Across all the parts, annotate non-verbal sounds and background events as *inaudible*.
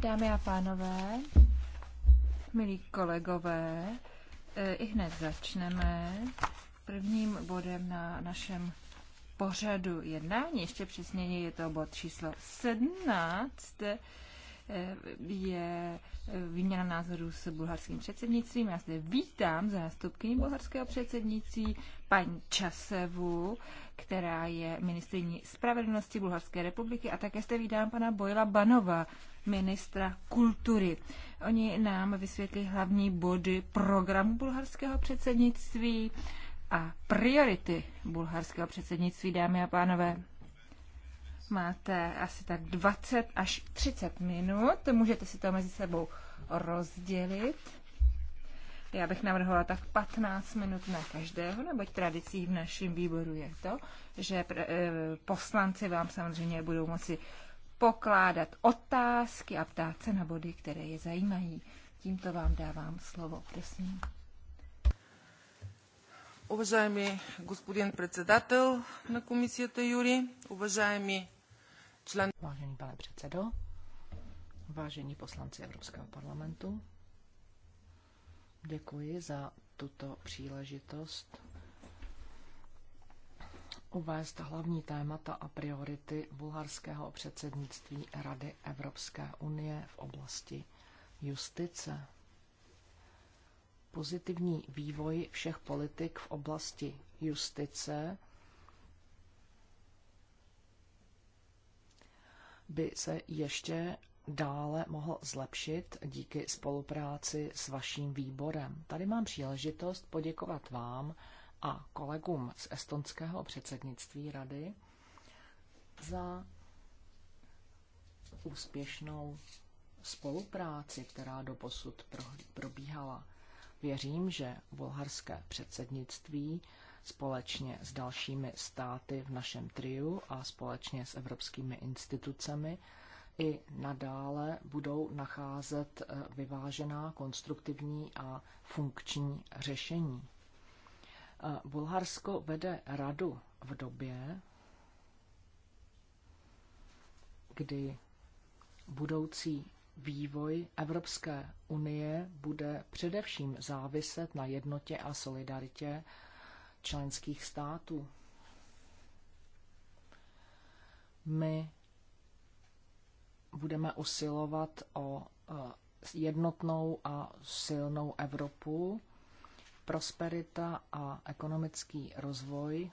Dámy a pánové, milí kolegové, eh, i hned začneme prvním bodem na našem pořadu jednání. Ještě přesněji je to bod číslo 17 je výměna názorů s bulharským předsednictvím. Já zde vítám zástupkyni bulharského předsednictví, paní Časevu, která je ministriní spravedlnosti Bulharské republiky a také zde vítám pana Bojla Banova, ministra kultury. Oni nám vysvětlí hlavní body programu bulharského předsednictví a priority bulharského předsednictví, dámy a pánové. Máte asi tak 20 až 30 minut, můžete si to mezi sebou rozdělit. Já bych navrhovala tak 15 minut na každého, neboť tradicí v našem výboru je to, že eh, poslanci vám samozřejmě budou moci pokládat otázky a ptát se na body, které je zajímají. Tímto vám dávám slovo, prosím. Уважаеми господин председател на комисията Юри, уважаеми Člen... Vážený pane předsedo, vážení poslanci Evropského parlamentu, děkuji za tuto příležitost uvést hlavní témata a priority bulharského předsednictví Rady Evropské unie v oblasti justice. Pozitivní vývoj všech politik v oblasti justice by se ještě dále mohl zlepšit díky spolupráci s vaším výborem. Tady mám příležitost poděkovat vám a kolegům z estonského předsednictví rady za úspěšnou spolupráci, která do posud probíhala. Věřím, že bulharské předsednictví společně s dalšími státy v našem triu a společně s evropskými institucemi i nadále budou nacházet eh, vyvážená, konstruktivní a funkční řešení. Eh, Bulharsko vede radu v době, kdy budoucí vývoj Evropské unie bude především záviset na jednotě a solidaritě členských států. My budeme usilovat o e, jednotnou a silnou Evropu. Prosperita a ekonomický rozvoj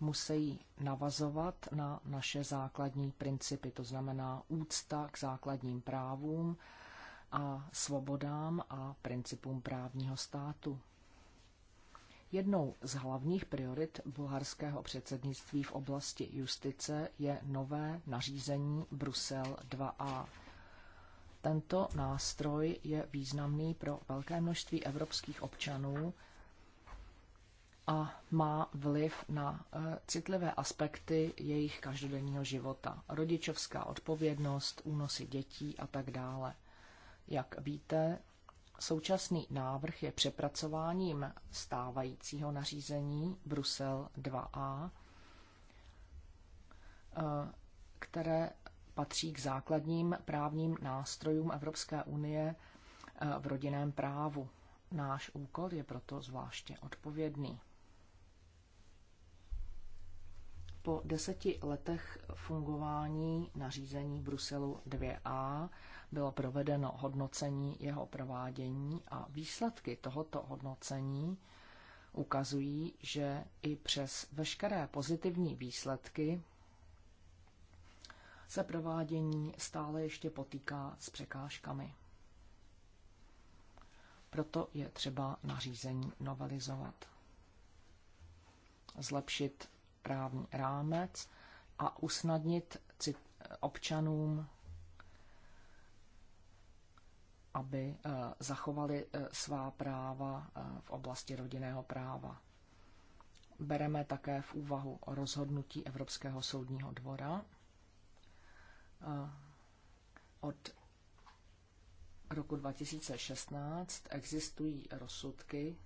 musí navazovat na naše základní principy, to znamená úcta k základním právům a svobodám a principům právního státu. Jednou z hlavních priorit bulharského předsednictví v oblasti justice je nové nařízení Brusel 2a. Tento nástroj je významný pro velké množství evropských občanů a má vliv na e, citlivé aspekty jejich každodenního života. Rodičovská odpovědnost, únosy dětí a tak dále. Jak víte, Současný návrh je přepracováním stávajícího nařízení Brusel 2a, eh, které patří k základním právním nástrojům Evropské unie eh, v rodinném právu. Náš úkol je proto zvláště odpovědný. Po deseti letech fungování nařízení Bruselu 2a bylo provedeno hodnocení jeho provádění a výsledky tohoto hodnocení ukazují, že i přes veškeré pozitivní výsledky se provádění stále ještě potýká s překážkami. Proto je třeba nařízení novelizovat, zlepšit právní rámec a usnadnit občanům aby eh, zachovali eh, svá práva eh, v oblasti rodinného práva. Bereme také v úvahu rozhodnutí Evropského soudního dvora od roku 2016 existují rozsudky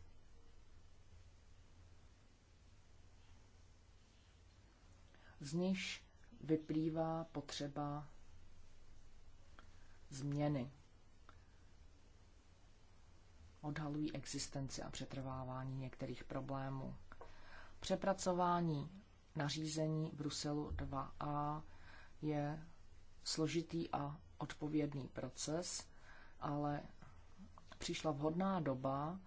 z nichž vyplývá potřeba změny odhalují existenci a přetrvávání některých problémů. Přepracování nařízení Bruselu 2a je složitý a odpovědný proces, ale přišla vhodná doba,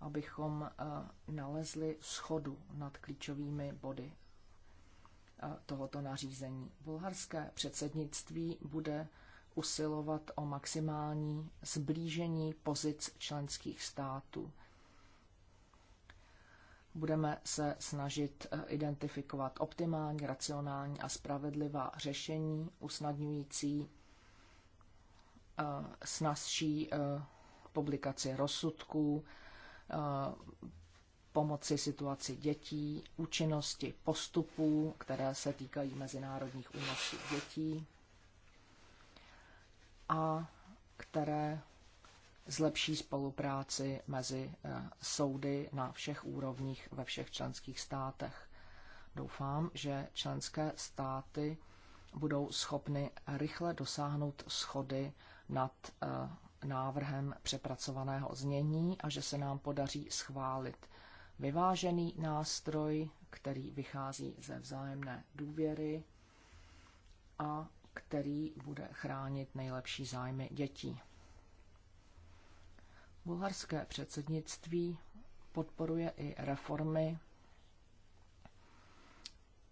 abychom eh, nalezli schodu nad klíčovými body eh, tohoto nařízení. Bulharské předsednictví bude usilovat o maximální zblížení pozic členských států. Budeme se snažit eh, identifikovat optimální, racionální a spravedlivá řešení, usnadňující eh, snazší eh, publikaci rozsudků, pomoci situaci dětí, účinnosti postupů, které se týkají mezinárodních únosů dětí, a které zlepší spolupráci mezi eh, soudy na všech úrovních ve všech členských státech. Doufám, že členské státy budou schopny rychle dosáhnout schody nad eh, návrhem přepracovaného znění a že se nám podaří schválit vyvážený nástroj, který vychází ze vzájemné důvěry a který bude chránit nejlepší zájmy dětí. Bulharské předsednictví podporuje i reformy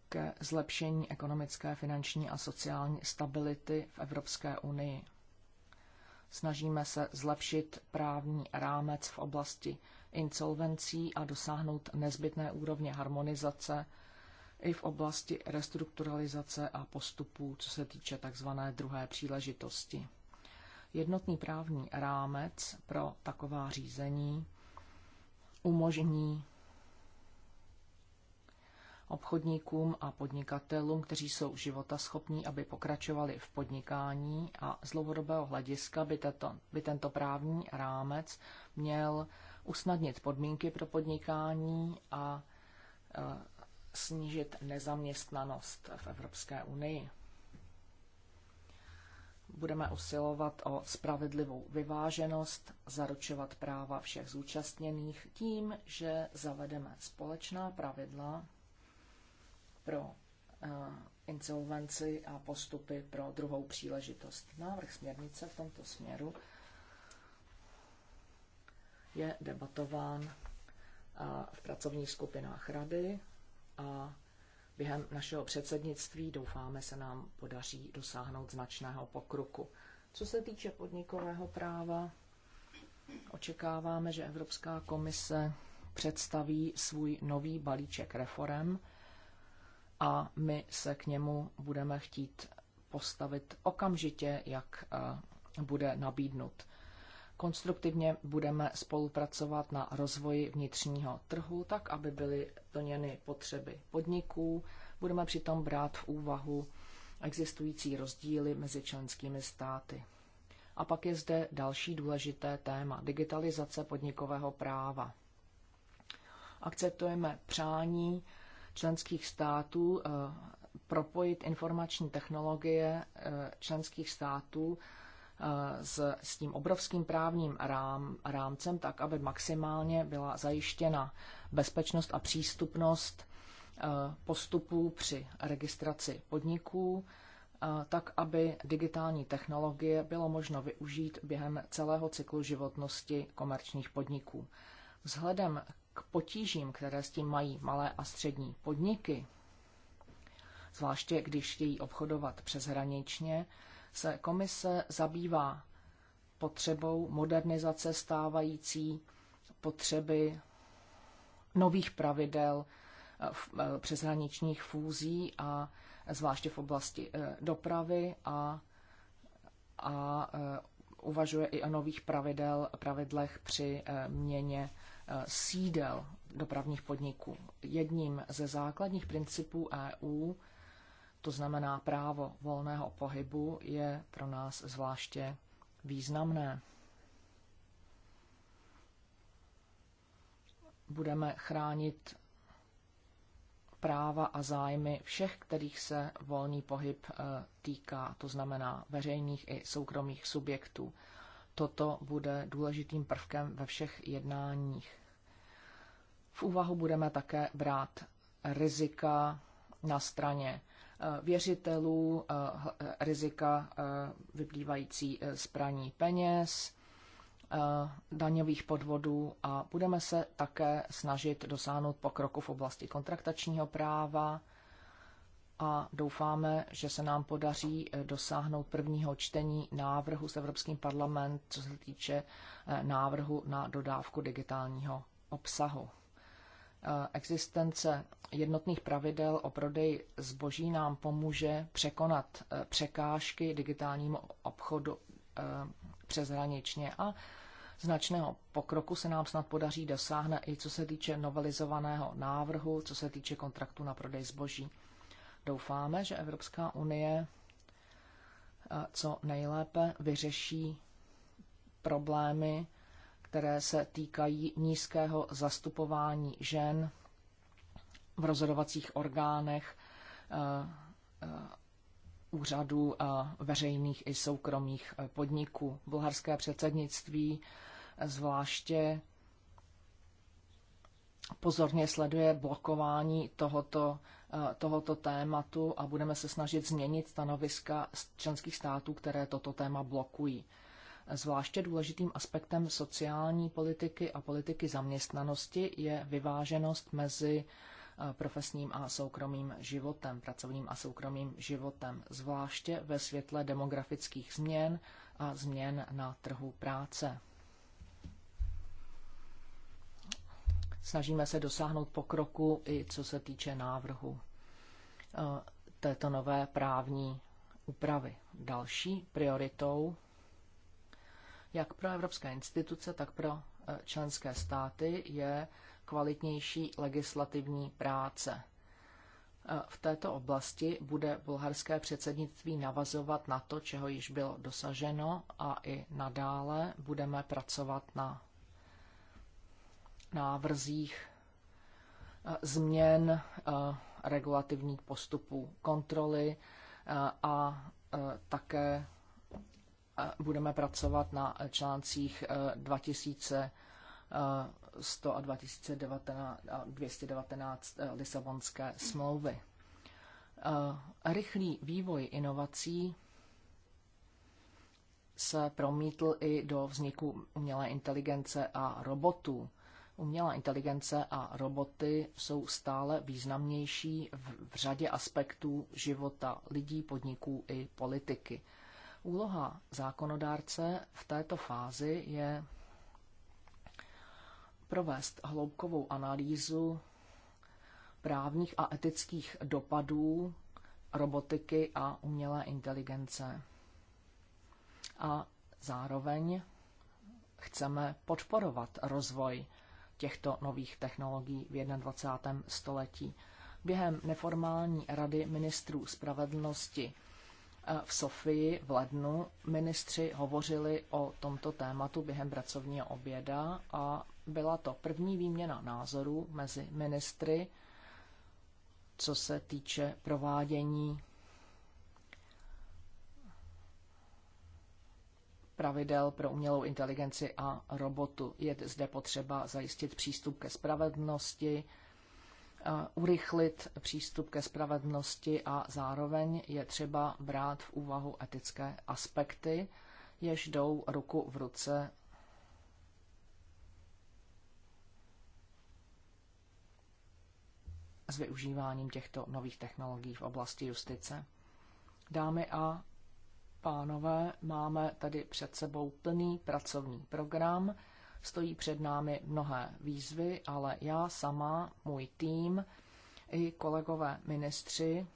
ke zlepšení ekonomické, finanční a sociální stability v Evropské unii. Snažíme se zlepšit právní rámec v oblasti insolvencí a dosáhnout nezbytné úrovně harmonizace i v oblasti restrukturalizace a postupů, co se týče tzv. druhé příležitosti. Jednotný právní rámec pro taková řízení umožní obchodníkům a podnikatelům, kteří jsou života schopní, aby pokračovali v podnikání a z dlouhodobého hlediska by, tato, by tento právní rámec měl usnadnit podmínky pro podnikání a e, snížit nezaměstnanost v Evropské unii. Budeme usilovat o spravedlivou vyváženost, zaručovat práva všech zúčastněných tím, že zavedeme společná pravidla pro eh, insolvenci a postupy pro druhou příležitost. Návrh směrnice v tomto směru je debatován eh, v pracovních skupinách rady a během našeho předsednictví doufáme se nám podaří dosáhnout značného pokroku. Co se týče podnikového práva, očekáváme, že Evropská komise představí svůj nový balíček reform a my se k němu budeme chtít postavit okamžitě, jak eh, bude nabídnut. Konstruktivně budeme spolupracovat na rozvoji vnitřního trhu, tak aby byly plněny potřeby podniků. Budeme přitom brát v úvahu existující rozdíly mezi členskými státy. A pak je zde další důležité téma digitalizace podnikového práva. Akceptujeme přání členských států eh, propojit informační technologie eh, členských států s, s tím obrovským právním rám, rámcem, tak aby maximálně byla zajištěna bezpečnost a přístupnost eh, postupů při registraci podniků, eh, tak aby digitální technologie bylo možno využít během celého cyklu životnosti komerčních podniků. Vzhledem k potížím, které s tím mají malé a střední podniky, zvláště když chtějí obchodovat přeshraničně, se komise zabývá potřebou modernizace stávající potřeby nových pravidel eh, v eh, přeshraničních fúzí a zvláště v oblasti eh, dopravy a, a uvažuje i o nových pravidel, pravidlech při měně sídel dopravních podniků. Jedním ze základních principů EU to znamená právo volného pohybu, je pro nás zvláště významné. Budeme chránit práva a zájmy všech, kterých se volný pohyb eh, týká, to znamená veřejných i soukromých subjektů. Toto bude důležitým prvkem ve všech jednáních. V úvahu budeme také brát rizika na straně Eh, věřitelů, eh, eh, rizika vyplývající z praní peněz, daňových podvodů a budeme se také snažit dosáhnout pokroku v oblasti kontraktačního práva a doufáme, že se nám podaří dosáhnout prvního čtení návrhu s Evropským parlament, co se týče návrhu na dodávku digitálního obsahu. Eh, existence jednotných pravidel o prodeji zboží nám pomůže překonat eh, překážky digitálnímu obchodu eh, přeshraničně a značného pokroku se nám snad podaří dosáhnout i co se týče novelizovaného návrhu, co se týče kontraktu na prodej zboží. Doufáme, že Evropská unie co nejlépe vyřeší problémy které se týkají nízkého zastupování žen v rozhodovacích orgánech eh, eh, úřadů veřejných i soukromých eh, podniků. Bulharské předsednictví zvláště pozorně sleduje blokování tohoto, tohoto tématu a budeme se snažit změnit stanoviska členských států, které toto téma blokují. Zvláště důležitým aspektem sociální politiky a politiky zaměstnanosti je vyváženost mezi eh, profesním a soukromým životem, pracovním a soukromým životem, zvláště ve světle demografických změn a změn na trhu práce. Snažíme se dosáhnout pokroku i co se týče návrhu eh, této nové právní úpravy. Další prioritou jak pro evropské instituce, tak pro eh, členské státy je kvalitnější legislativní práce. Eh, v této oblasti bude bulharské předsednictví navazovat na to, čeho již bylo dosaženo a i nadále budeme pracovat na návrzích eh, změn regulativních postupů kontroly a také budeme pracovat na článcích 2100 e, e, a 2019, 219 e, Lisabonské smlouvy. Rychlý vývoj inovací se promítl i do vzniku umělé inteligence a robotů. Umělá inteligence a roboty jsou stále významnější v, v řadě aspektů života lidí, podniků i politiky. Úloha zákonodárce v této fázi je provést hloubkovou analýzu právních a etických dopadů robotiky a umělé inteligence. A zároveň chceme podporovat rozvoj těchto nových technologií v 21. století. Během neformální rady ministrů spravedlnosti Eh, v Sofii v lednu ministři hovořili o tomto tématu během pracovního oběda a byla to první výměna názorů mezi ministry, co se týče provádění pravidel pro umělou inteligenci a robotu. Je zde potřeba zajistit přístup ke spravedlnosti, Eh, urychlit přístup ke spravedlnosti a zároveň je třeba brát v úvahu etické aspekty, jež jdou ruku v ruce s využíváním těchto nových technologií v oblasti justice. Dámy a pánové, máme tady před sebou plný pracovní program. Stojí před námi mnohé výzvy, ale já sama, můj tým i kolegové ministři,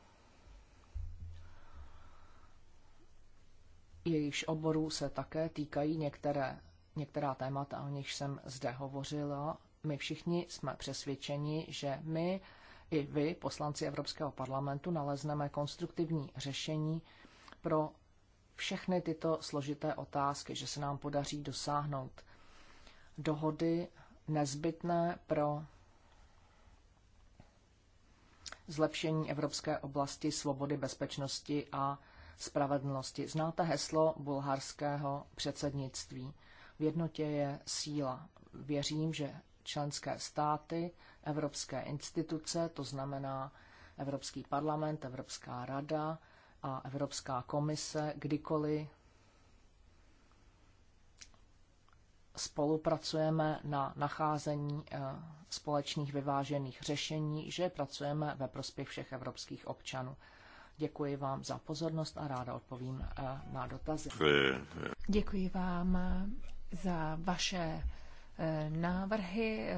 jejichž oborů se také týkají některé, některá témata, o nich jsem zde hovořila. My všichni jsme přesvědčeni, že my i vy, poslanci Evropského parlamentu, nalezneme konstruktivní řešení pro všechny tyto složité otázky, že se nám podaří dosáhnout dohody nezbytné pro zlepšení evropské oblasti svobody, bezpečnosti a spravedlnosti. Znáte heslo bulharského předsednictví. V jednotě je síla. Věřím, že členské státy, evropské instituce, to znamená Evropský parlament, Evropská rada a Evropská komise, kdykoliv spolupracujeme na nacházení eh, společných vyvážených řešení, že pracujeme ve prospěch všech evropských občanů. Děkuji vám za pozornost a ráda odpovím eh, na dotazy. Děkuji vám eh, za vaše návrhy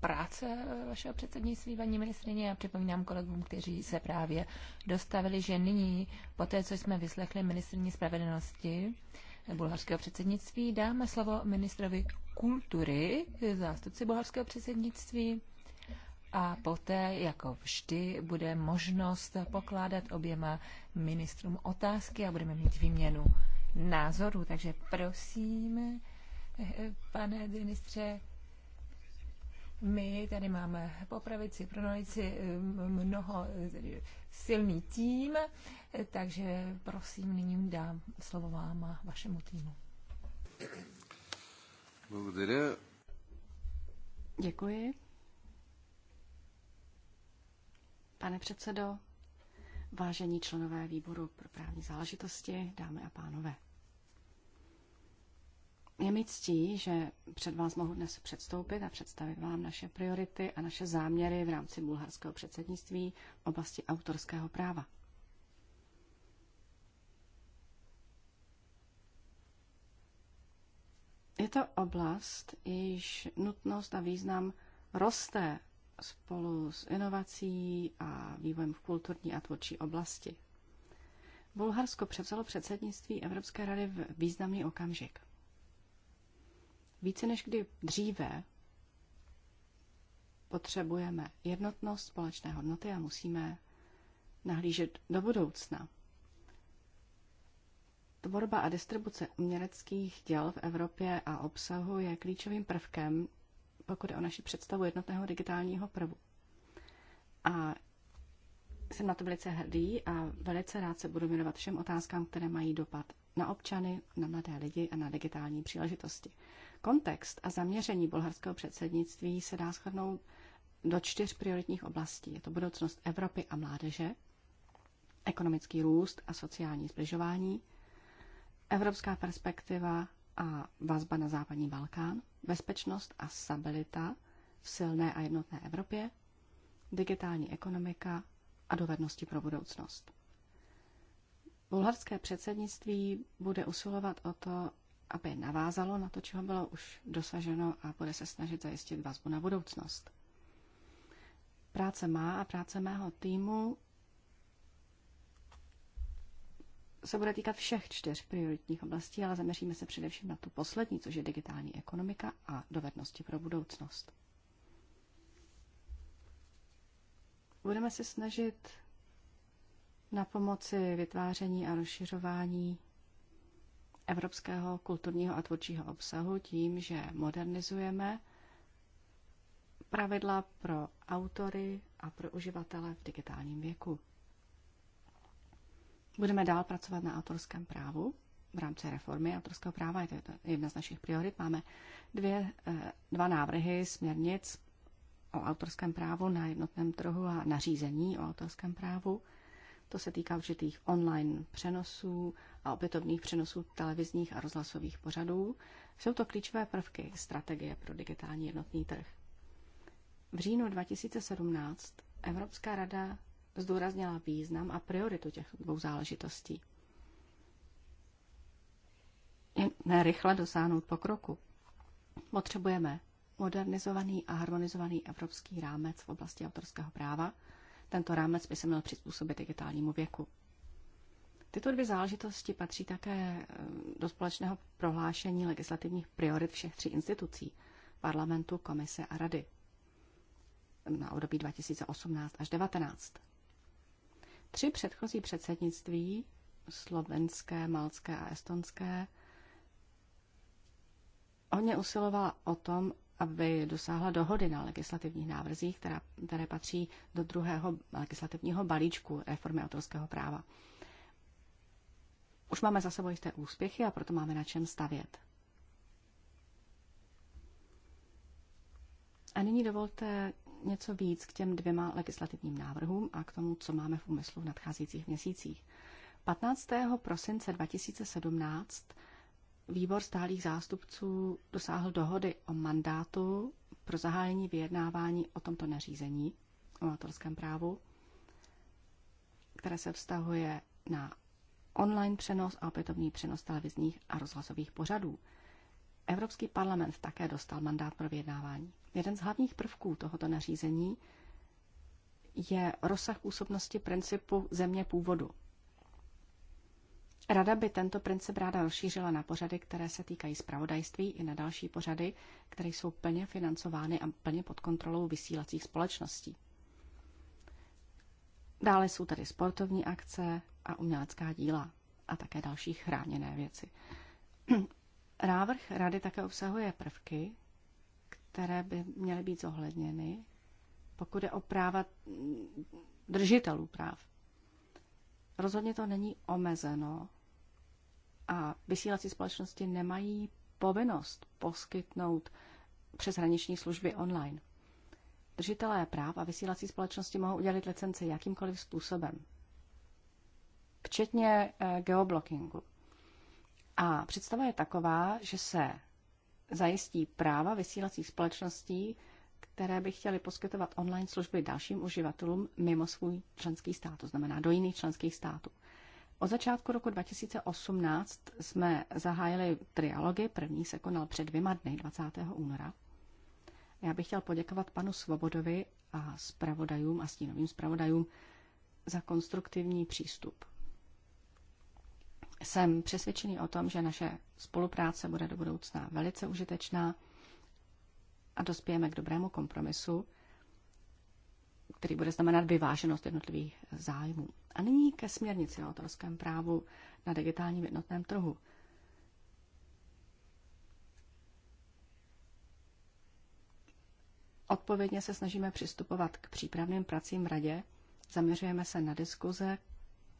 práce vašeho předsednictví, paní ministrině. A připomínám kolegům, kteří se právě dostavili, že nyní, po té, co jsme vyslechli ministrině spravedlnosti, bulharského předsednictví. Dáme slovo ministrovi kultury, zástupci bulharského předsednictví. A poté, jako vždy, bude možnost pokládat oběma ministrům otázky a budeme mít výměnu názorů. Takže prosím, eh, eh, pane ministře, my tady máme po pravici, pro nalici eh, mnoho eh, silný tým, eh, takže prosím, nyní dám slovo vám a vašemu týmu. Děkuji. Pane předsedo, vážení členové výboru pro právní záležitosti, dámy a pánové. Je mi ctí, že před vás mohu dnes předstoupit a představit vám naše priority a naše záměry v rámci bulharského předsednictví v oblasti autorského práva. Je to oblast, jejíž nutnost a význam roste spolu s inovací a vývojem v kulturní a tvůrčí oblasti. Bulharsko převzalo předsednictví Evropské rady v významný okamžik – více než kdy dříve potřebujeme jednotnost, společné hodnoty a musíme nahlížet do budoucna. Tvorba a distribuce uměleckých děl v Evropě a obsahu je klíčovým prvkem, pokud je o naši představu jednotného digitálního prvu. A jsem na to velice hrdý a velice rád se budu věnovat všem otázkám, které mají dopad na občany, na mladé lidi a na digitální příležitosti. Kontext a zaměření bulharského předsednictví se dá shodnout do čtyř prioritních oblastí. Je to budoucnost Evropy a mládeže, ekonomický růst a sociální zbližování, evropská perspektiva a vazba na západní Balkán, bezpečnost a stabilita v silné a jednotné Evropě, digitální ekonomika a dovednosti pro budoucnost. Bulharské předsednictví bude usilovat o to, aby navázalo na to, čeho bylo už dosaženo a bude se snažit zajistit vazbu na budoucnost. Práce má a práce mého týmu se bude týkat všech čtyř prioritních oblastí, ale zaměříme se především na tu poslední, což je digitální ekonomika a dovednosti pro budoucnost. Budeme se snažit na pomoci vytváření a rozšiřování evropského kulturního a tvůrčího obsahu tím, že modernizujeme pravidla pro autory a pro uživatele v digitálním věku. Budeme dál pracovat na autorském právu v rámci reformy autorského práva. Je to jedna z našich priorit. Máme dvě, eh, dva návrhy směrnic o autorském právu na jednotném trhu a nařízení o autorském právu. To se týká určitých online přenosů a opětovných přenosů televizních a rozhlasových pořadů. Jsou to klíčové prvky strategie pro digitální jednotný trh. V říjnu 2017 Evropská rada zdůraznila význam a prioritu těch dvou záležitostí. Je ne rychle dosáhnout pokroku. Potřebujeme modernizovaný a harmonizovaný evropský rámec v oblasti autorského práva – tento rámec by se měl přizpůsobit digitálnímu věku. Tyto dvě záležitosti patří také eh, do společného prohlášení legislativních priorit všech tří institucí parlamentu, komise a rady na období 2018 až 2019. Tři předchozí předsednictví, slovenské, malské a estonské, hodně usilovala o tom, aby dosáhla dohody na legislativních návrzích, která, které patří do druhého legislativního balíčku reformy autorského práva. Už máme za sebou jisté úspěchy a proto máme na čem stavět. A nyní dovolte něco víc k těm dvěma legislativním návrhům a k tomu, co máme v úmyslu v nadcházejících měsících. 15. prosince 2017 výbor stálých zástupců dosáhl dohody o mandátu pro zahájení vyjednávání o tomto nařízení o autorském právu, které se vztahuje na online přenos a opětovný přenos televizních a rozhlasových pořadů. Evropský parlament také dostal mandát pro vyjednávání. Jeden z hlavních prvků tohoto nařízení je rozsah působnosti principu země původu. Rada by tento princip ráda rozšířila na pořady, které se týkají zpravodajství i na další pořady, které jsou plně financovány a plně pod kontrolou vysílacích společností. Dále jsou tady sportovní akce a umělecká díla a také další chráněné věci. *clears throat* Návrh rady také obsahuje prvky, které by měly být zohledněny, pokud je o práva držitelů práv. Rozhodně to není omezeno a vysílací společnosti nemají povinnost poskytnout přeshraniční služby online. Držitelé práv a vysílací společnosti mohou udělit licenci jakýmkoliv způsobem, včetně eh, geoblockingu. A představa je taková, že se zajistí práva vysílacích společností které by chtěly poskytovat online služby dalším uživatelům mimo svůj členský stát, to znamená do jiných členských států. Od začátku roku 2018 jsme zahájili trialogy, první se konal před dvěma dny, 20. února. Já bych chtěl poděkovat panu Svobodovi a zpravodajům a stínovým zpravodajům za konstruktivní přístup. Jsem přesvědčený o tom, že naše spolupráce bude do budoucna velice užitečná a dospějeme k dobrému kompromisu, který bude znamenat vyváženost jednotlivých zájmů. A nyní ke směrnici o autorském právu na digitálním jednotném trhu. Odpovědně se snažíme přistupovat k přípravným pracím v radě, zaměřujeme se na diskuze,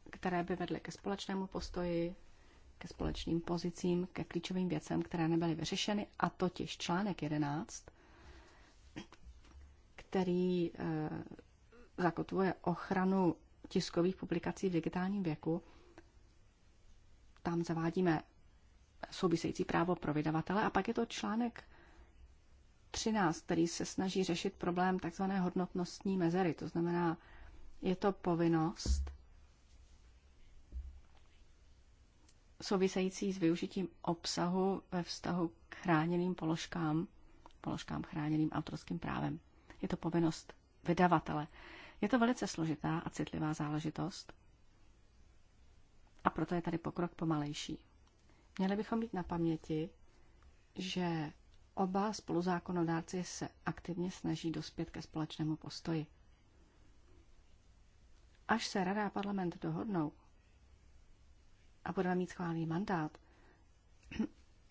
které by vedly ke společnému postoji, ke společným pozicím, ke klíčovým věcem, které nebyly vyřešeny, a totiž článek 11 který eh, zakotvuje ochranu tiskových publikací v digitálním věku. Tam zavádíme související právo pro vydavatele. A pak je to článek 13, který se snaží řešit problém tzv. hodnotnostní mezery. To znamená, je to povinnost související s využitím obsahu ve vztahu k chráněným položkám, položkám chráněným autorským právem. Je to povinnost vydavatele. Je to velice složitá a citlivá záležitost a proto je tady pokrok pomalejší. Měli bychom mít na paměti, že oba spoluzákonodárci se aktivně snaží dospět ke společnému postoji. Až se Rada a parlament dohodnou a budeme mít schválený mandát,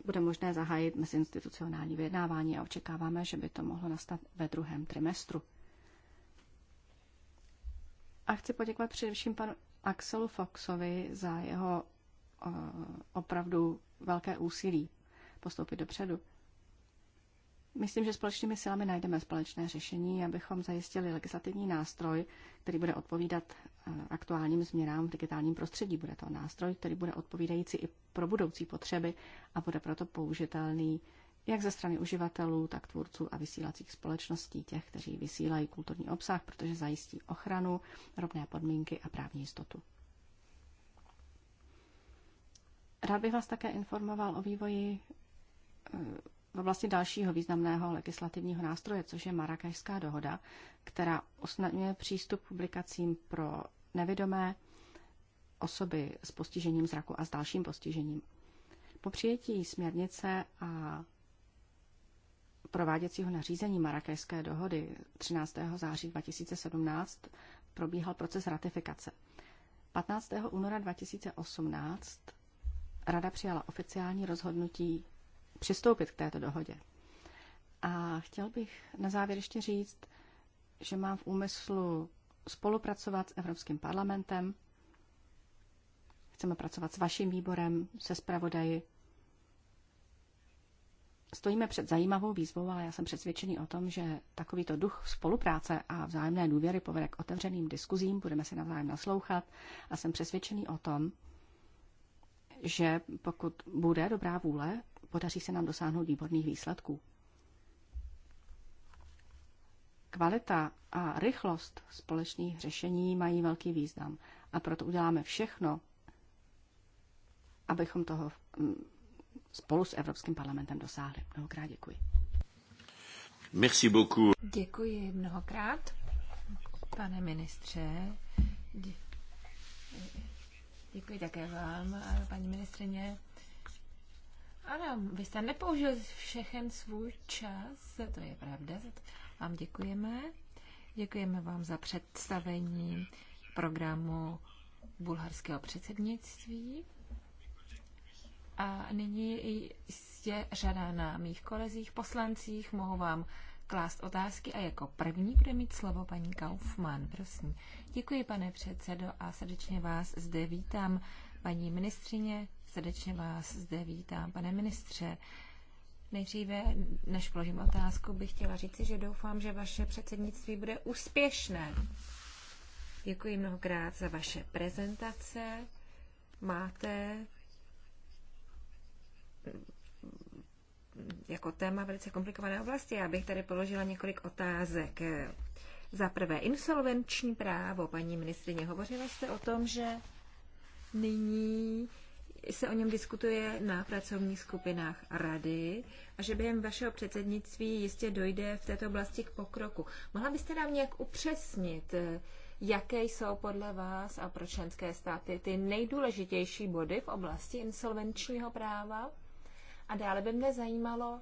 bude možné zahájit mezinstitucionální vyjednávání a očekáváme, že by to mohlo nastat ve druhém trimestru. A chci poděkovat především panu Axelu Foxovi za jeho eh, opravdu velké úsilí postoupit dopředu. Myslím, že společnými silami najdeme společné řešení, abychom zajistili legislativní nástroj, který bude odpovídat eh, aktuálním změnám v digitálním prostředí. Bude to nástroj, který bude odpovídající i pro budoucí potřeby a bude proto použitelný jak ze strany uživatelů, tak tvůrců a vysílacích společností, těch, kteří vysílají kulturní obsah, protože zajistí ochranu, rovné podmínky a právní jistotu. Rád bych vás také informoval o vývoji eh, No, v oblasti dalšího významného legislativního nástroje, což je Marrakešská dohoda, která usnadňuje přístup publikacím pro nevědomé osoby s postižením zraku a s dalším postižením. Po přijetí směrnice a prováděcího nařízení Marrakešské dohody 13. září 2017 probíhal proces ratifikace. 15. února 2018 Rada přijala oficiální rozhodnutí přistoupit k této dohodě. A chtěl bych na závěr ještě říct, že mám v úmyslu spolupracovat s Evropským parlamentem. Chceme pracovat s vaším výborem, se zpravodaji. Stojíme před zajímavou výzvou, ale já jsem přesvědčený o tom, že takovýto duch spolupráce a vzájemné důvěry povede k otevřeným diskuzím, budeme se navzájem naslouchat a jsem přesvědčený o tom, že pokud bude dobrá vůle, podaří se nám dosáhnout výborných výsledků. Kvalita a rychlost společných řešení mají velký význam a proto uděláme všechno, abychom toho mm, spolu s Evropským parlamentem dosáhli. Mnohokrát děkuji. Merci beaucoup. Děkuji mnohokrát, pane ministře. Děkuji také vám, paní ministrině. Ano, vy jste nepoužil všechen svůj čas, to je pravda, za to vám děkujeme. Děkujeme vám za představení programu bulharského předsednictví. A nyní je řada na mých kolezích poslancích, mohu vám klást otázky a jako první bude mít slovo paní Kaufmann, prosím. Děkuji, pane předsedo, a srdečně vás zde vítám, paní ministřině, Srdečně vás zde vítám, pane ministře. Nejdříve, než položím otázku, bych chtěla říci, že doufám, že vaše předsednictví bude úspěšné. Děkuji mnohokrát za vaše prezentace. Máte jako téma velice komplikované oblasti. Já bych tady položila několik otázek. Za prvé, insolvenční právo. Paní ministrině, hovořila jste o tom, že nyní se o něm diskutuje na pracovních skupinách rady a že během vašeho předsednictví jistě dojde v této oblasti k pokroku. Mohla byste nám nějak upřesnit, eh, jaké jsou podle vás a pro členské státy ty nejdůležitější body v oblasti insolvenčního práva? A dále by mě zajímalo,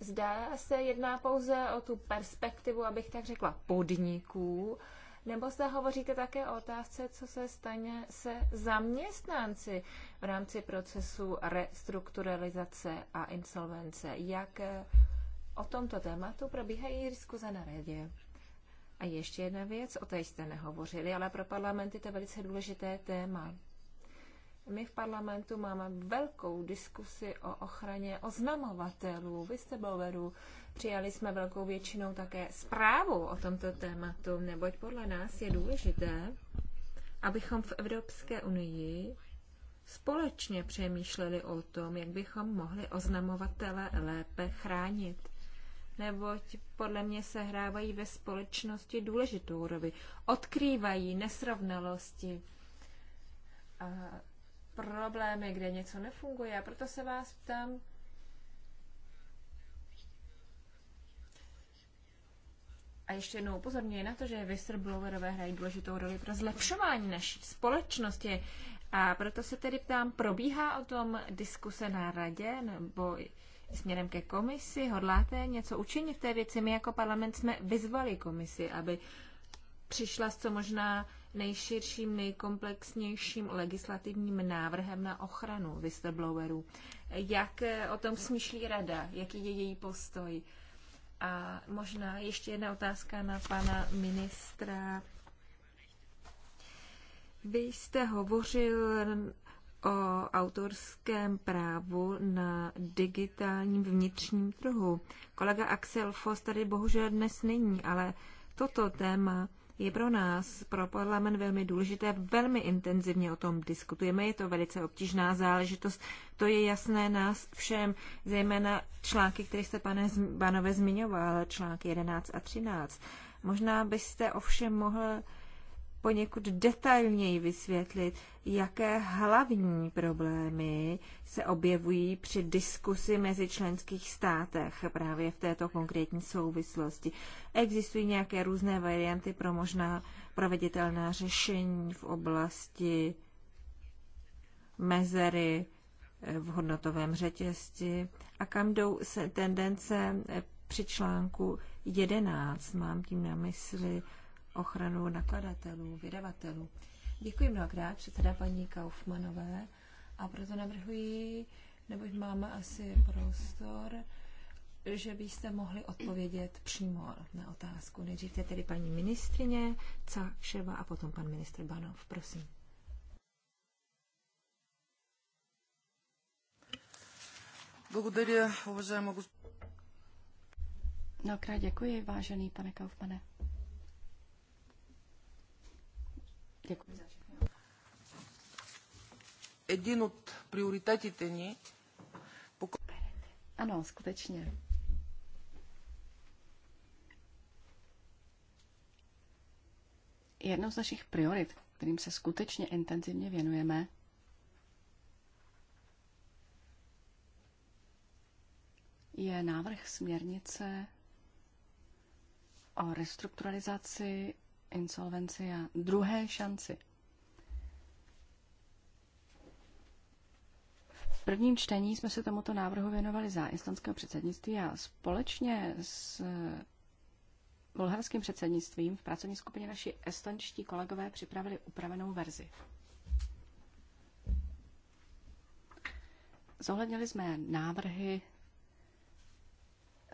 Zdá se jedná pouze o tu perspektivu, abych tak řekla, podniků, nebo zda hovoříte také o otázce, co se stane se zaměstnanci v rámci procesu restrukturalizace a insolvence. Jak eh, o tomto tématu probíhají diskuze na radě? A ještě jedna věc, o té jste nehovořili, ale pro parlament je to velice důležité téma. My v parlamentu máme velkou diskusi o ochraně oznamovatelů, whistleblowerů. Přijali jsme velkou většinou také zprávu o tomto tématu, neboť podle nás je důležité, abychom v Evropské unii společně přemýšleli o tom, jak bychom mohli oznamovatele lépe chránit. Neboť podle mě se hrávají ve společnosti důležitou roli. Odkrývají nesrovnalosti. A problémy, kde něco nefunguje. A proto se vás ptám, A ještě jednou upozorňuji na to, že whistleblowerové hrají důležitou roli pro zlepšování naší společnosti. A proto se tedy ptám, probíhá o tom diskuse na radě nebo směrem ke komisi? Hodláte něco učinit v té věci? My jako parlament jsme vyzvali komisi, aby přišla s co možná nejširším, nejkomplexnějším legislativním návrhem na ochranu whistleblowerů. Jak eh, o tom smýšlí rada? Jaký je její postoj? A možná ještě jedna otázka na pana ministra. Vy jste hovořil o autorském právu na digitálním vnitřním trhu. Kolega Axel Foss tady bohužel dnes není, ale toto téma je pro nás, pro parlament velmi důležité. Velmi intenzivně o tom diskutujeme. Je to velice obtížná záležitost. To je jasné nás všem, zejména články, které jste, pane Banové, zmiňoval, články 11 a 13. Možná byste ovšem mohl poněkud detailněji vysvětlit, jaké hlavní problémy se objevují při diskusi mezi členských státech právě v této konkrétní souvislosti. Existují nějaké různé varianty pro možná proveditelná řešení v oblasti mezery v hodnotovém řetězci a kam jdou se tendence při článku 11. Mám tím na mysli ochranu nakladatelů, vydavatelů. Děkuji mnohokrát předseda paní Kaufmanové a proto navrhuji, neboť máme asi prostor, že byste mohli odpovědět přímo na otázku. Nejdřív je tedy paní ministrině Caševa a potom pan ministr Banov. Prosím. Благодаря, Mnohokrát děkuji, vážený pane Kaufmane. Děkuji za všechno. Един Ano, skutečně. Jednou z našich priorit, kterým se skutečně intenzivně věnujeme, je návrh směrnice o restrukturalizaci insolvenci a druhé šanci. V prvním čtení jsme se tomuto návrhu věnovali za islandského předsednictví a společně s eh, bulharským předsednictvím v pracovní skupině naši estonští kolegové připravili upravenou verzi. Zohlednili jsme návrhy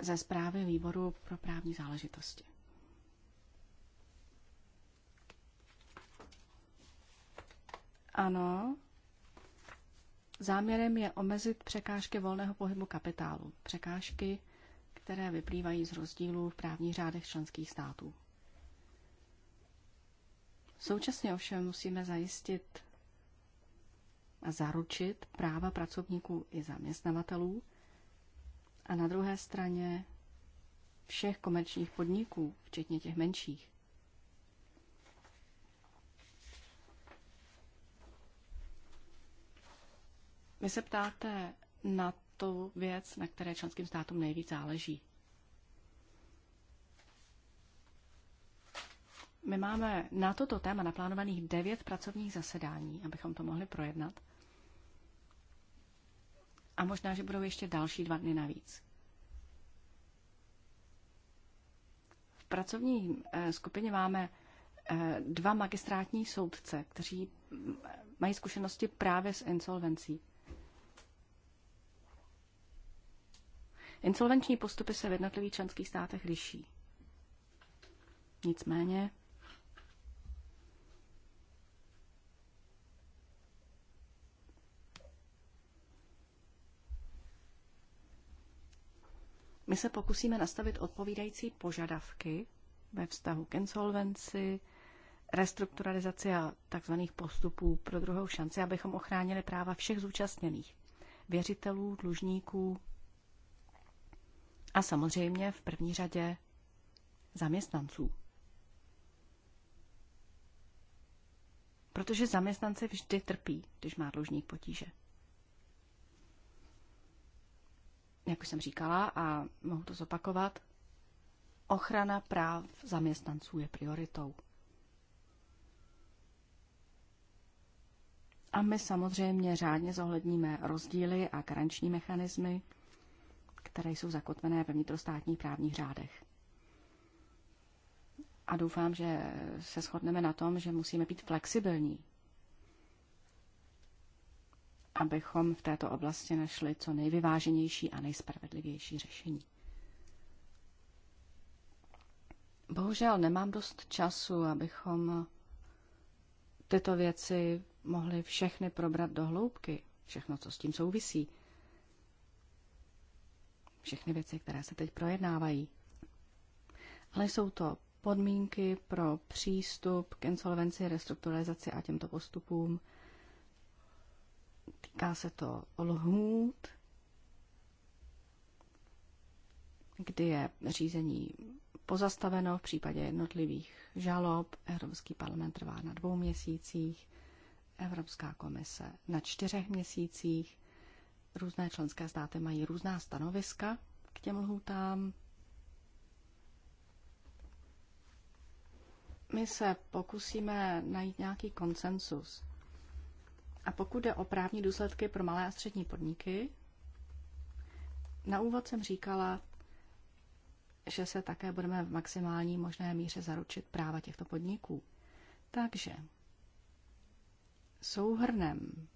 ze zprávy výboru pro právní záležitosti. Ano. Záměrem je omezit překážky volného pohybu kapitálu. Překážky, které vyplývají z rozdílů v právních řádech členských států. Současně ovšem musíme zajistit a zaručit práva pracovníků i zaměstnavatelů a na druhé straně všech komerčních podniků, včetně těch menších. Vy se ptáte na tu věc, na které členským státům nejvíc záleží. My máme na toto téma naplánovaných devět pracovních zasedání, abychom to mohli projednat. A možná, že budou ještě další dva dny navíc. V pracovní eh, skupině máme eh, dva magistrátní soudce, kteří mm, mají zkušenosti právě s insolvencí. Insolvenční postupy se v jednotlivých členských státech liší. Nicméně My se pokusíme nastavit odpovídající požadavky ve vztahu k insolvenci, restrukturalizaci a tzv. postupů pro druhou šanci, abychom ochránili práva všech zúčastněných věřitelů, dlužníků, a samozřejmě v první řadě zaměstnanců. Protože zaměstnanci vždy trpí, když má dlužník potíže. Jak už jsem říkala a mohu to zopakovat, ochrana práv zaměstnanců je prioritou. A my samozřejmě řádně zohledníme rozdíly a karanční mechanismy, které jsou zakotvené ve vnitrostátních právních řádech. A doufám, že se shodneme na tom, že musíme být flexibilní, abychom v této oblasti našli co nejvyváženější a nejspravedlivější řešení. Bohužel nemám dost času, abychom tyto věci mohli všechny probrat do hloubky, všechno, co s tím souvisí všechny věci, které se teď projednávají. Ale jsou to podmínky pro přístup k insolvenci, restrukturalizaci a těmto postupům. Týká se to lhůt, kdy je řízení pozastaveno v případě jednotlivých žalob. Evropský parlament trvá na dvou měsících, Evropská komise na čtyřech měsících Různé členské státy mají různá stanoviska k těm lhůtám. My se pokusíme najít nějaký konsensus. A pokud jde o právní důsledky pro malé a střední podniky, na úvod jsem říkala, že se také budeme v maximální možné míře zaručit práva těchto podniků. Takže souhrnem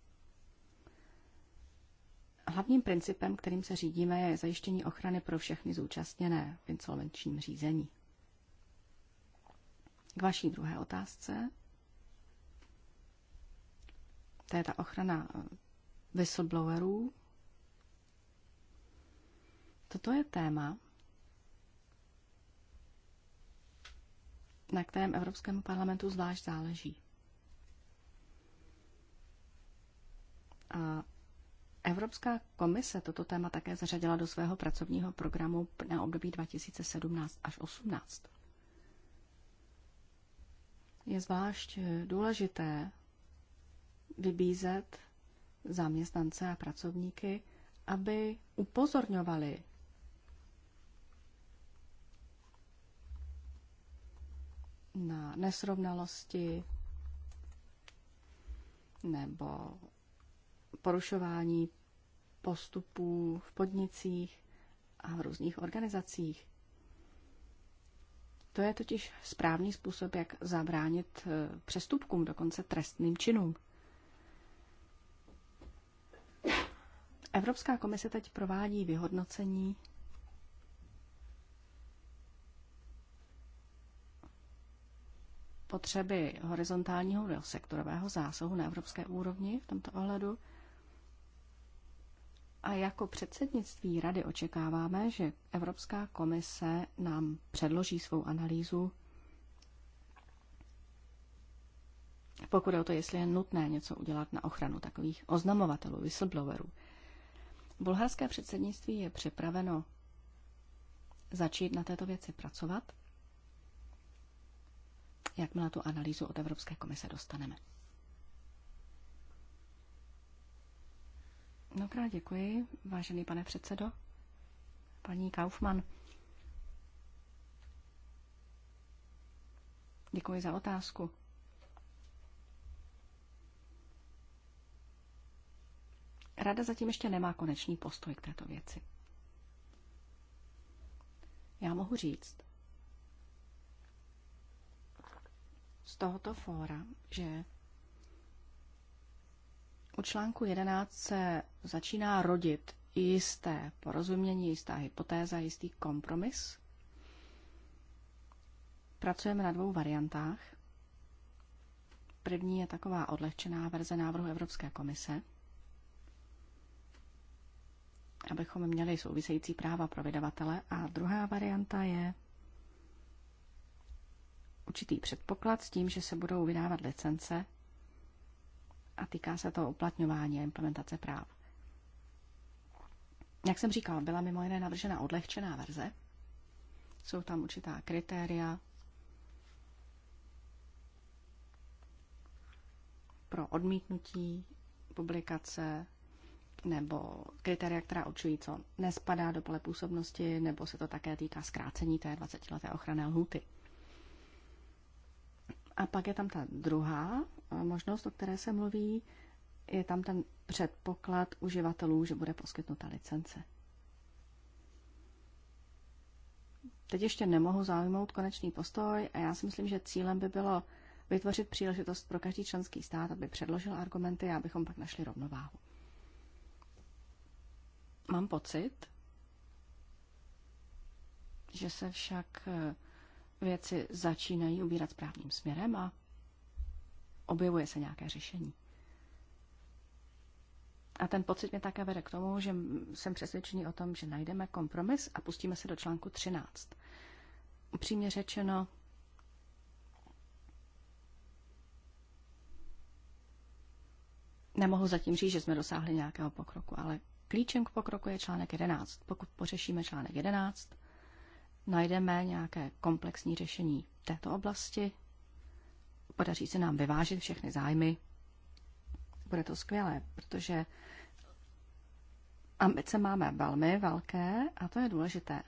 Hlavním principem, kterým se řídíme, je zajištění ochrany pro všechny zúčastněné v insolvenčním řízení. K vaší druhé otázce. To je ta ochrana eh, whistleblowerů. Toto je téma, na kterém Evropskému parlamentu zvlášť záleží. A Evropská komise toto téma také zařadila do svého pracovního programu na období 2017 až 2018. Je zvlášť eh, důležité vybízet zaměstnance a pracovníky, aby upozorňovali na nesrovnalosti nebo porušování postupů v podnicích a v různých organizacích. To je totiž správný způsob, jak zabránit eh, přestupkům, dokonce trestným činům. Evropská komise teď provádí vyhodnocení potřeby horizontálního nebo sektorového zásahu na evropské úrovni v tomto ohledu. A jako předsednictví rady očekáváme, že Evropská komise nám předloží svou analýzu, pokud je o to, jestli je nutné něco udělat na ochranu takových oznamovatelů, whistleblowerů. Bulharské předsednictví je připraveno začít na této věci pracovat, jakmile tu analýzu od Evropské komise dostaneme. Mnohokrát děkuji, vážený pane předsedo. Paní Kaufmann. Děkuji za otázku. Rada zatím ještě nemá konečný postoj k této věci. Já mohu říct z tohoto fóra, že u článku 11 se začíná rodit jisté porozumění, jistá hypotéza, jistý kompromis. Pracujeme na dvou variantách. První je taková odlehčená verze návrhu Evropské komise, abychom měli související práva pro vydavatele. A druhá varianta je určitý předpoklad s tím, že se budou vydávat licence a týká se to uplatňování a implementace práv. Jak jsem říkal, byla mimo jiné navržena odlehčená verze. Jsou tam určitá kritéria pro odmítnutí publikace nebo kritéria, která určují, co nespadá do pole působnosti, nebo se to také týká zkrácení té 20-leté ochranné lhuty. A pak je tam ta druhá Eh, možnost, o které se mluví, je tam ten předpoklad uživatelů, že bude poskytnuta licence. Teď ještě nemohu zaujmout konečný postoj a já si myslím, že cílem by bylo vytvořit příležitost pro každý členský stát, aby předložil argumenty a abychom pak našli rovnováhu. Mám pocit, že se však eh, věci začínají ubírat správným směrem a objevuje se nějaké řešení. A ten pocit mě také vede k tomu, že jsem přesvědčený o tom, že najdeme kompromis a pustíme se do článku 13. Upřímně řečeno, nemohu zatím říct, že jsme dosáhli nějakého pokroku, ale klíčem k pokroku je článek 11. Pokud pořešíme článek 11, najdeme nějaké komplexní řešení této oblasti, podaří se nám vyvážit všechny zájmy, bude to skvělé, protože ambice máme velmi velké a to je důležité.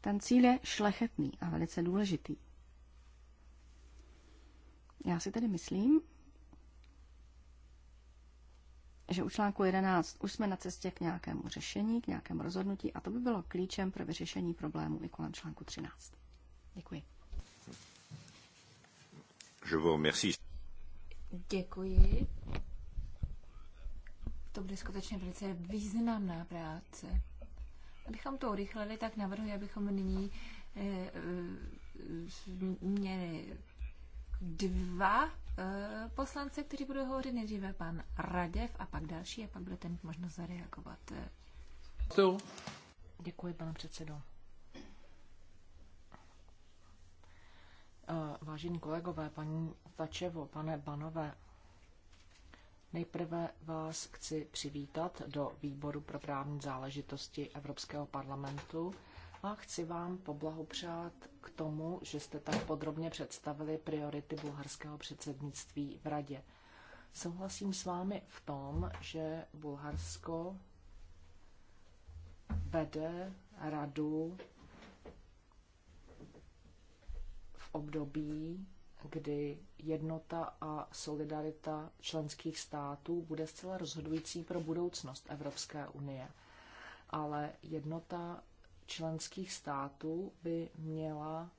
Ten cíl je šlechetný a velice důležitý. Já si tedy myslím, že u článku 11 už jsme na cestě k nějakému řešení, k nějakému rozhodnutí a to by bylo klíčem pro vyřešení problému i kolem článku 13. Děkuji. Je vous remercie. Děkuji. To bude skutečně velice významná práce. Abychom to urychlili, tak navrhuji, abychom nyní e, měli dva eh, poslance, kteří budou hovořit nejdříve pan Raděv a pak další a pak bude ten možnost zareagovat. Děkuji, pane předsedo. Eh, vážení kolegové, paní Tačevo, pane Banové, nejprve vás chci přivítat do Výboru pro právní záležitosti Evropského parlamentu a chci vám poblahopřát k tomu, že jste tak podrobně představili priority bulharského předsednictví v Radě. Souhlasím s vámi v tom, že Bulharsko vede radu období, kdy jednota a solidarita členských států bude zcela rozhodující pro budoucnost Evropské unie. Ale jednota členských států by měla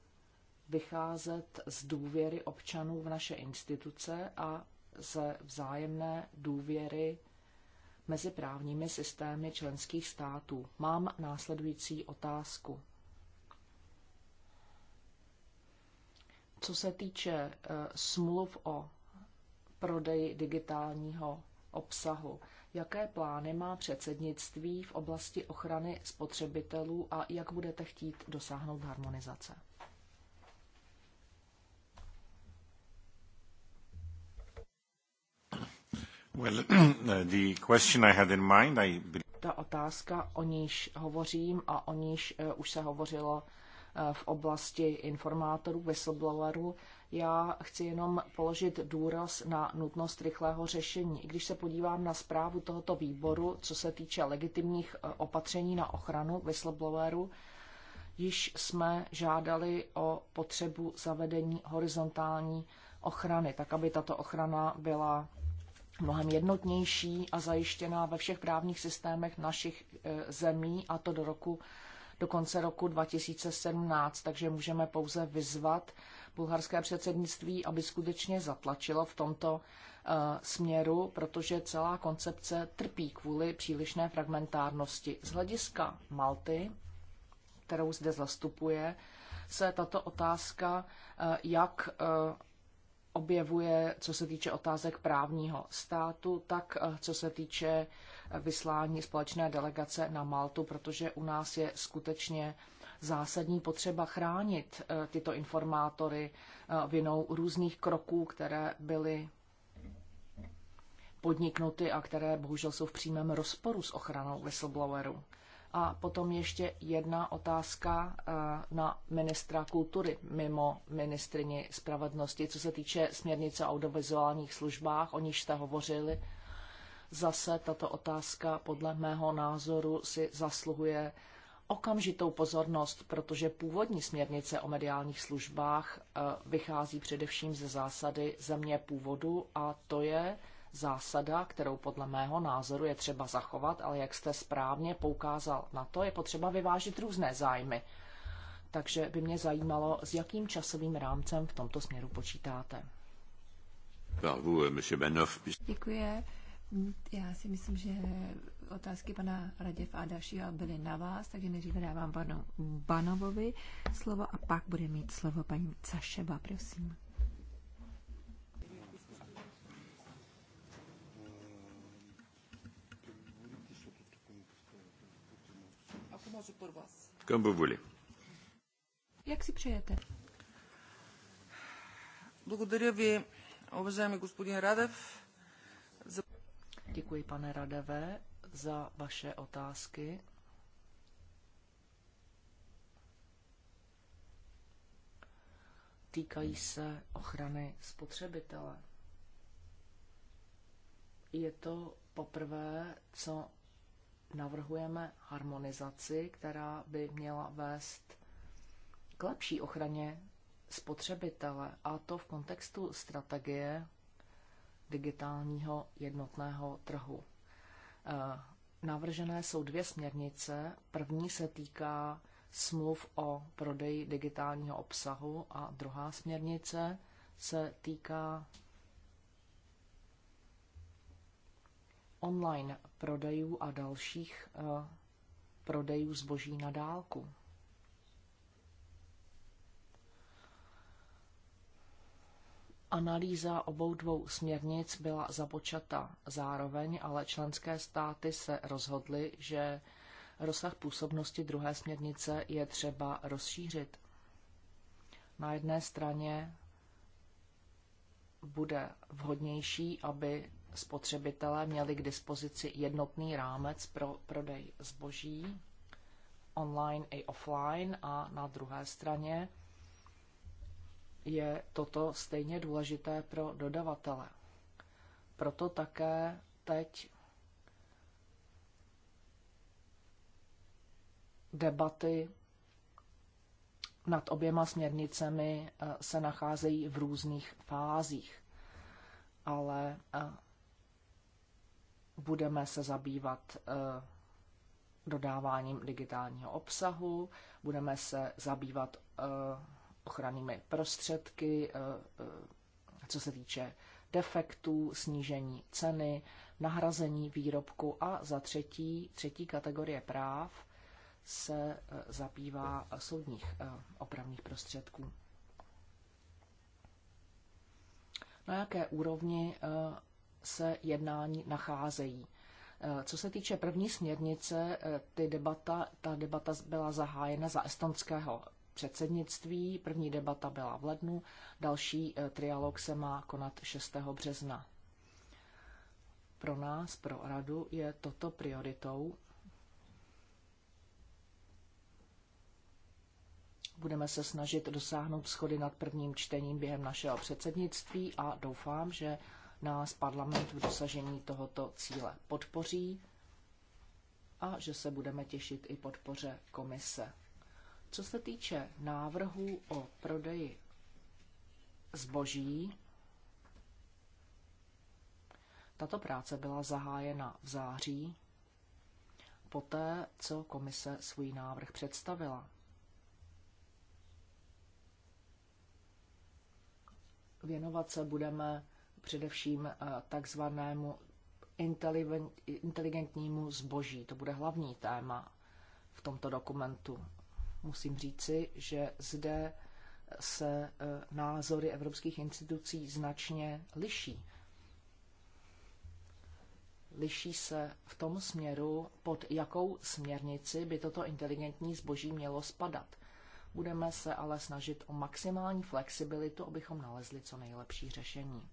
vycházet z důvěry občanů v naše instituce a ze vzájemné důvěry mezi právními systémy členských států. Mám následující otázku. Co se týče eh, smluv o prodeji digitálního obsahu, jaké plány má předsednictví v oblasti ochrany spotřebitelů a jak budete chtít dosáhnout harmonizace? Well, *clears throat* the question I had in mind, I... Ta otázka, o níž hovořím a o níž eh, už se hovořilo v oblasti informátorů, whistleblowerů. Já chci jenom položit důraz na nutnost rychlého řešení. I když se podívám na zprávu tohoto výboru, co se týče legitimních eh, opatření na ochranu whistleblowerů, již jsme žádali o potřebu zavedení horizontální ochrany, tak aby tato ochrana byla mnohem jednotnější a zajištěná ve všech právních systémech našich eh, zemí, a to do roku do konce roku 2017, takže můžeme pouze vyzvat bulharské předsednictví, aby skutečně zatlačilo v tomto eh, směru, protože celá koncepce trpí kvůli přílišné fragmentárnosti. Z hlediska Malty, kterou zde zastupuje, se tato otázka, eh, jak eh, objevuje, co se týče otázek právního státu, tak co se týče vyslání společné delegace na Maltu, protože u nás je skutečně zásadní potřeba chránit eh, tyto informátory eh, vinou různých kroků, které byly podniknuty a které bohužel jsou v přímém rozporu s ochranou whistleblowerů. A potom ještě jedna otázka eh, na ministra kultury mimo ministrině spravedlnosti, co se týče směrnice o audiovizuálních službách, o níž jste hovořili Zase tato otázka podle mého názoru si zasluhuje okamžitou pozornost, protože původní směrnice o mediálních službách eh, vychází především ze zásady země původu a to je zásada, kterou podle mého názoru je třeba zachovat, ale jak jste správně poukázal na to, je potřeba vyvážit různé zájmy. Takže by mě zajímalo, s jakým časovým rámcem v tomto směru počítáte. Euh, Děkuji. Já si myslím, že otázky pana Raděv a dalšího byly na vás, takže nejdříve dávám panu Banovovi slovo a pak bude mít slovo paní Cašeba, prosím. Kam by vůli? Jak si přejete? Děkuji ви, уважаеми господин Radev. Děkuji, pane Radeve, za vaše otázky. Týkají se ochrany spotřebitele. Je to poprvé, co navrhujeme harmonizaci, která by měla vést k lepší ochraně spotřebitele, a to v kontextu strategie digitálního jednotného trhu. Eh, navržené jsou dvě směrnice. První se týká smluv o prodeji digitálního obsahu a druhá směrnice se týká online prodejů a dalších eh, prodejů zboží na dálku. Analýza obou dvou směrnic byla započata zároveň, ale členské státy se rozhodly, že rozsah působnosti druhé směrnice je třeba rozšířit. Na jedné straně bude vhodnější, aby spotřebitelé měli k dispozici jednotný rámec pro prodej zboží online i offline a na druhé straně je toto stejně důležité pro dodavatele. Proto také teď debaty nad oběma směrnicemi eh, se nacházejí v různých fázích, ale eh, budeme se zabývat eh, dodáváním digitálního obsahu, budeme se zabývat ochrannými prostředky, eh, eh, co se týče defektů, snížení ceny, nahrazení výrobku a za třetí, třetí kategorie práv se eh, zabývá soudních opravných prostředků. Na jaké úrovni se jednání nacházejí? Co se týče první směrnice, ty debata, ta debata byla zahájena za estonského předsednictví. První debata byla v lednu, další eh, trialog se má konat 6. března. Pro nás, pro radu, je toto prioritou. Budeme se snažit dosáhnout schody nad prvním čtením během našeho předsednictví a doufám, že nás parlament v dosažení tohoto cíle podpoří a že se budeme těšit i podpoře komise. Co se týče návrhu o prodeji zboží, tato práce byla zahájena v září, poté co komise svůj návrh představila. Věnovat se budeme především eh, takzvanému inteligentnímu zboží. To bude hlavní téma v tomto dokumentu musím říci, že zde se e, názory evropských institucí značně liší. Liší se v tom směru, pod jakou směrnici by toto inteligentní zboží mělo spadat. Budeme se ale snažit o maximální flexibilitu, abychom nalezli co nejlepší řešení.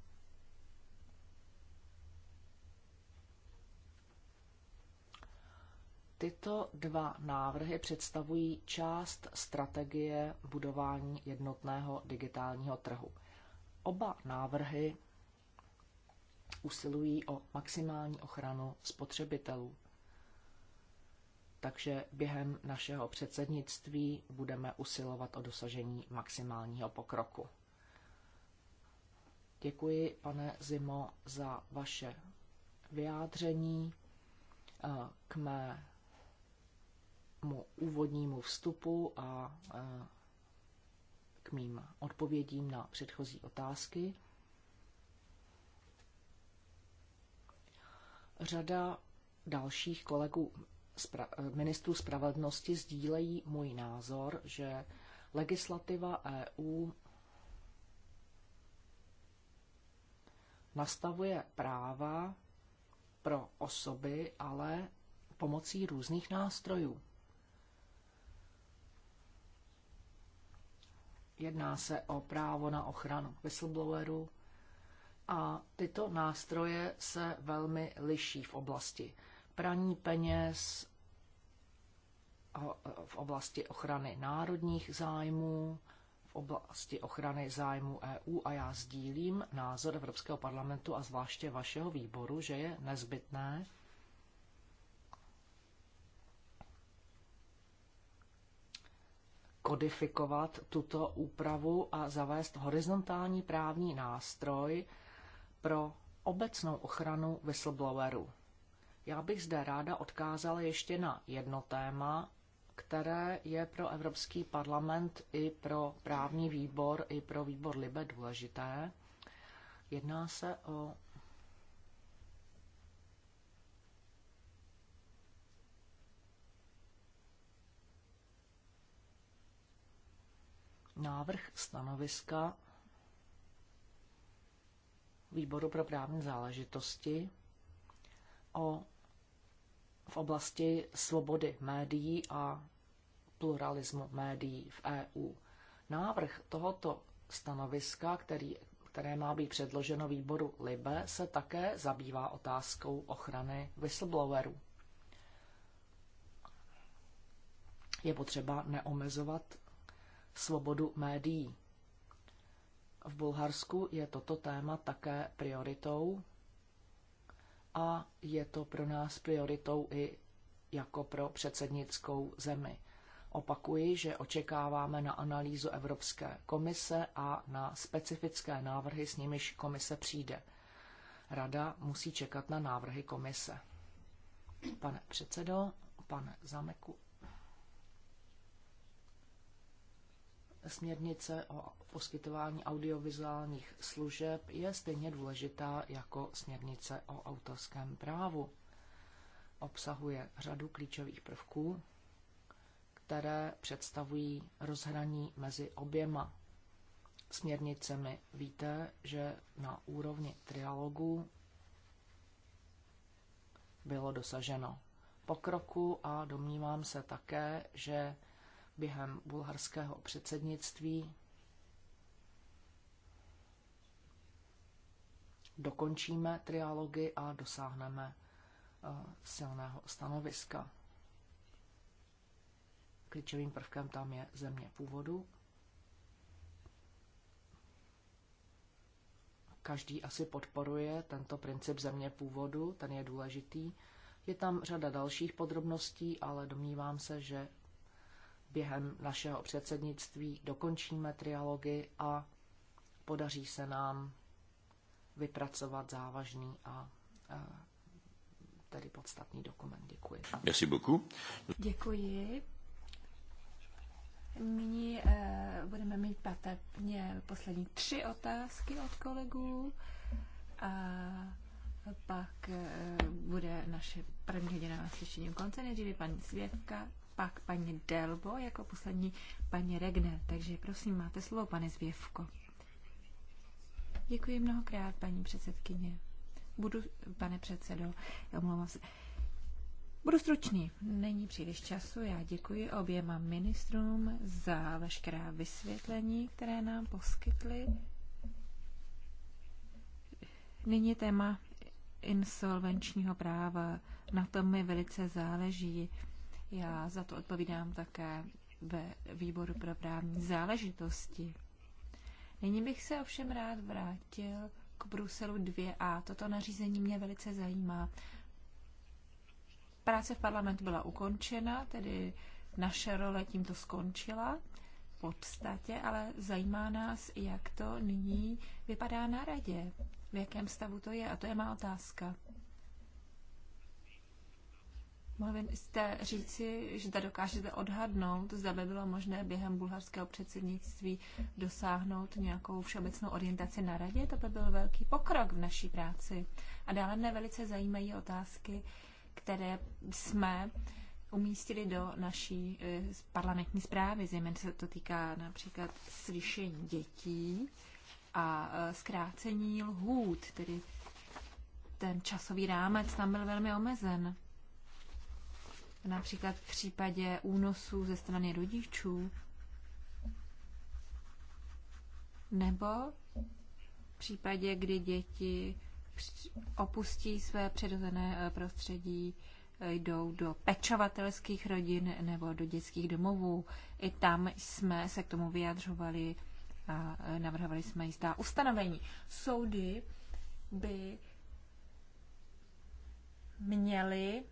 Tyto dva návrhy představují část strategie budování jednotného digitálního trhu. Oba návrhy usilují o maximální ochranu spotřebitelů. Takže během našeho předsednictví budeme usilovat o dosažení maximálního pokroku. Děkuji, pane Zimo, za vaše vyjádření eh, k mé mu úvodnímu vstupu a k mým odpovědím na předchozí otázky. Řada dalších kolegů ministrů spravedlnosti sdílejí můj názor, že legislativa EU nastavuje práva pro osoby, ale pomocí různých nástrojů. Jedná se o právo na ochranu whistleblowerů a tyto nástroje se velmi liší v oblasti praní peněz, v oblasti ochrany národních zájmů, v oblasti ochrany zájmů EU a já sdílím názor Evropského parlamentu a zvláště vašeho výboru, že je nezbytné kodifikovat tuto úpravu a zavést horizontální právní nástroj pro obecnou ochranu whistleblowerů. Já bych zde ráda odkázala ještě na jedno téma, které je pro Evropský parlament i pro právní výbor, i pro výbor Libe důležité. Jedná se o návrh stanoviska výboru pro právní záležitosti o, v oblasti svobody médií a pluralismu médií v EU. Návrh tohoto stanoviska, který, které má být předloženo výboru LIBE, se také zabývá otázkou ochrany whistleblowerů. Je potřeba neomezovat svobodu médií. V Bulharsku je toto téma také prioritou a je to pro nás prioritou i jako pro předsednickou zemi. Opakuji, že očekáváme na analýzu Evropské komise a na specifické návrhy, s nimiž komise přijde. Rada musí čekat na návrhy komise. Pane předsedo, pane Zameku, směrnice o poskytování audiovizuálních služeb je stejně důležitá jako směrnice o autorském právu. Obsahuje řadu klíčových prvků, které představují rozhraní mezi oběma směrnicemi. Víte, že na úrovni trialogu bylo dosaženo pokroku a domnívám se také, že během bulharského předsednictví. Dokončíme triálogy a dosáhneme eh, silného stanoviska. Klíčovým prvkem tam je země původu. Každý asi podporuje tento princip země původu, ten je důležitý. Je tam řada dalších podrobností, ale domnívám se, že během našeho předsednictví dokončíme trialogy a podaří se nám vypracovat závažný a tedy podstatný dokument. Děkuji. Merci beaucoup. Děkuji. Nyní eh, budeme mít patrně poslední tři otázky od kolegů a pak eh, bude naše první na slyšení u konce. Nejdříve paní Svěvka pak paní Delbo, jako poslední paní Regner. Takže prosím, máte slovo, pane Zvěvko. Děkuji mnohokrát, paní předsedkyně. Budu, pane předsedo, omlouvám se. Budu stručný. Není příliš času. Já děkuji oběma ministrům za veškerá vysvětlení, které nám poskytli. Nyní téma insolvenčního práva. Na tom mi velice záleží. Já za to odpovídám také ve výboru pro právní záležitosti. Nyní bych se ovšem rád vrátil k Bruselu 2a. Toto nařízení mě velice zajímá. Práce v parlamentu byla ukončena, tedy naše role tímto skončila v podstatě, ale zajímá nás, jak to nyní vypadá na radě, v jakém stavu to je. A to je má otázka. Mohli jste říci, že zda dokážete odhadnout, zda by bylo možné během bulharského předsednictví dosáhnout nějakou všeobecnou orientaci na radě, to by byl velký pokrok v naší práci. A dále mne velice zajímají otázky, které jsme umístili do naší eh, parlamentní zprávy, zejména se to týká například slyšení dětí a eh, zkrácení lhůt, tedy ten časový rámec tam byl velmi omezen například v případě únosů ze strany rodičů, nebo v případě, kdy děti opustí své přirozené eh, prostředí, eh, jdou do pečovatelských rodin nebo do dětských domovů. I tam jsme se k tomu vyjadřovali a eh, navrhovali jsme jistá ustanovení. Soudy by měly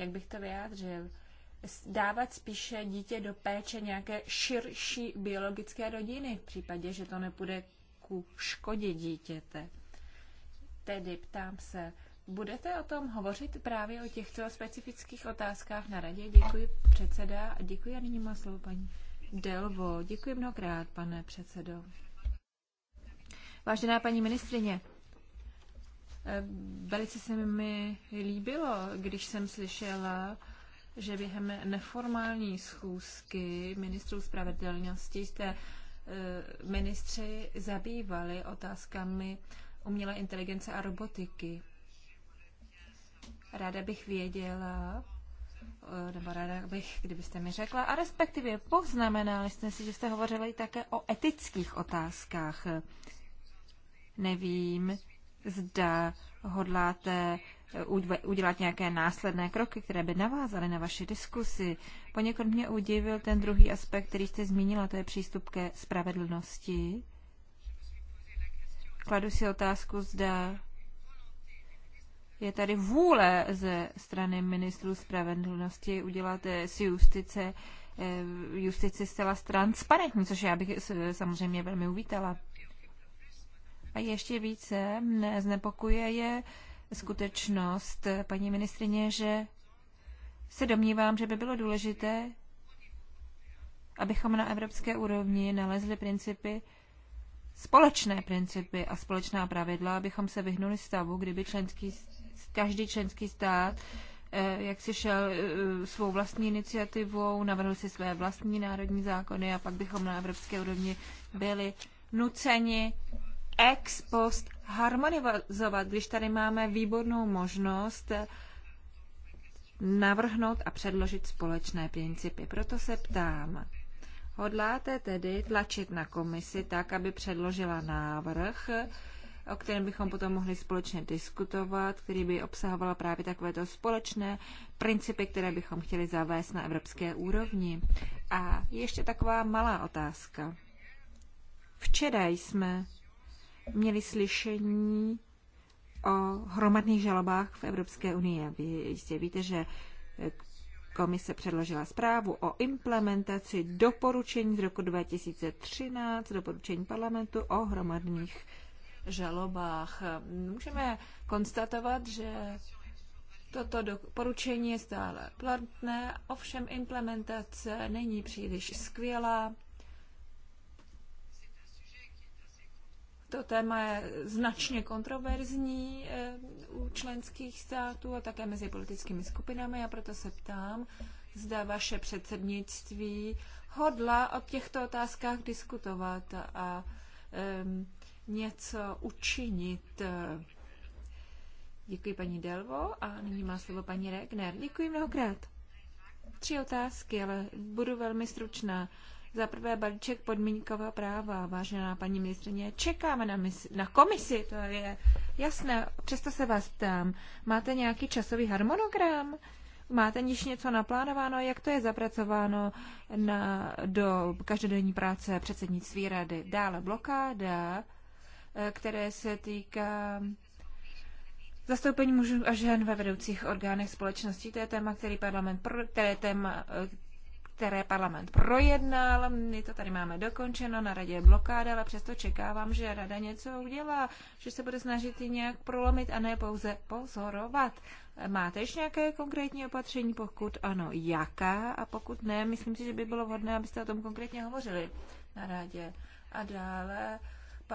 jak bych to vyjádřil, dávat spíše dítě do péče nějaké širší biologické rodiny v případě, že to nebude ku škodě dítěte. Tedy ptám se, budete o tom hovořit právě o těchto specifických otázkách na radě? Děkuji předseda a děkuji a nyní má slovo paní Delvo. Děkuji mnohokrát, pane předsedo. Vážená paní ministrině, Eh, velice se mi líbilo, když jsem slyšela, že během neformální schůzky ministrů spravedlnosti jste eh, ministři zabývali otázkami umělé inteligence a robotiky. Ráda bych věděla, eh, nebo ráda bych, kdybyste mi řekla, a respektive poznamenali jste si, že jste hovořili také o etických otázkách. Nevím, zda hodláte eh, udělat nějaké následné kroky, které by navázaly na vaši diskusi. Poněkud mě udivil ten druhý aspekt, který jste zmínila, to je přístup ke spravedlnosti. Kladu si otázku, zda je tady vůle ze strany ministrů spravedlnosti udělat si eh, justice eh, justici zcela transparentní, což já bych samozřejmě velmi uvítala. A ještě více mne znepokuje je skutečnost, paní ministrině, že se domnívám, že by bylo důležité, abychom na evropské úrovni nalezli principy, společné principy a společná pravidla, abychom se vyhnuli stavu, kdyby členský, každý členský stát eh, jak si šel eh, svou vlastní iniciativou, navrhl si své vlastní národní zákony a pak bychom na evropské úrovni byli nuceni ex post harmonizovat, když tady máme výbornou možnost navrhnout a předložit společné principy. Proto se ptám, hodláte tedy tlačit na komisi tak, aby předložila návrh, o kterém bychom potom mohli společně diskutovat, který by obsahovala právě takovéto společné principy, které bychom chtěli zavést na evropské úrovni. A ještě taková malá otázka. Včera jsme měli slyšení o hromadných žalobách v Evropské unii. Vy jistě víte, že komise předložila zprávu o implementaci doporučení z roku 2013, doporučení parlamentu o hromadných žalobách. Můžeme konstatovat, že toto doporučení je stále platné, ovšem implementace není příliš skvělá To téma je značně kontroverzní eh, u členských států a také mezi politickými skupinami a proto se ptám, zda vaše předsednictví hodla o těchto otázkách diskutovat a um, něco učinit. Děkuji paní Delvo a nyní má slovo paní Regner. Děkuji mnohokrát. Tři otázky, ale budu velmi stručná. Za prvé balíček podmínkového práva, vážená paní ministrině, čekáme na, misi, na komisi, to je jasné. Přesto se vás ptám, máte nějaký časový harmonogram? Máte již něco naplánováno? Jak to je zapracováno na, do každodenní práce předsednictví rady? Dále blokáda, eh, které se týká zastoupení mužů a žen ve vedoucích orgánech společnosti. To je téma, který parlament, které téma, eh, které parlament projednal. My to tady máme dokončeno, na radě je blokáda, ale přesto čekávám, že rada něco udělá, že se bude snažit ji nějak prolomit a ne pouze pozorovat. Máte ještě nějaké konkrétní opatření? Pokud ano, jaká? A pokud ne, myslím si, že by bylo vhodné, abyste o tom konkrétně hovořili na radě. A dále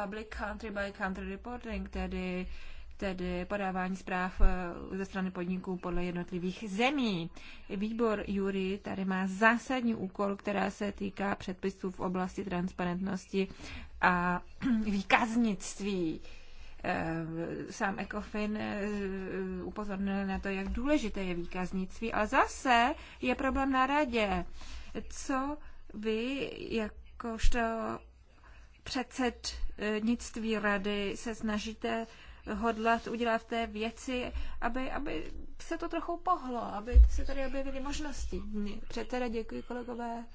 public country by country reporting, tedy uh, tedy podávání zpráv eh, ze strany podniků podle jednotlivých zemí. Výbor Jury tady má zásadní úkol, která se týká předpisů v oblasti transparentnosti a *clears throat* výkaznictví. Eh, sám Ecofin eh, upozornil na to, jak důležité je výkaznictví, ale zase je problém na radě. Co vy jakožto předsednictví rady se snažíte hodlat udělat té věci, aby, aby se to trochu pohlo, aby se tady objevily možnosti. Předseda, děkuji kolegové.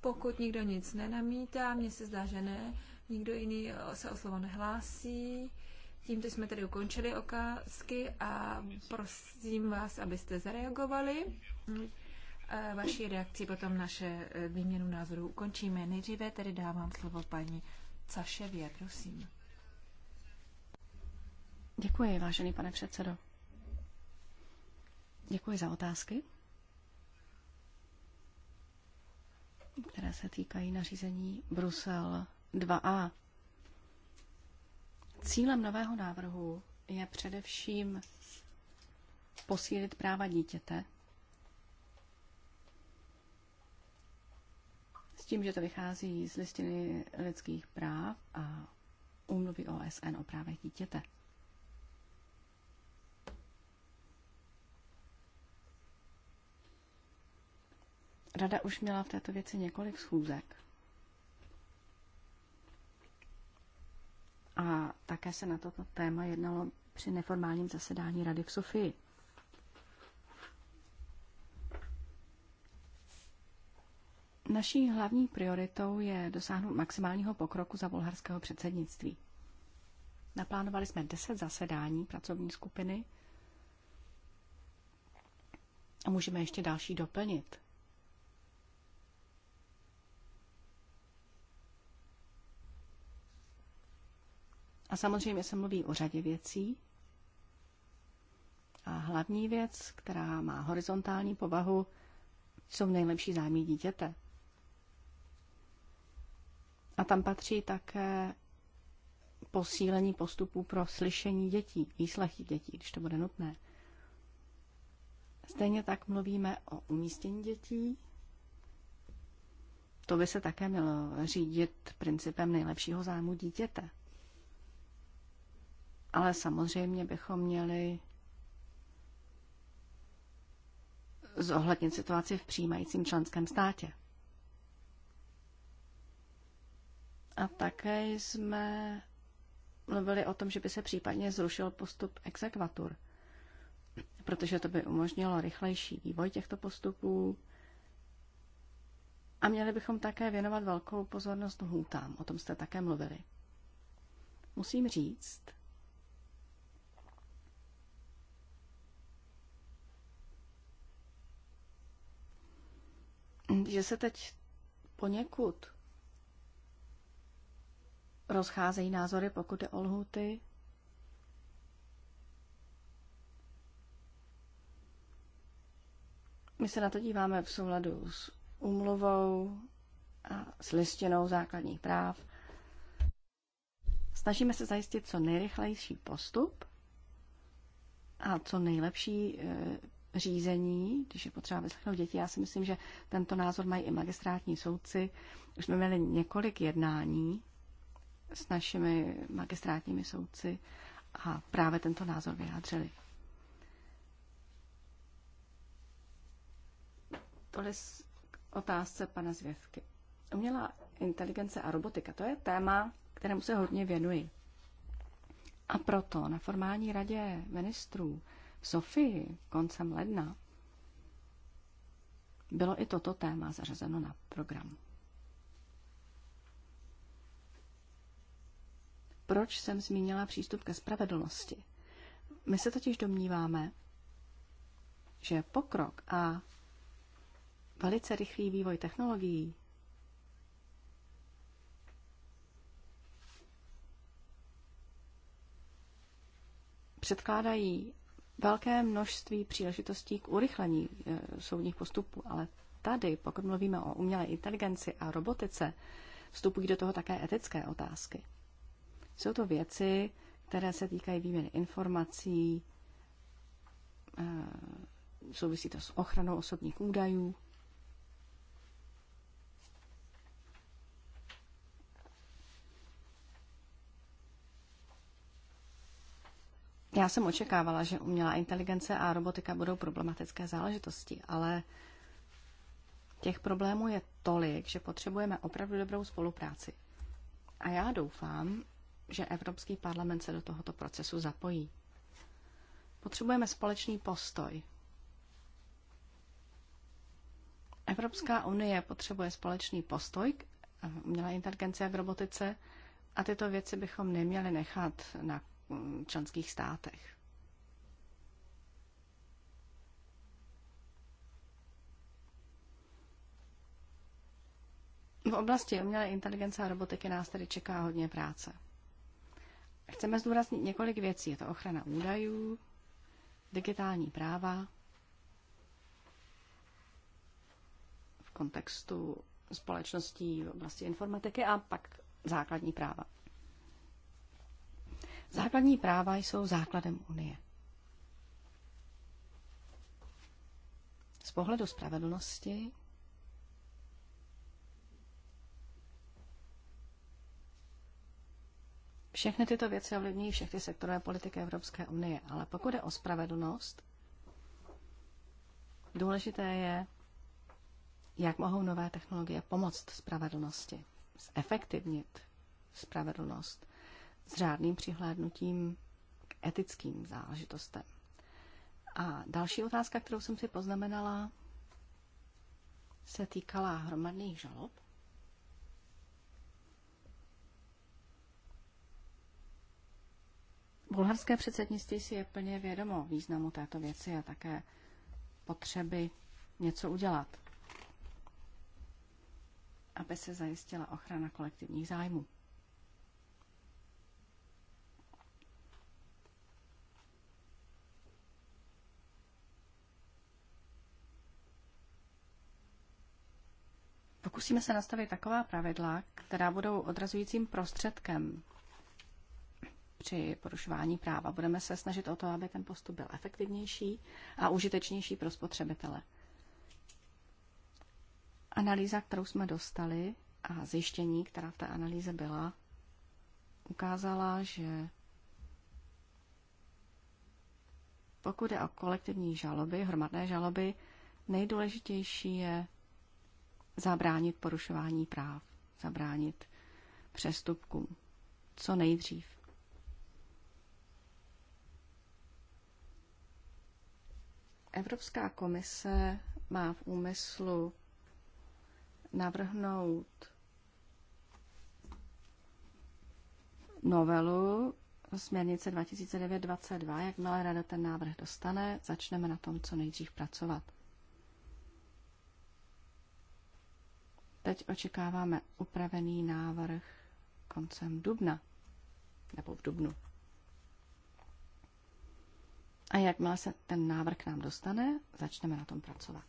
Pokud nikdo nic nenamítá, mně se zdá, že ne, nikdo jiný se o slovo nehlásí. Tímto jsme tedy ukončili okázky a prosím vás, abyste zareagovali. E, vaší reakci potom naše e, výměnu názorů ukončíme. Nejdříve tedy dávám slovo paní Caševě, prosím. Děkuji, vážený pane předsedo. Děkuji za otázky, které se týkají nařízení Brusel 2a. Cílem nového návrhu je především posílit práva dítěte s tím, že to vychází z listiny lidských práv a úmluvy OSN o právech dítěte. Rada už měla v této věci několik schůzek. A také se na toto téma jednalo při neformálním zasedání Rady v Sofii. Naší hlavní prioritou je dosáhnout maximálního pokroku za bulharského předsednictví. Naplánovali jsme 10 zasedání pracovní skupiny a můžeme ještě další doplnit. A samozřejmě se mluví o řadě věcí. A hlavní věc, která má horizontální povahu, jsou nejlepší zájmy dítěte. A tam patří také posílení postupů pro slyšení dětí, výslechy dětí, když to bude nutné. Stejně tak mluvíme o umístění dětí. To by se také mělo řídit principem nejlepšího zájmu dítěte ale samozřejmě bychom měli zohlednit situaci v přijímajícím členském státě. A také jsme mluvili o tom, že by se případně zrušil postup exekvatur, protože to by umožnilo rychlejší vývoj těchto postupů. A měli bychom také věnovat velkou pozornost hůtám, o tom jste také mluvili. Musím říct, že se teď poněkud rozcházejí názory, pokud je o lhuty. My se na to díváme v souladu s úmluvou a s listinou základních práv. Snažíme se zajistit co nejrychlejší postup a co nejlepší eh, řízení, když je potřeba vyslechnout děti. Já si myslím, že tento názor mají i magistrátní soudci. Už jsme měli několik jednání s našimi magistrátními soudci a právě tento názor vyjádřili. Tohle k otázce pana Zvěvky. Umělá inteligence a robotika, to je téma, kterému se hodně věnuji. A proto na formální radě ministrů Sofii koncem ledna bylo i toto téma zařazeno na program. Proč jsem zmínila přístup ke spravedlnosti? My se totiž domníváme, že pokrok a velice rychlý vývoj technologií předkládají velké množství příležitostí k urychlení eh, soudních postupů, ale tady, pokud mluvíme o umělé inteligenci a robotice, vstupují do toho také etické otázky. Jsou to věci, které se týkají výměny informací, eh, souvisí to s ochranou osobních údajů, Já jsem očekávala, že umělá inteligence a robotika budou problematické záležitosti, ale těch problémů je tolik, že potřebujeme opravdu dobrou spolupráci. A já doufám, že Evropský parlament se do tohoto procesu zapojí. Potřebujeme společný postoj. Evropská unie potřebuje společný postoj k umělé inteligenci a k robotice a tyto věci bychom neměli nechat na členských státech. V oblasti umělé inteligence a robotiky nás tedy čeká hodně práce. Chceme zdůraznit několik věcí. Je to ochrana údajů, digitální práva v kontextu společností v oblasti informatiky a pak základní práva. Základní práva jsou základem Unie. Z pohledu spravedlnosti všechny tyto věci ovlivňují všechny sektorové politiky Evropské unie, ale pokud je o spravedlnost, důležité je, jak mohou nové technologie pomoct spravedlnosti, zefektivnit spravedlnost s řádným přihlédnutím k etickým záležitostem. A další otázka, kterou jsem si poznamenala, se týkala hromadných žalob. Bulharské předsednictví si je plně vědomo významu této věci a také potřeby něco udělat, aby se zajistila ochrana kolektivních zájmů. Pokusíme se nastavit taková pravidla, která budou odrazujícím prostředkem při porušování práva. Budeme se snažit o to, aby ten postup byl efektivnější a užitečnější pro spotřebitele. Analýza, kterou jsme dostali a zjištění, která v té analýze byla, ukázala, že pokud je o kolektivní žaloby, hromadné žaloby, nejdůležitější je zabránit porušování práv, zabránit přestupkům co nejdřív. Evropská komise má v úmyslu navrhnout novelu směrnice 2009-22. Jakmile rada ten návrh dostane, začneme na tom co nejdřív pracovat. Teď očekáváme upravený návrh koncem dubna, nebo v dubnu. A jakmile se ten návrh k nám dostane, začneme na tom pracovat.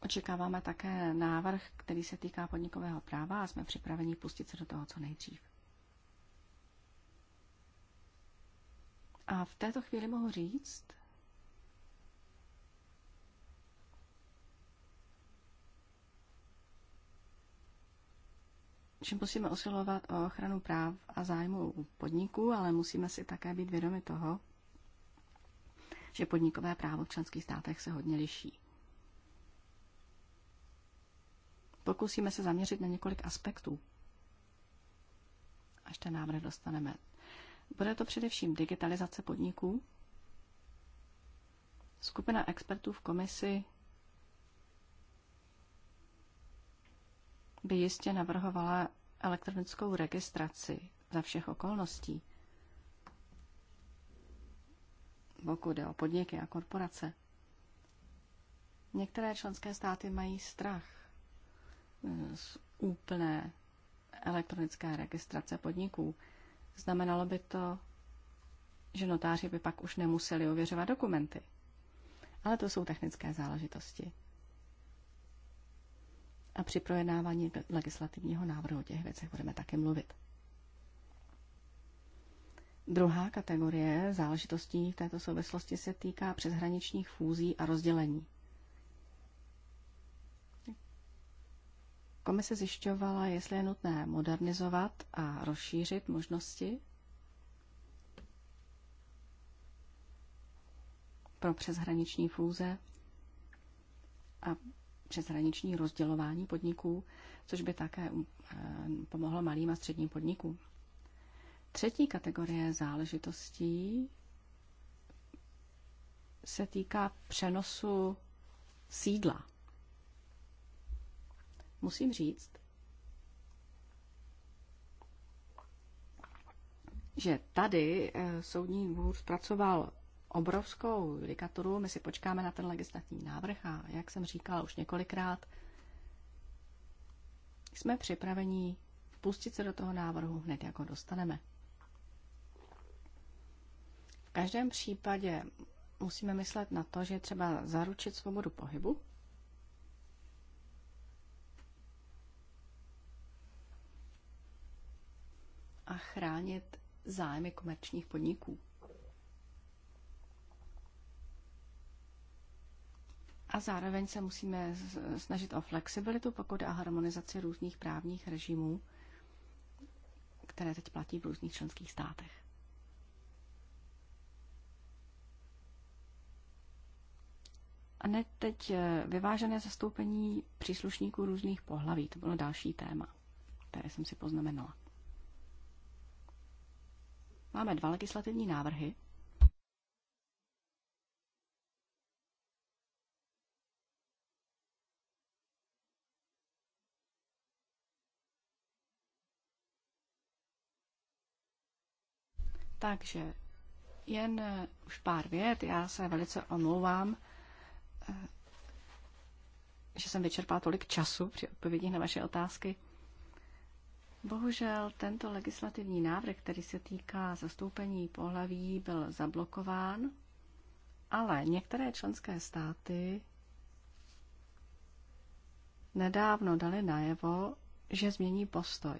Očekáváme také návrh, který se týká podnikového práva a jsme připraveni pustit se do toho co nejdřív. A v této chvíli mohu říct, že musíme usilovat o ochranu práv a zájmu podniků, ale musíme si také být vědomi toho, že podnikové právo v členských státech se hodně liší. Pokusíme se zaměřit na několik aspektů, až ten návrh dostaneme bude to především digitalizace podniků. Skupina expertů v komisi by jistě navrhovala elektronickou registraci za všech okolností, pokud jde o podniky a korporace. Některé členské státy mají strach eh, z úplné elektronické registrace podniků. Znamenalo by to, že notáři by pak už nemuseli ověřovat dokumenty. Ale to jsou technické záležitosti. A při projednávání legislativního návrhu o těch věcech budeme také mluvit. Druhá kategorie záležitostí v této souvislosti se týká přeshraničních fúzí a rozdělení. Komise zjišťovala, jestli je nutné modernizovat a rozšířit možnosti pro přeshraniční fúze a přeshraniční rozdělování podniků, což by také eh, pomohlo malým a středním podnikům. Třetí kategorie záležitostí se týká přenosu sídla Musím říct, že tady eh, soudní dvůr zpracoval obrovskou judikaturu. My si počkáme na ten legislativní návrh a, jak jsem říkala už několikrát, jsme připraveni pustit se do toho návrhu hned, jak ho dostaneme. V každém případě musíme myslet na to, že třeba zaručit svobodu pohybu, a chránit zájmy komerčních podniků. A zároveň se musíme snažit o flexibilitu, pokud a harmonizaci různých právních režimů, které teď platí v různých členských státech. A ne teď eh, vyvážené zastoupení příslušníků různých pohlaví. To bylo další téma, které jsem si poznamenala. Máme dva legislativní návrhy. Takže jen eh, už pár vět. Já se velice omlouvám, eh, že jsem vyčerpala tolik času při odpovědích na vaše otázky. Bohužel tento legislativní návrh, který se týká zastoupení pohlaví, byl zablokován, ale některé členské státy nedávno dali najevo, že změní postoj.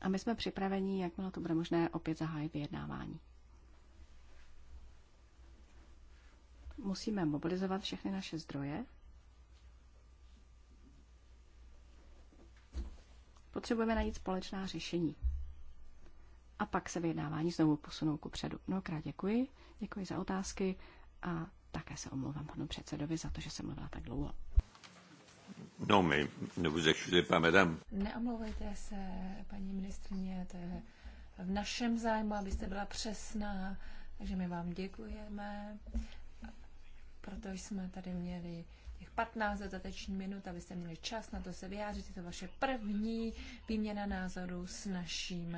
A my jsme připraveni, jakmile to bude možné, opět zahájit vyjednávání. Musíme mobilizovat všechny naše zdroje, Potřebujeme najít společná řešení. A pak se vyjednávání znovu posunou ku předu. Mnohokrát děkuji, děkuji za otázky a také se omlouvám panu předsedovi za to, že jsem mluvila tak dlouho. No, my, ne vous excusez Neomlouvejte se, paní ministrině, to je v našem zájmu, abyste byla přesná, takže my vám děkujeme, protože jsme tady měli těch 15 dodatečných minut, abyste měli čas na to se vyjádřit. Je to vaše první výměna názoru s naším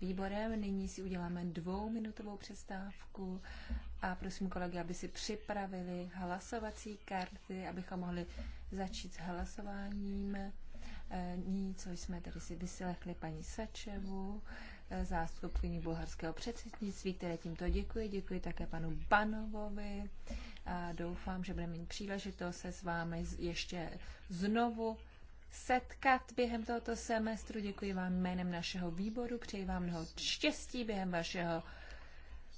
výborem. Nyní si uděláme dvouminutovou přestávku a prosím kolegy, aby si připravili hlasovací karty, abychom mohli začít s hlasováním. Ní, co jsme tady si vyslechli paní Sačevu, zástupkyni bulharského předsednictví, které tímto děkuji. Děkuji také panu Banovovi a doufám, že budeme mít příležitost se s vámi ještě znovu setkat během tohoto semestru. Děkuji vám jménem našeho výboru, přeji vám mnoho štěstí během vašeho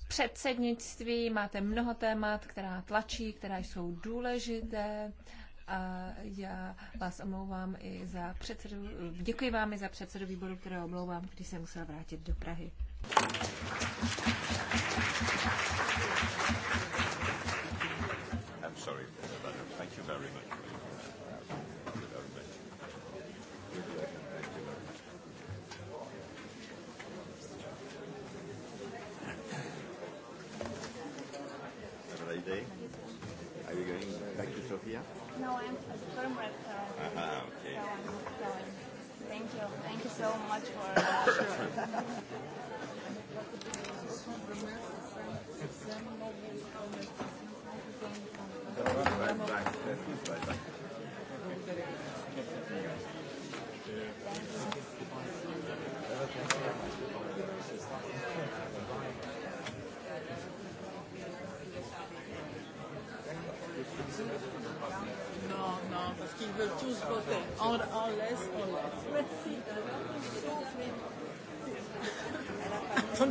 předsednictví. Máte mnoho témat, která tlačí, která jsou důležité. A já vás omlouvám i za předsedu, děkuji vám i za předsedu výboru, kterého omlouvám, když se musela vrátit do Prahy sorry about that. Thank you very much.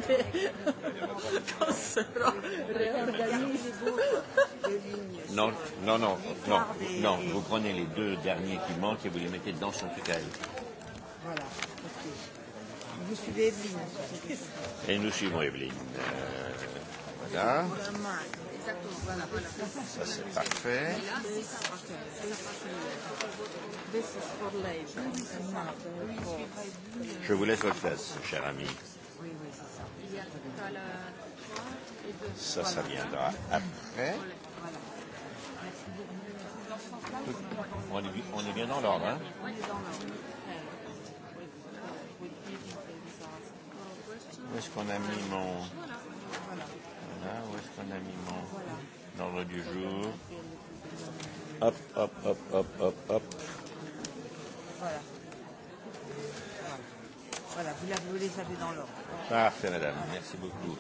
che fossero Non, non, non, non, non, vous prenez les deux derniers qui manquent et vous les mettez dans son truc à elle. Voilà, ok. Vous suivez Evelyne. Et nous suivons Evelyne. Euh, voilà. Ça c'est parfait. Je vous laisse votre place, cher ami. Ça, ça viendra après. on, est, on est bien dans l'ordre, hein Où est-ce qu'on a mis mon... Voilà, où est-ce qu'on a mis mon... L'ordre du jour. Hop, hop, hop, hop, hop, hop. Voilà. Voilà, vous, la, vous les avez dans l'ordre. Parfait, madame. Merci beaucoup.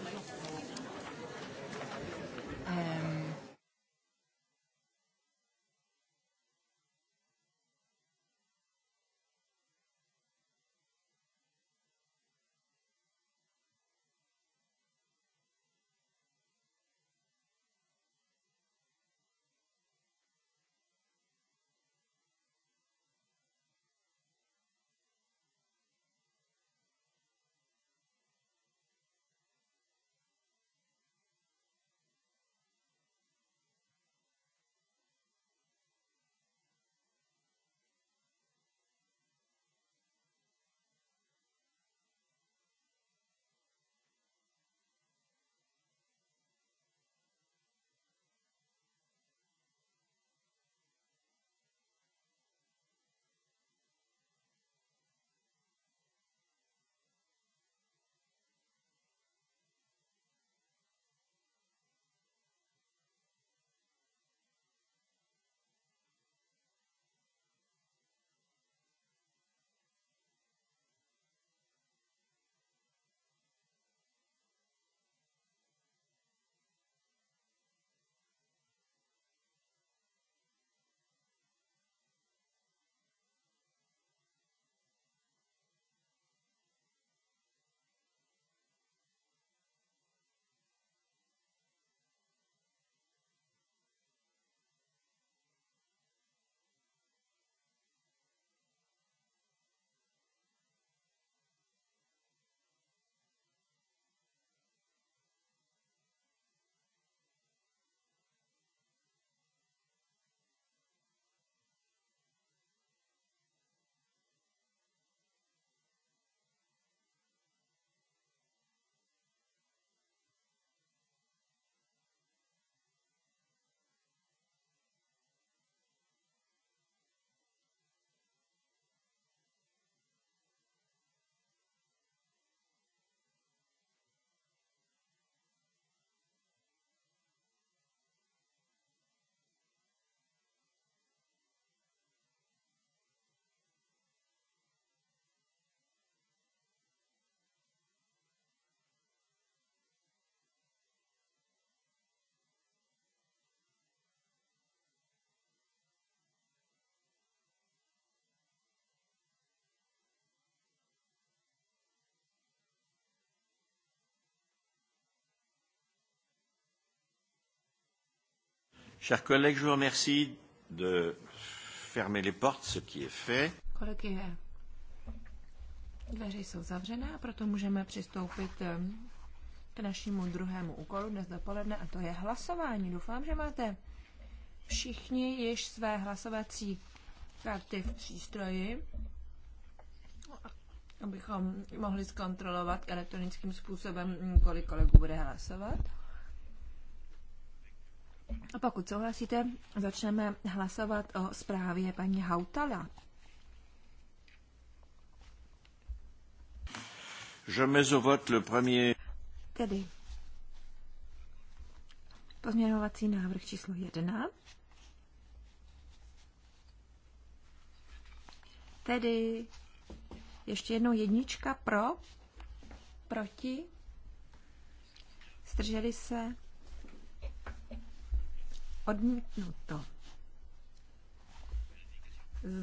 Chers collègues, je vous remercie de fermer les portes, ce qui est fait. Kolegie, dveře jsou zavřené a proto můžeme přistoupit eh, k našemu druhému úkolu dnes dopoledne a to je hlasování. Doufám, že máte všichni již své hlasovací karty v přístroji, abychom mohli zkontrolovat elektronickým způsobem, kolik kolegů bude hlasovat. A pokud souhlasíte, začneme hlasovat o zprávě paní Hautala. Je mets au vote le premier. Tedy pozměňovací návrh číslo 1. Tedy ještě jednou jednička pro, proti, strželi se, Odmítnuto.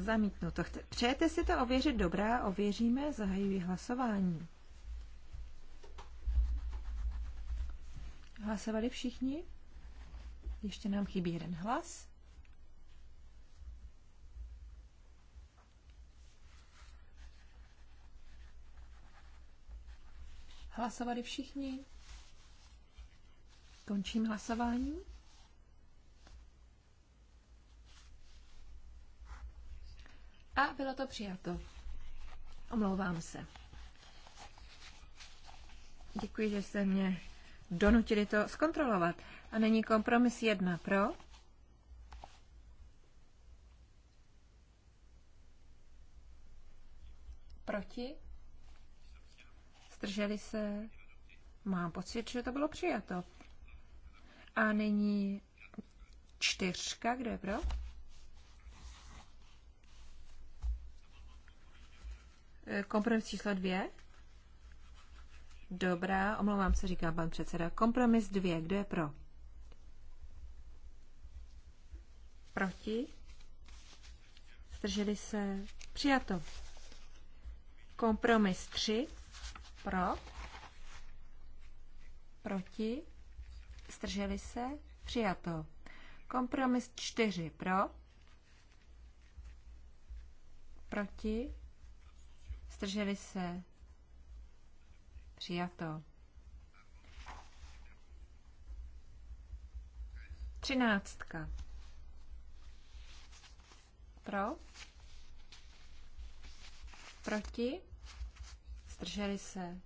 Zamítnuto. Přejete si to ověřit? Dobrá, ověříme, zahajuji hlasování. Hlasovali všichni? Ještě nám chybí jeden hlas. Hlasovali všichni? Končím hlasování. A bylo to přijato. Omlouvám se. Děkuji, že jste mě donutili to zkontrolovat. A není kompromis jedna pro? Proti? Zdrželi se? Mám pocit, že to bylo přijato. A není čtyřka, kdo je pro? Kompromis číslo dvě? Dobrá, omlouvám se, říká pan předseda. Kompromis dvě, kdo je pro? Proti? Zdrželi se? Přijato. Kompromis tři. Pro. Proti. Zdrželi se? Přijato. Kompromis čtyři. Pro. Proti. Zdrželi se? Přijato. 13. Pro? Proti? Zdrželi se?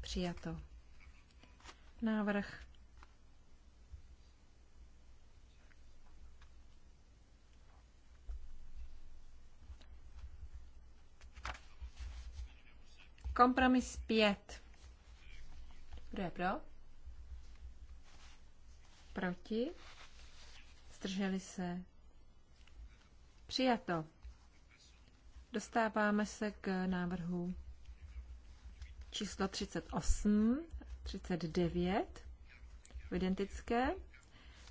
Přijato. Návrh Kompromis 5. Kdo je pro? Proti? Zdrželi se? Přijato. Dostáváme se k návrhu číslo 38, 39, v identické.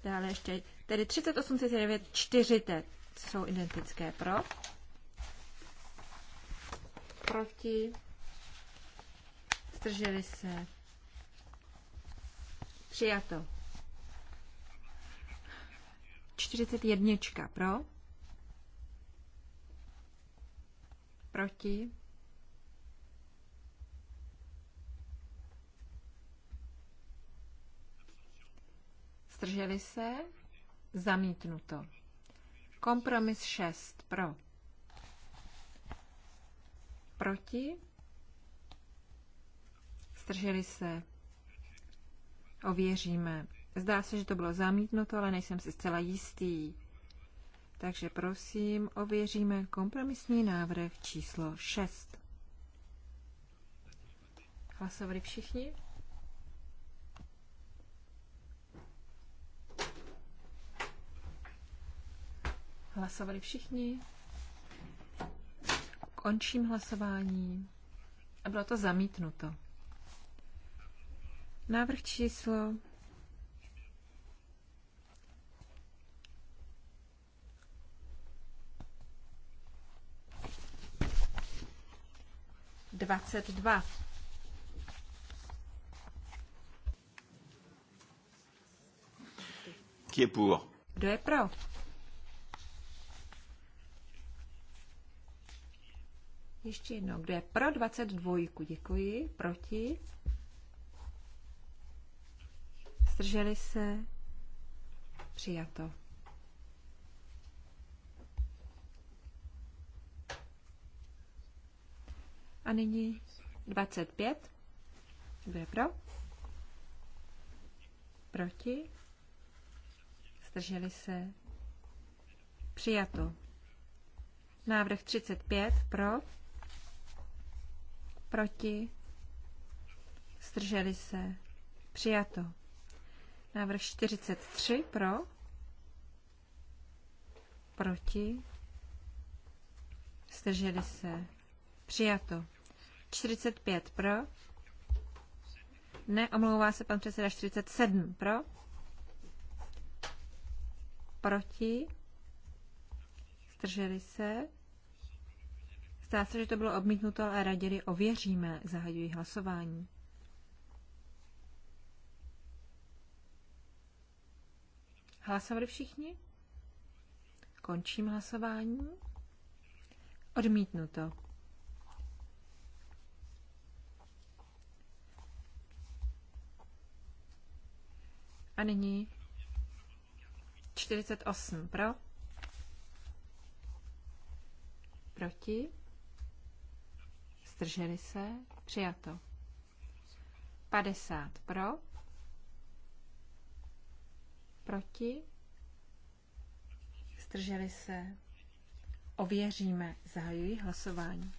Dále ještě, tedy 38, 39, 40 jsou identické pro. Proti zdrželi se. Přijato. 41 pro. Proti. Zdrželi se? Zamítnuto. Kompromis 6 pro. Proti? zdrželi se, ověříme. Zdá se, že to bylo zamítnuto, ale nejsem si zcela jistý. Takže prosím, ověříme kompromisní návrh číslo 6. Hlasovali všichni? Hlasovali všichni? Končím hlasování. A bylo to zamítnuto. Návrh číslo Qui est pour? Kdo je pro? Ještě jednou. Kdo je pro 22? Děkuji. Proti? Zdrželi se? Přijato. A nyní 25. Kdo je pro? Proti? Zdrželi se? Přijato. Návrh 35 pro, proti, zdrželi se, přijato. Návrh 43 pro. Proti. Zdrželi se. Přijato. 45 pro. Ne, omlouvá se pan předseda 47 pro. Proti. Zdrželi se. Zdá se, že to bylo odmítnuto, ale raději ověříme. Zahajuji hlasování. Hlasovali všichni? Končím hlasování. Odmítnuto. A nyní 48 pro. Proti. Zdrželi se. Přijato. 50 pro. Proti? Zdrželi se? Ověříme. Zahajuji hlasování.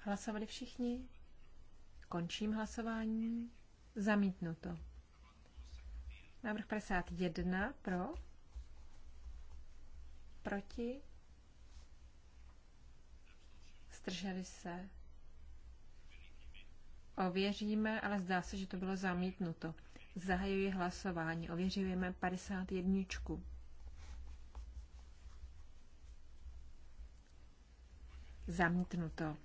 Hlasovali všichni? Končím hlasování. Zamítnuto. Návrh 51 pro. Proti. Zdrželi se. Ověříme, ale zdá se, že to bylo zamítnuto. Zahajuji hlasování. Ověřujeme 51. Zamítnuto.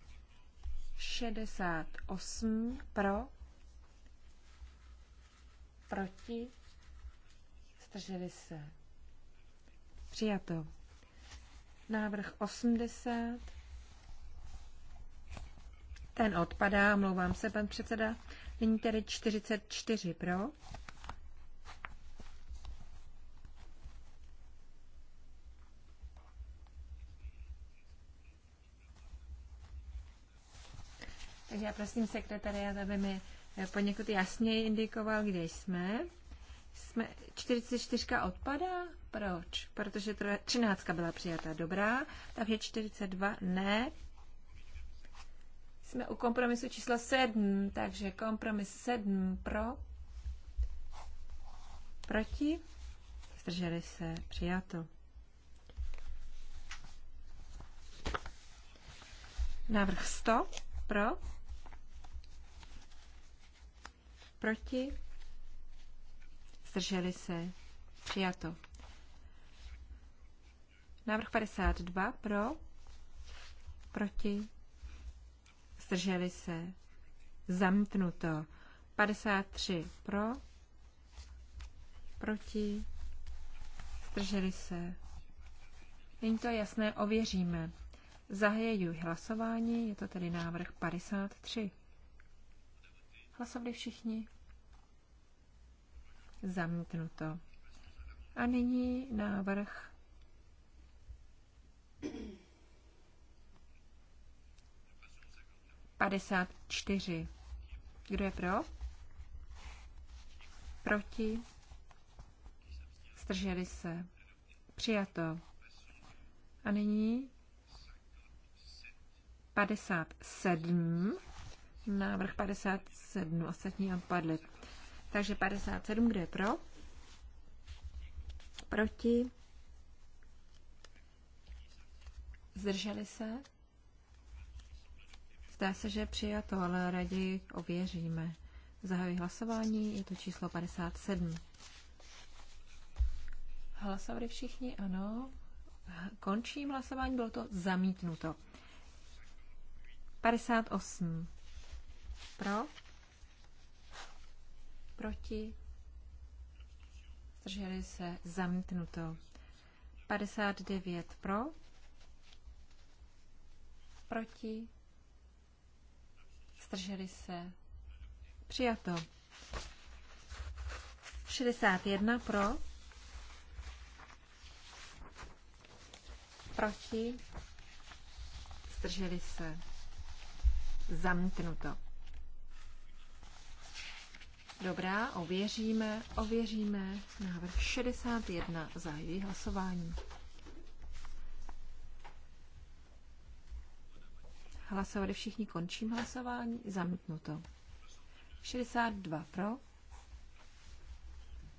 68 pro, proti, zdrželi se. Přijato. Návrh 80 ten odpadá, mluvám se, pan předseda. Nyní tedy 44 pro. Takže já prosím sekretariat, aby mi eh, poněkud jasněji indikoval, kde jsme. jsme 44 odpadá? Proč? Protože 13 byla přijata dobrá, takže 42 ne, jsme u kompromisu číslo 7, takže kompromis 7 pro, proti, zdrželi se, přijato. Návrh 100 pro, proti, zdrželi se, přijato. Návrh 52 pro, proti, zdrželi se, zamítnuto. 53 pro, proti, zdrželi se. Není to jasné, ověříme. Zahajuji hlasování, je to tedy návrh 53. Hlasovali všichni? Zamítnuto. A nyní návrh 54. Kdo je pro? Proti? Zdrželi se. Přijato. A nyní 57. Návrh 57. Ostatní odpadly. Takže 57. Kdo je pro? Proti? Zdrželi se? Zdá se, že přijato, ale raději ověříme. Zahajuji hlasování, je to číslo 57. Hlasovali všichni, ano. Končím hlasování, bylo to zamítnuto. 58. Pro? Proti? Zdrželi se zamítnuto. 59 pro? Proti? Zdrželi se. Přijato. 61 pro. Proti. Zdrželi se. Zamítnuto. Dobrá, ověříme, ověříme návrh 61 za její hlasování. Hlasovali všichni, končím hlasování, zamítnuto. 62 pro,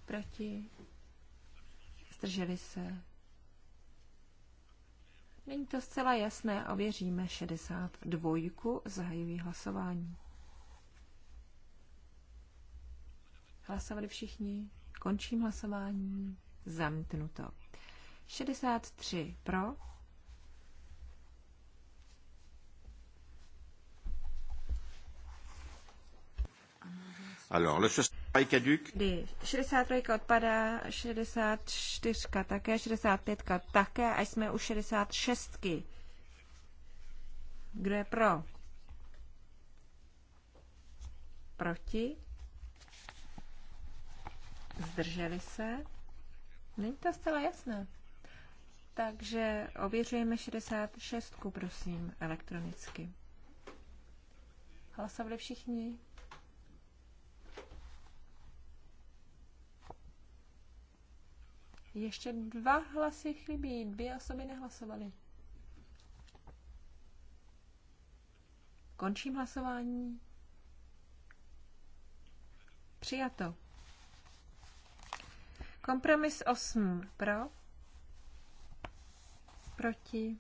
proti, zdrželi se. Není to zcela jasné, ověříme 62, zahajují hlasování. Hlasovali všichni, končím hlasování, zamítnuto. 63 pro, Alors, le 63 caduc. 63 odpadá, 64 také, 65 také, a jsme u 66. Kdo je pro? Proti? Zdrželi se? Není to zcela jasné. Takže ověřujeme 66, prosím, elektronicky. Hlasovali všichni? Ještě dva hlasy chybí, dvě osoby nehlasovaly. Končím hlasování. Přijato. Kompromis 8 pro, proti,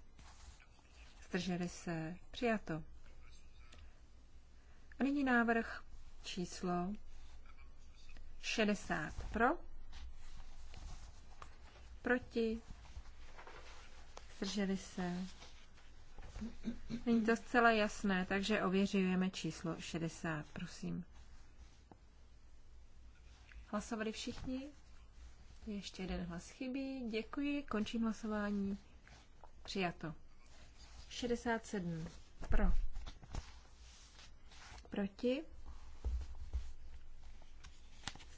zdrželi se, přijato. A nyní návrh číslo 60 pro, Proti? Zdrželi se? Není to zcela jasné, takže ověřujeme číslo 60, prosím. Hlasovali všichni? Ještě jeden hlas chybí. Děkuji, končím hlasování. Přijato. 67 pro. Proti.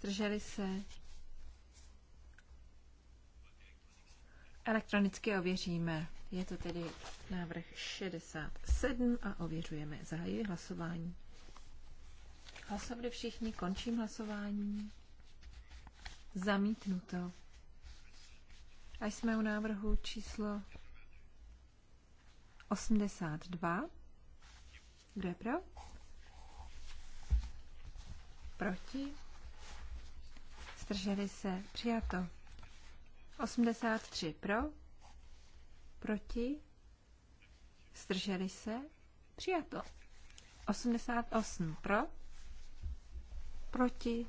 Zdrželi se. Elektronicky ověříme. Je to tedy návrh 67 a ověřujeme. Zahajuji hlasování. Hlasovali všichni, končím hlasování. Zamítnuto. A jsme u návrhu číslo 82. Kdo je pro? Proti? Zdrželi se. Přijato. 83 pro, proti, zdrželi se, přijato. 88 pro, proti,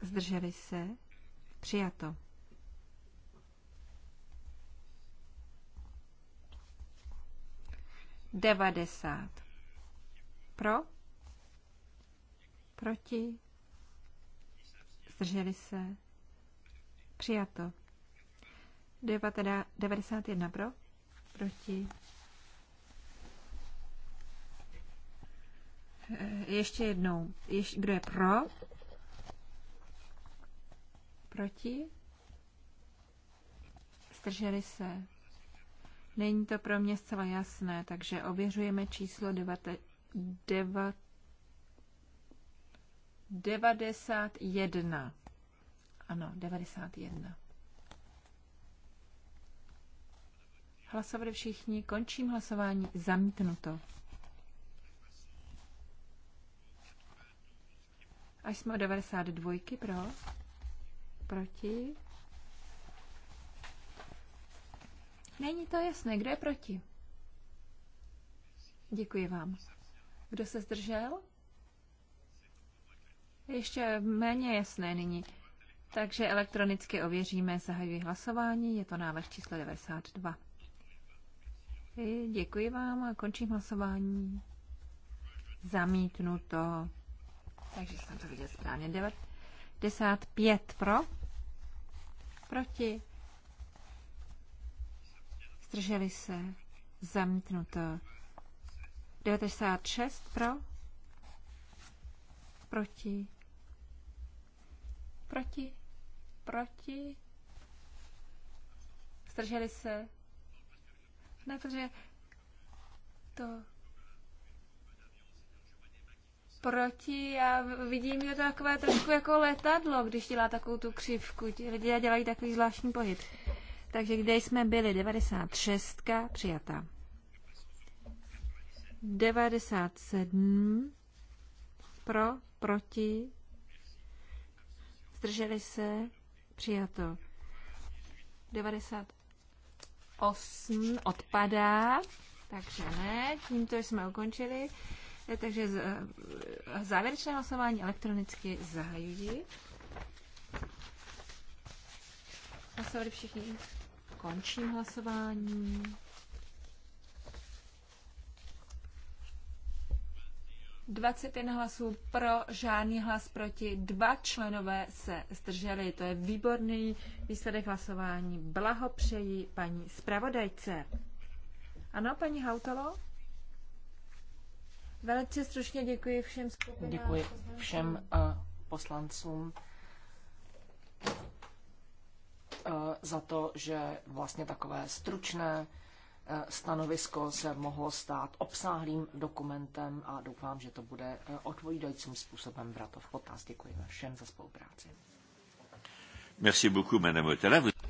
zdrželi se, přijato. Devadesát. Pro? Proti? Zdrželi se? Přijato. 91 pro. Proti. Eh, ještě jednou. Ještě, kdo je pro? Proti? Strželi se. Není to pro mě zcela jasné, takže ověřujeme číslo 91. Ano, 91. Hlasovali všichni, končím hlasování, zamítnuto. Až jsme o 92 pro, proti. Není to jasné, kdo je proti? Děkuji vám. Kdo se zdržel? Ještě méně jasné nyní. Takže elektronicky ověříme, zahajuji hlasování, je to návrh číslo 92. Děkuji vám a končím hlasování. Zamítnuto. Takže jsem to viděl správně. 95 pro. Proti. Zdrželi se. Zamítnuto. 96 pro. Proti. Proti proti? Zdrželi se? Ne, protože to proti. Já vidím, že to takové trošku jako letadlo, když dělá takovou tu křivku. Ti lidé dělají takový zvláštní pohyb. Takže kde jsme byli? 96. přijatá. 97. Pro, proti. Zdrželi se. Přijato. 98 odpadá, takže ne, tímto jsme ukončili. Eh, takže eh, závěrečné hlasování elektronicky zahajují. Hlasovali všichni. Končím hlasování. 21 hlasů pro, žádný hlas proti, dva členové se zdrželi. To je výborný výsledek hlasování. Blahopřeji paní zpravodajce. Ano, paní Hautalo? Velice stručně děkuji všem skupinám. Děkuji všem uh, poslancům uh, za to, že vlastně takové stručné Eh, stanovisko se mohlo stát obsáhlým dokumentem a doufám, že to bude eh, odpovídajícím způsobem brato v potaz. Děkuji vám všem za spolupráci. Merci beaucoup, madame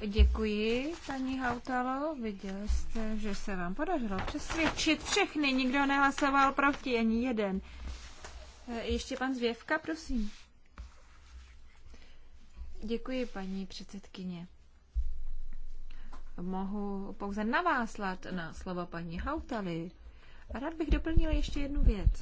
Děkuji, paní Hautalo. Viděli jste, že se vám podařilo přesvědčit všechny. Nikdo nehlasoval proti, ani jeden. Eh, ještě pan Zvěvka, prosím. Děkuji, paní předsedkyně mohu pouze naváslat na slova paní Hautaly. A rád bych doplnila ještě jednu věc.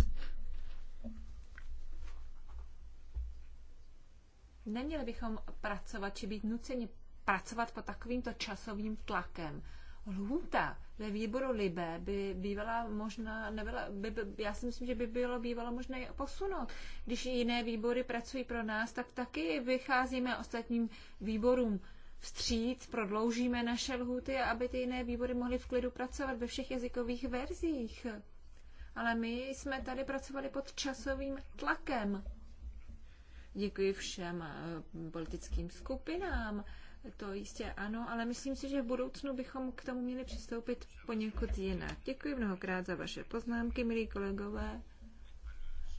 Neměli bychom pracovat či být nuceni pracovat pod takovýmto časovým tlakem. Lhůta ve výboru Libé by bývala možná, nebyla, by, by, já si myslím, že by bylo bývalo možné posunout. Když jiné výbory pracují pro nás, tak taky vycházíme ostatním výborům vstříc, prodloužíme naše lhuty, aby ty jiné výbory mohly v klidu pracovat ve všech jazykových verzích. Ale my jsme tady pracovali pod časovým tlakem. Děkuji všem eh, politickým skupinám, to jistě ano, ale myslím si, že v budoucnu bychom k tomu měli přistoupit poněkud jinak. Děkuji mnohokrát za vaše poznámky, milí kolegové.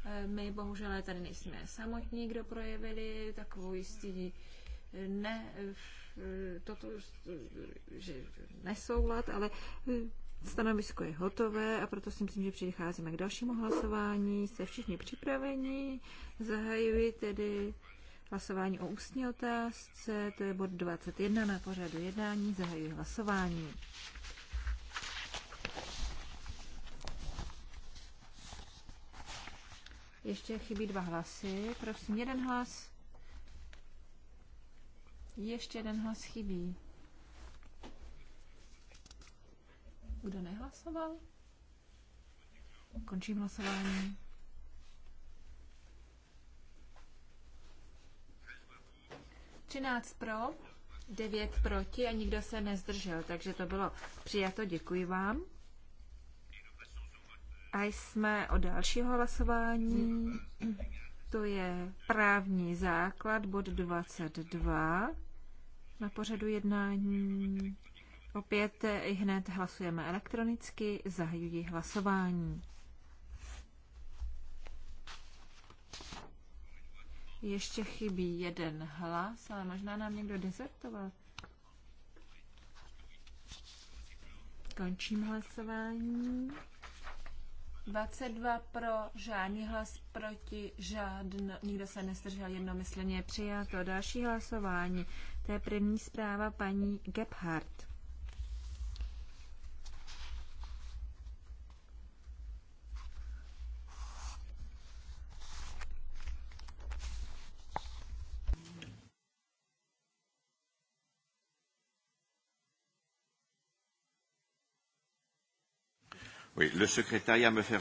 Eh, my bohužel tady nejsme samotní, kdo projevili takovou jistý eh, ne Eh, toto, že nesoulad, ale eh, stanovisko je hotové a proto si myslím, že přicházíme k dalšímu hlasování. Jste všichni připraveni? Zahajuji tedy hlasování o ústní otázce, to je bod 21 na pořadu jednání, zahajuji hlasování. Ještě chybí dva hlasy, prosím jeden hlas. Ještě jeden hlas chybí. Kdo nehlasoval? Končím hlasování. Třináct pro, devět proti a nikdo se nezdržel, takže to bylo přijato, děkuji vám. A jsme o dalšího hlasování. To je právní základ, bod 22 na pořadu jednání. Opět i hned hlasujeme elektronicky, zahajuji hlasování. Ještě chybí jeden hlas, ale možná nám někdo dezertoval. Končím hlasování. 22 pro, žádný hlas proti, žádný, nikdo se nestržel jednomyslně přijato. Další hlasování. To je první zpráva paní Gebhardt.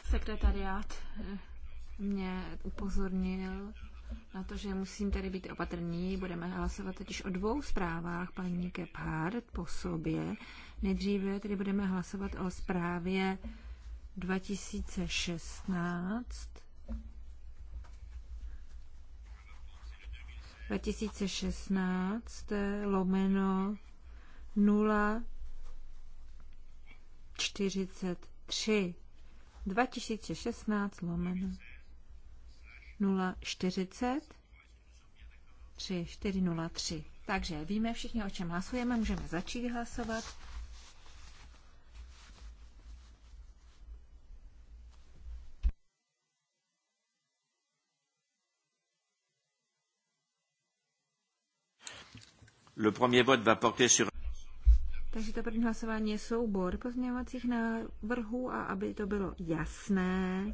Sekretariát eh, mě upozornil, na to, že musím tady být opatrný. Budeme hlasovat totiž o dvou zprávách paní Kephard po sobě. Nejdříve tedy budeme hlasovat o zprávě 2016. 2016 lomeno 43 2016 lomeno 3403. Takže víme všichni, o čem hlasujeme, můžeme začít hlasovat. Le premier vote va porter sur... Takže to první hlasování je soubor pozměňovacích návrhů a aby to bylo jasné,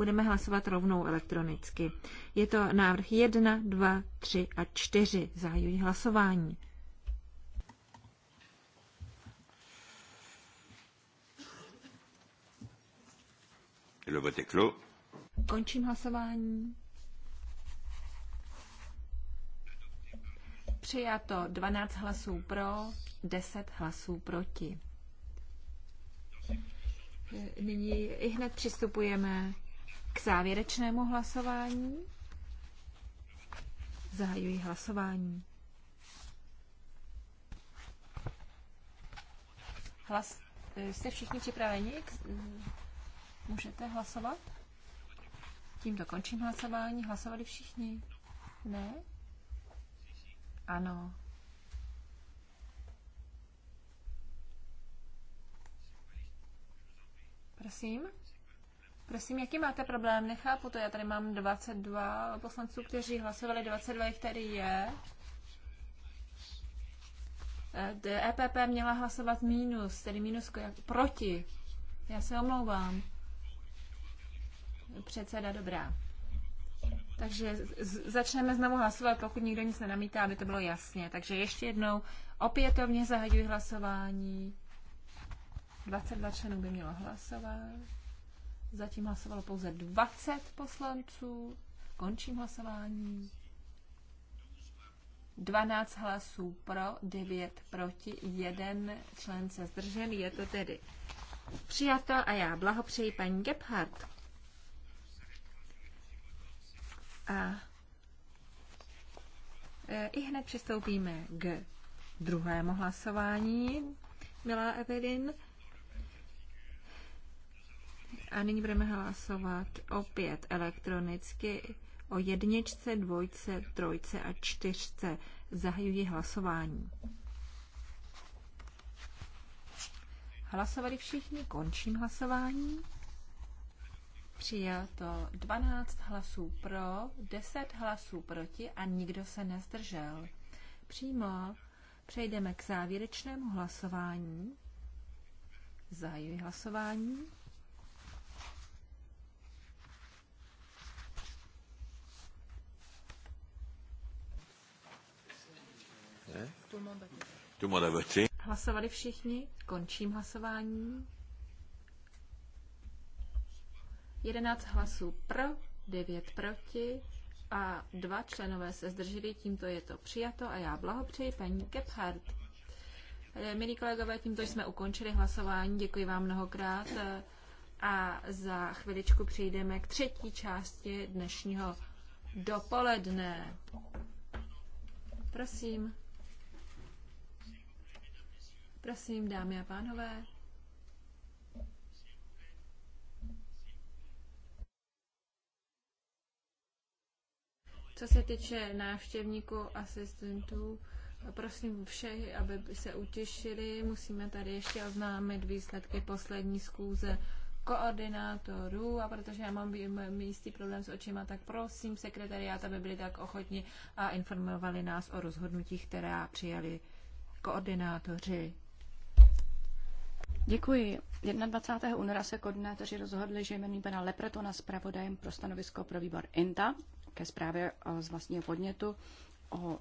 Budeme hlasovat rovnou elektronicky. Je to návrh 1, 2, 3 a 4. Zahajují hlasování. Le vote clos. Končím hlasování. Přijato 12 hlasů pro, 10 hlasů proti. Nyní i hned přistupujeme k závěrečnému hlasování. Zahajuji hlasování. Hlas... Eh, jste všichni připraveni? Můžete hlasovat? Tímto končím hlasování. Hlasovali všichni? Ne? Ano. Prosím. Prosím, jaký máte problém? Nechápu to. Já tady mám 22 poslanců, kteří hlasovali, 22 jich tady je. EPP eh, e měla hlasovat minus, tedy minus proti. Já se omlouvám. Předseda, dobrá. Takže začneme znovu hlasovat, pokud nikdo nic nenamítá, aby to bylo jasně. Takže ještě jednou opětovně zahajuji hlasování. 22 členů by mělo hlasovat. Zatím hlasovalo pouze 20 poslanců. Končím hlasování. 12 hlasů pro, 9 proti, 1 člen se zdržen. Je to tedy přijato a já blahopřeji paní Gebhardt. A e, i hned přistoupíme k druhému hlasování. Milá Evelyn, a nyní budeme hlasovat opět elektronicky o jedničce, dvojce, trojce a čtyřce. Zahajuji hlasování. Hlasovali všichni, končím hlasování. Přijato 12 hlasů pro, 10 hlasů proti a nikdo se nezdržel. Přímo přejdeme k závěrečnému hlasování. Zahajuji hlasování. Hlasovali všichni? Končím hlasování. 11 hlasů pro, 9 proti a dva členové se zdrželi, tímto je to přijato a já blahopřeji paní Gebhardt. Eh, milí kolegové, tímto jsme ukončili hlasování, děkuji vám mnohokrát eh, a za chviličku přejdeme k třetí části dnešního dopoledne. Prosím. Prosím, dámy a pánové. Co se týče návštěvníků, asistentů, prosím všech, aby se utěšili. Musíme tady ještě oznámit výsledky poslední zkůze koordinátorů a protože já mám místý problém s očima, tak prosím sekretariát, aby byli tak ochotni a informovali nás o rozhodnutích, která přijali koordinátoři. Děkuji. 21. února se koordinátoři rozhodli, že jmenují pana Lepretona zpravodajem pro stanovisko pro výbor INTA ke zprávě eh, z vlastního podnětu o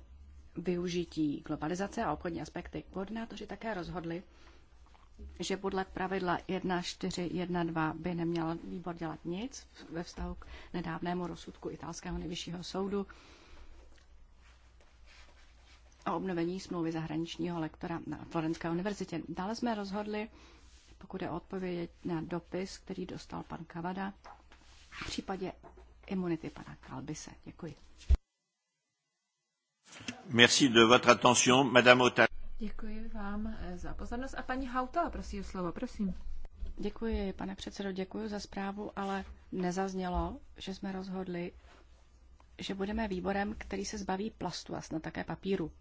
využití globalizace a obchodní aspekty. Koordinátoři také rozhodli, že podle pravidla 1.4.1.2 by neměl výbor dělat nic ve vztahu k nedávnému rozsudku italského nejvyššího soudu o obnovení smlouvy zahraničního lektora na Florenské univerzitě. Dále jsme rozhodli, pokud je odpověď na dopis, který dostal pan Kavada, v případě imunity pana Kalbise. Děkuji. Merci de votre attention, Madame Ota. Děkuji vám eh, za pozornost. A paní Hauta, prosím o slovo, prosím. Děkuji, pane předsedo, děkuji za zprávu, ale nezaznělo, že jsme rozhodli, že budeme výborem, který se zbaví plastu a snad také papíru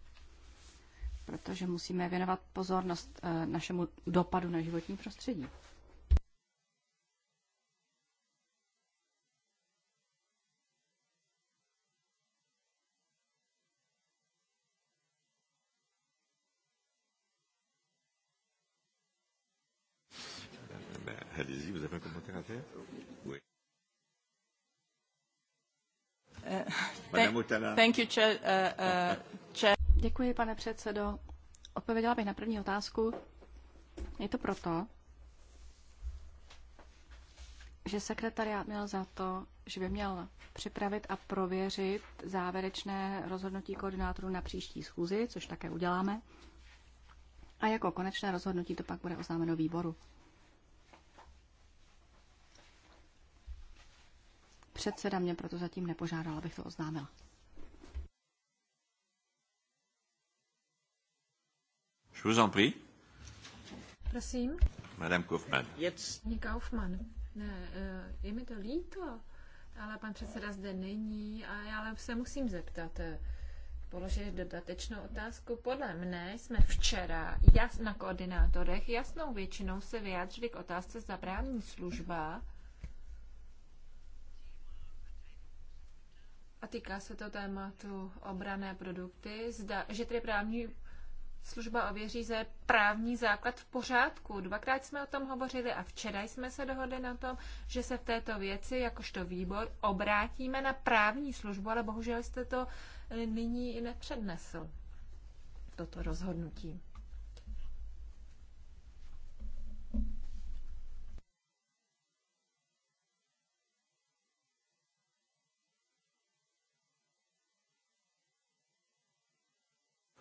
protože musíme věnovat pozornost eh, našemu dopadu na životní prostředí. Eh, Madame Thank you, Chair. uh, Děkuji, pane předsedo. Odpověděla bych na první otázku. Je to proto, že sekretariát měl za to, že by měl připravit a prověřit závěrečné rozhodnutí koordinátorů na příští schůzi, což také uděláme. A jako konečné rozhodnutí to pak bude oznámeno výboru. Předseda mě proto zatím nepožádal, abych to oznámila. Prosím. Madame Kaufmann. Jetzt. Pani Kaufmann. Ne, eh, je mi to líto, ale pan předseda zde není a já ale se musím zeptat. Eh, položit dodatečnou otázku. Podle mne jsme včera jas, na koordinátorech jasnou většinou se vyjádřili k otázce za služba. A týká se to tématu obrané produkty, zda, že tedy právní služba ověří, že je právní základ v pořádku. Dvakrát jsme o tom hovořili a včera jsme se dohodli na tom, že se v této věci, jakožto výbor, obrátíme na právní službu, ale bohužel jste to eh, nyní nepřednesl, toto rozhodnutí.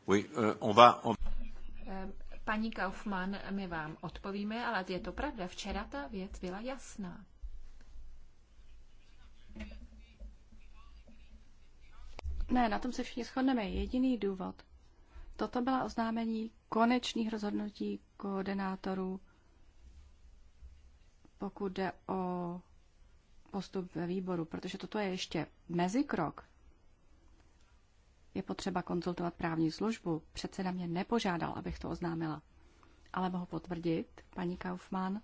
Oui, euh, on va, on... Eh, paní Kaufmann, my vám odpovíme, ale je to pravda, včera ta věc byla jasná. Ne, na tom se všichni shodneme. Jediný důvod. Toto byla oznámení konečných rozhodnutí koordinátorů, pokud jde o postup ve výboru, protože toto je ještě mezikrok je potřeba konzultovat právní službu. Předseda mě nepožádal, abych to oznámila. Ale mohu potvrdit, paní Kaufmann,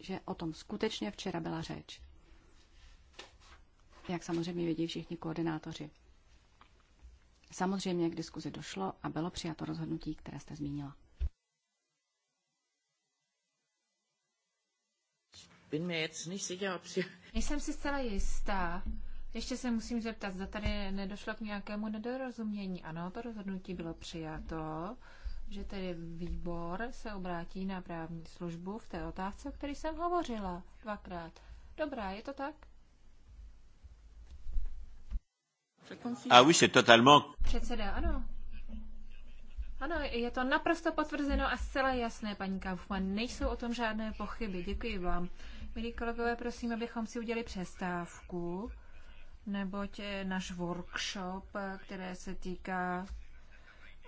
že o tom skutečně včera byla řeč. Jak samozřejmě vidí všichni koordinátoři. Samozřejmě k diskuzi došlo a bylo přijato rozhodnutí, které jste zmínila. Nejsem si zcela jistá, ještě se musím zeptat, zda tady nedošlo k nějakému nedorozumění. Ano, to rozhodnutí bylo přijato, že tedy výbor se obrátí na právní službu v té otázce, o které jsem hovořila dvakrát. Dobrá, je to tak? A už je totalement. Předseda, ano. Ano, je to naprosto potvrzeno a zcela jasné, paní Kaufman. Nejsou o tom žádné pochyby. Děkuji vám. Milí kolegové, prosím, abychom si udělali přestávku neboť eh, náš workshop, eh, které se týká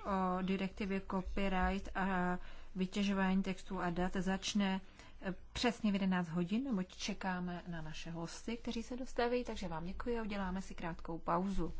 o direktivě copyright a vytěžování textů a dat, začne eh, přesně v 11 hodin, neboť čekáme na naše hosty, kteří se dostaví, takže vám děkuji a uděláme si krátkou pauzu.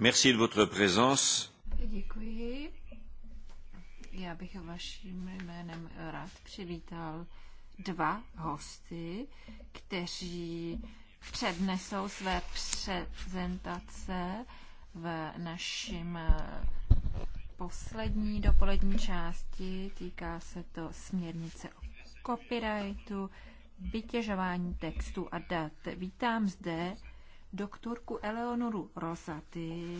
Merci de votre présence. Děkuji. Já bych vaším jménem rád přivítal dva hosty, kteří přednesou své prezentace v našem eh, poslední dopolední části. Týká se to směrnice o copyrightu, vytěžování textu a dat. Vítám zde doktorku Eleonoru Rosaty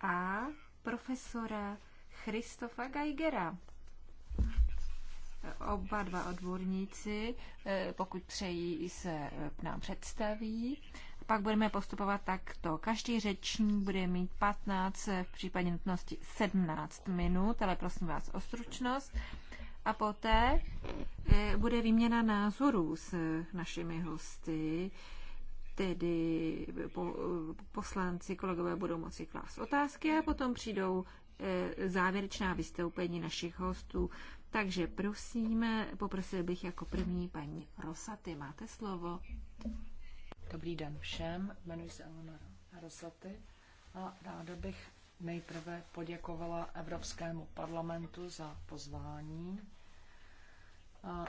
a profesora Christofa Geigera. Oba dva odborníci, eh, pokud přejí, se eh, nám představí. Pak budeme postupovat takto. Každý řečník bude mít 15, eh, v případě nutnosti 17 minut, ale prosím vás o stručnost. A poté bude výměna názorů s našimi hosty tedy po, poslanci, kolegové budou moci klást otázky a potom přijdou e, závěrečná vystoupení našich hostů. Takže prosíme, poprosil bych jako první paní Rosaty. Máte slovo. Dobrý den všem, jmenuji se Elena Rosaty a ráda bych nejprve poděkovala Evropskému parlamentu za pozvání a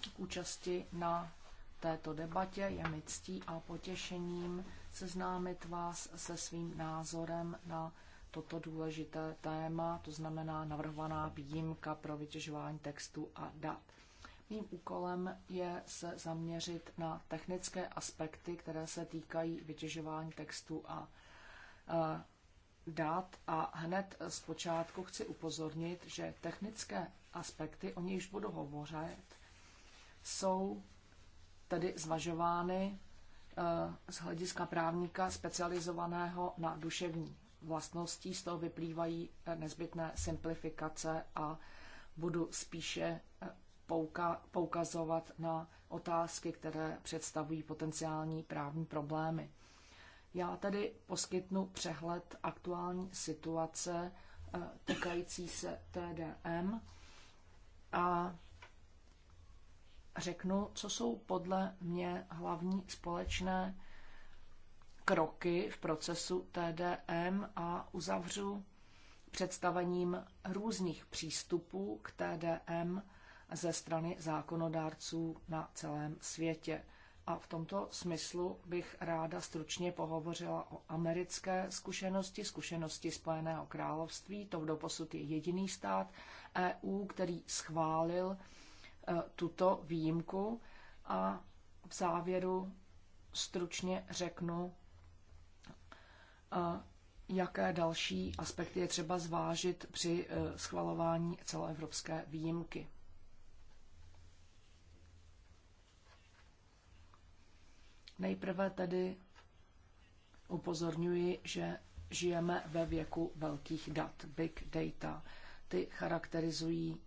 k *clears throat* účasti na této debatě. Je mi ctí a potěšením seznámit vás se svým názorem na toto důležité téma, to znamená navrhovaná výjimka pro vytěžování textu a dat. Mým úkolem je se zaměřit na technické aspekty, které se týkají vytěžování textu a e, dat. a hned z počátku chci upozornit, že technické aspekty, o nichž budu hovořit, jsou tedy zvažovány eh, z hlediska právníka specializovaného na duševní vlastnosti Z toho vyplývají eh, nezbytné simplifikace a budu spíše eh, pouka- poukazovat na otázky, které představují potenciální právní problémy. Já tedy poskytnu přehled aktuální situace týkající se TDM a řeknu, co jsou podle mě hlavní společné kroky v procesu TDM a uzavřu představením různých přístupů k TDM ze strany zákonodárců na celém světě. A v tomto smyslu bych ráda stručně pohovořila o americké zkušenosti, zkušenosti Spojeného království. To v doposud je jediný stát EU, který schválil Eh, tuto výjimku a v závěru stručně řeknu, eh, jaké další aspekty je třeba zvážit při eh, schvalování celoevropské výjimky. Nejprve tedy upozorňuji, že žijeme ve věku velkých dat, big data. Ty charakterizují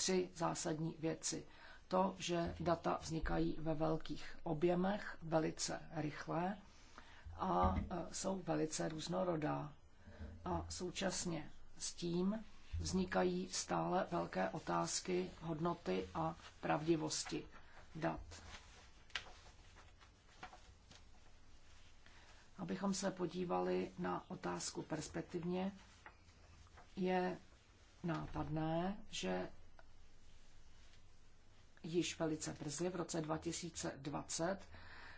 tři zásadní věci. To, že data vznikají ve velkých objemech, velice rychle a e, jsou velice různorodá. A současně s tím vznikají stále velké otázky hodnoty a pravdivosti dat. Abychom se podívali na otázku perspektivně, je nápadné, že již velice brzy, v roce 2020,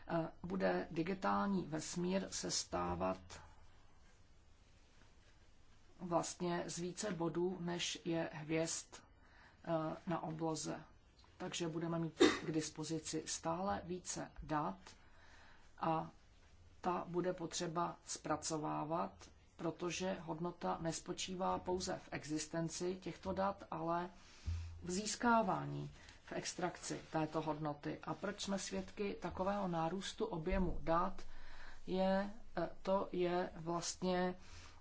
eh, bude digitální vesmír sestávat vlastně z více bodů, než je hvězd eh, na obloze. Takže budeme mít k dispozici stále více dat a ta bude potřeba zpracovávat, protože hodnota nespočívá pouze v existenci těchto dat, ale v získávání extrakci této hodnoty. A proč jsme svědky takového nárůstu objemu dat, je, eh, to je vlastně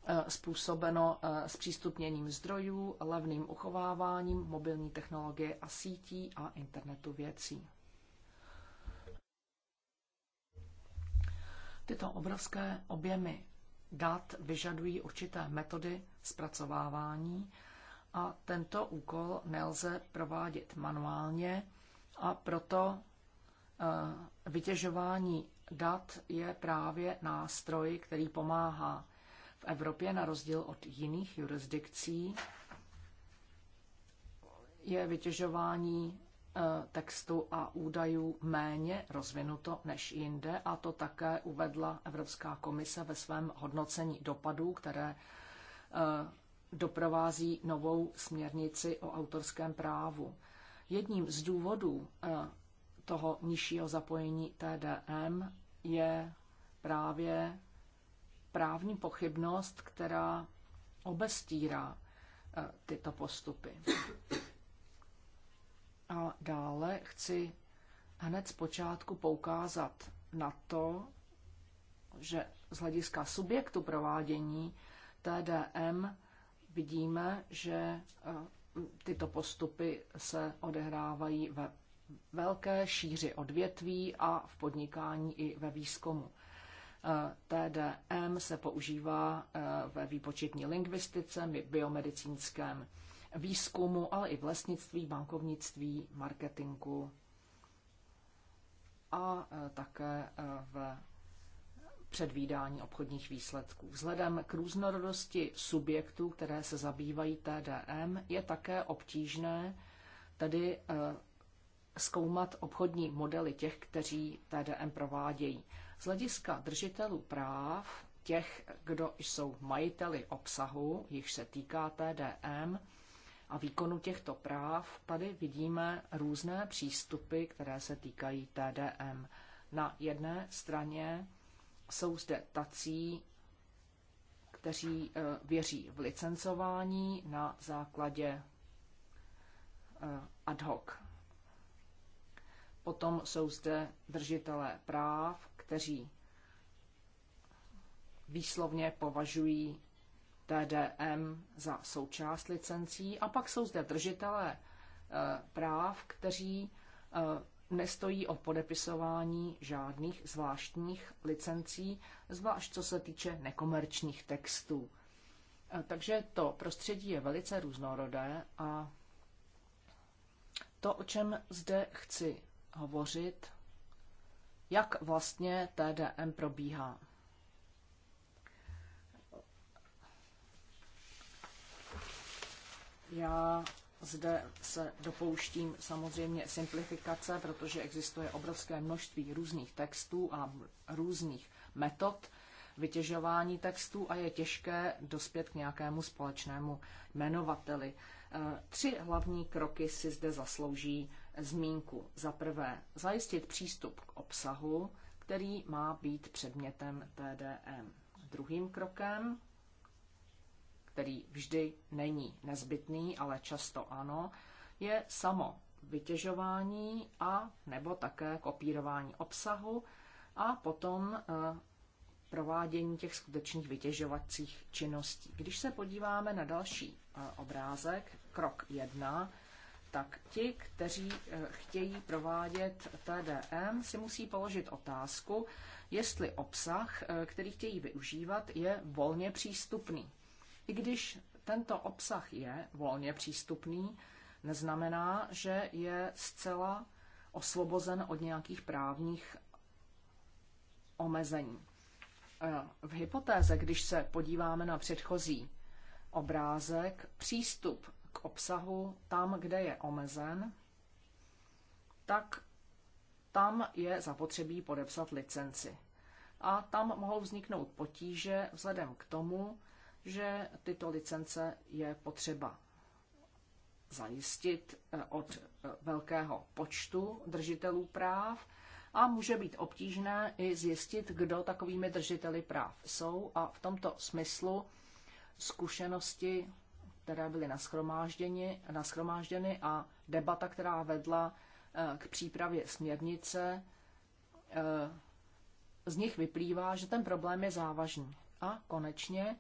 eh, způsobeno eh, zpřístupněním zdrojů, levným uchováváním mobilní technologie a sítí a internetu věcí. Tyto obrovské objemy dat vyžadují určité metody zpracovávání a tento úkol nelze provádět manuálně a proto eh, vytěžování dat je právě nástroj, který pomáhá v Evropě na rozdíl od jiných jurisdikcí. Je vytěžování eh, textu a údajů méně rozvinuto než jinde a to také uvedla Evropská komise ve svém hodnocení dopadů, které eh, doprovází novou směrnici o autorském právu. Jedním z důvodů eh, toho nižšího zapojení TDM je právě právní pochybnost, která obestírá eh, tyto postupy. A dále chci hned z počátku poukázat na to, že z hlediska subjektu provádění TDM vidíme, že eh, tyto postupy se odehrávají ve velké šíři odvětví a v podnikání i ve výzkumu. Eh, TDM se používá eh, ve výpočetní lingvistice, biomedicínském výzkumu, ale i v lesnictví, bankovnictví, marketingu a také ve předvídání obchodních výsledků. Vzhledem k různorodosti subjektů, které se zabývají TDM, je také obtížné tedy eh, zkoumat obchodní modely těch, kteří TDM provádějí. Z hlediska držitelů práv, těch, kdo jsou majiteli obsahu, jich se týká TDM, a výkonu těchto práv, tady vidíme různé přístupy, které se týkají TDM. Na jedné straně jsou zde tací, kteří eh, věří v licencování na základě eh, ad hoc. Potom jsou zde držitelé práv, kteří výslovně považují TDM za součást licencí. A pak jsou zde držitelé eh, práv, kteří nestojí o podepisování žádných zvláštních licencí, zvlášť co se týče nekomerčních textů. E, takže to prostředí je velice různorodé a to, o čem zde chci hovořit, jak vlastně TDM probíhá. Já zde se dopouštím samozřejmě simplifikace, protože existuje obrovské množství různých textů a různých metod vytěžování textů a je těžké dospět k nějakému společnému jmenovateli. Eh, tři hlavní kroky si zde zaslouží zmínku. Za prvé, zajistit přístup k obsahu, který má být předmětem TDM. Druhým krokem který vždy není nezbytný, ale často ano, je samo vytěžování a nebo také kopírování obsahu a potom eh, provádění těch skutečných vytěžovacích činností. Když se podíváme na další eh, obrázek, krok 1, tak ti, kteří eh, chtějí provádět TDM, si musí položit otázku, jestli obsah, který chtějí využívat, je volně přístupný. I když tento obsah je volně přístupný, neznamená, že je zcela osvobozen od nějakých právních omezení. Eh, v hypotéze, když se podíváme na předchozí obrázek, přístup k obsahu tam, kde je omezen, tak tam je zapotřebí podepsat licenci. A tam mohou vzniknout potíže vzhledem k tomu, že tyto licence je potřeba zajistit eh, od eh, velkého počtu držitelů práv a může být obtížné i zjistit, kdo takovými držiteli práv jsou a v tomto smyslu zkušenosti, které byly naschromážděny, naschromážděny a debata, která vedla eh, k přípravě směrnice, z nich vyplývá, že ten problém je závažný. A konečně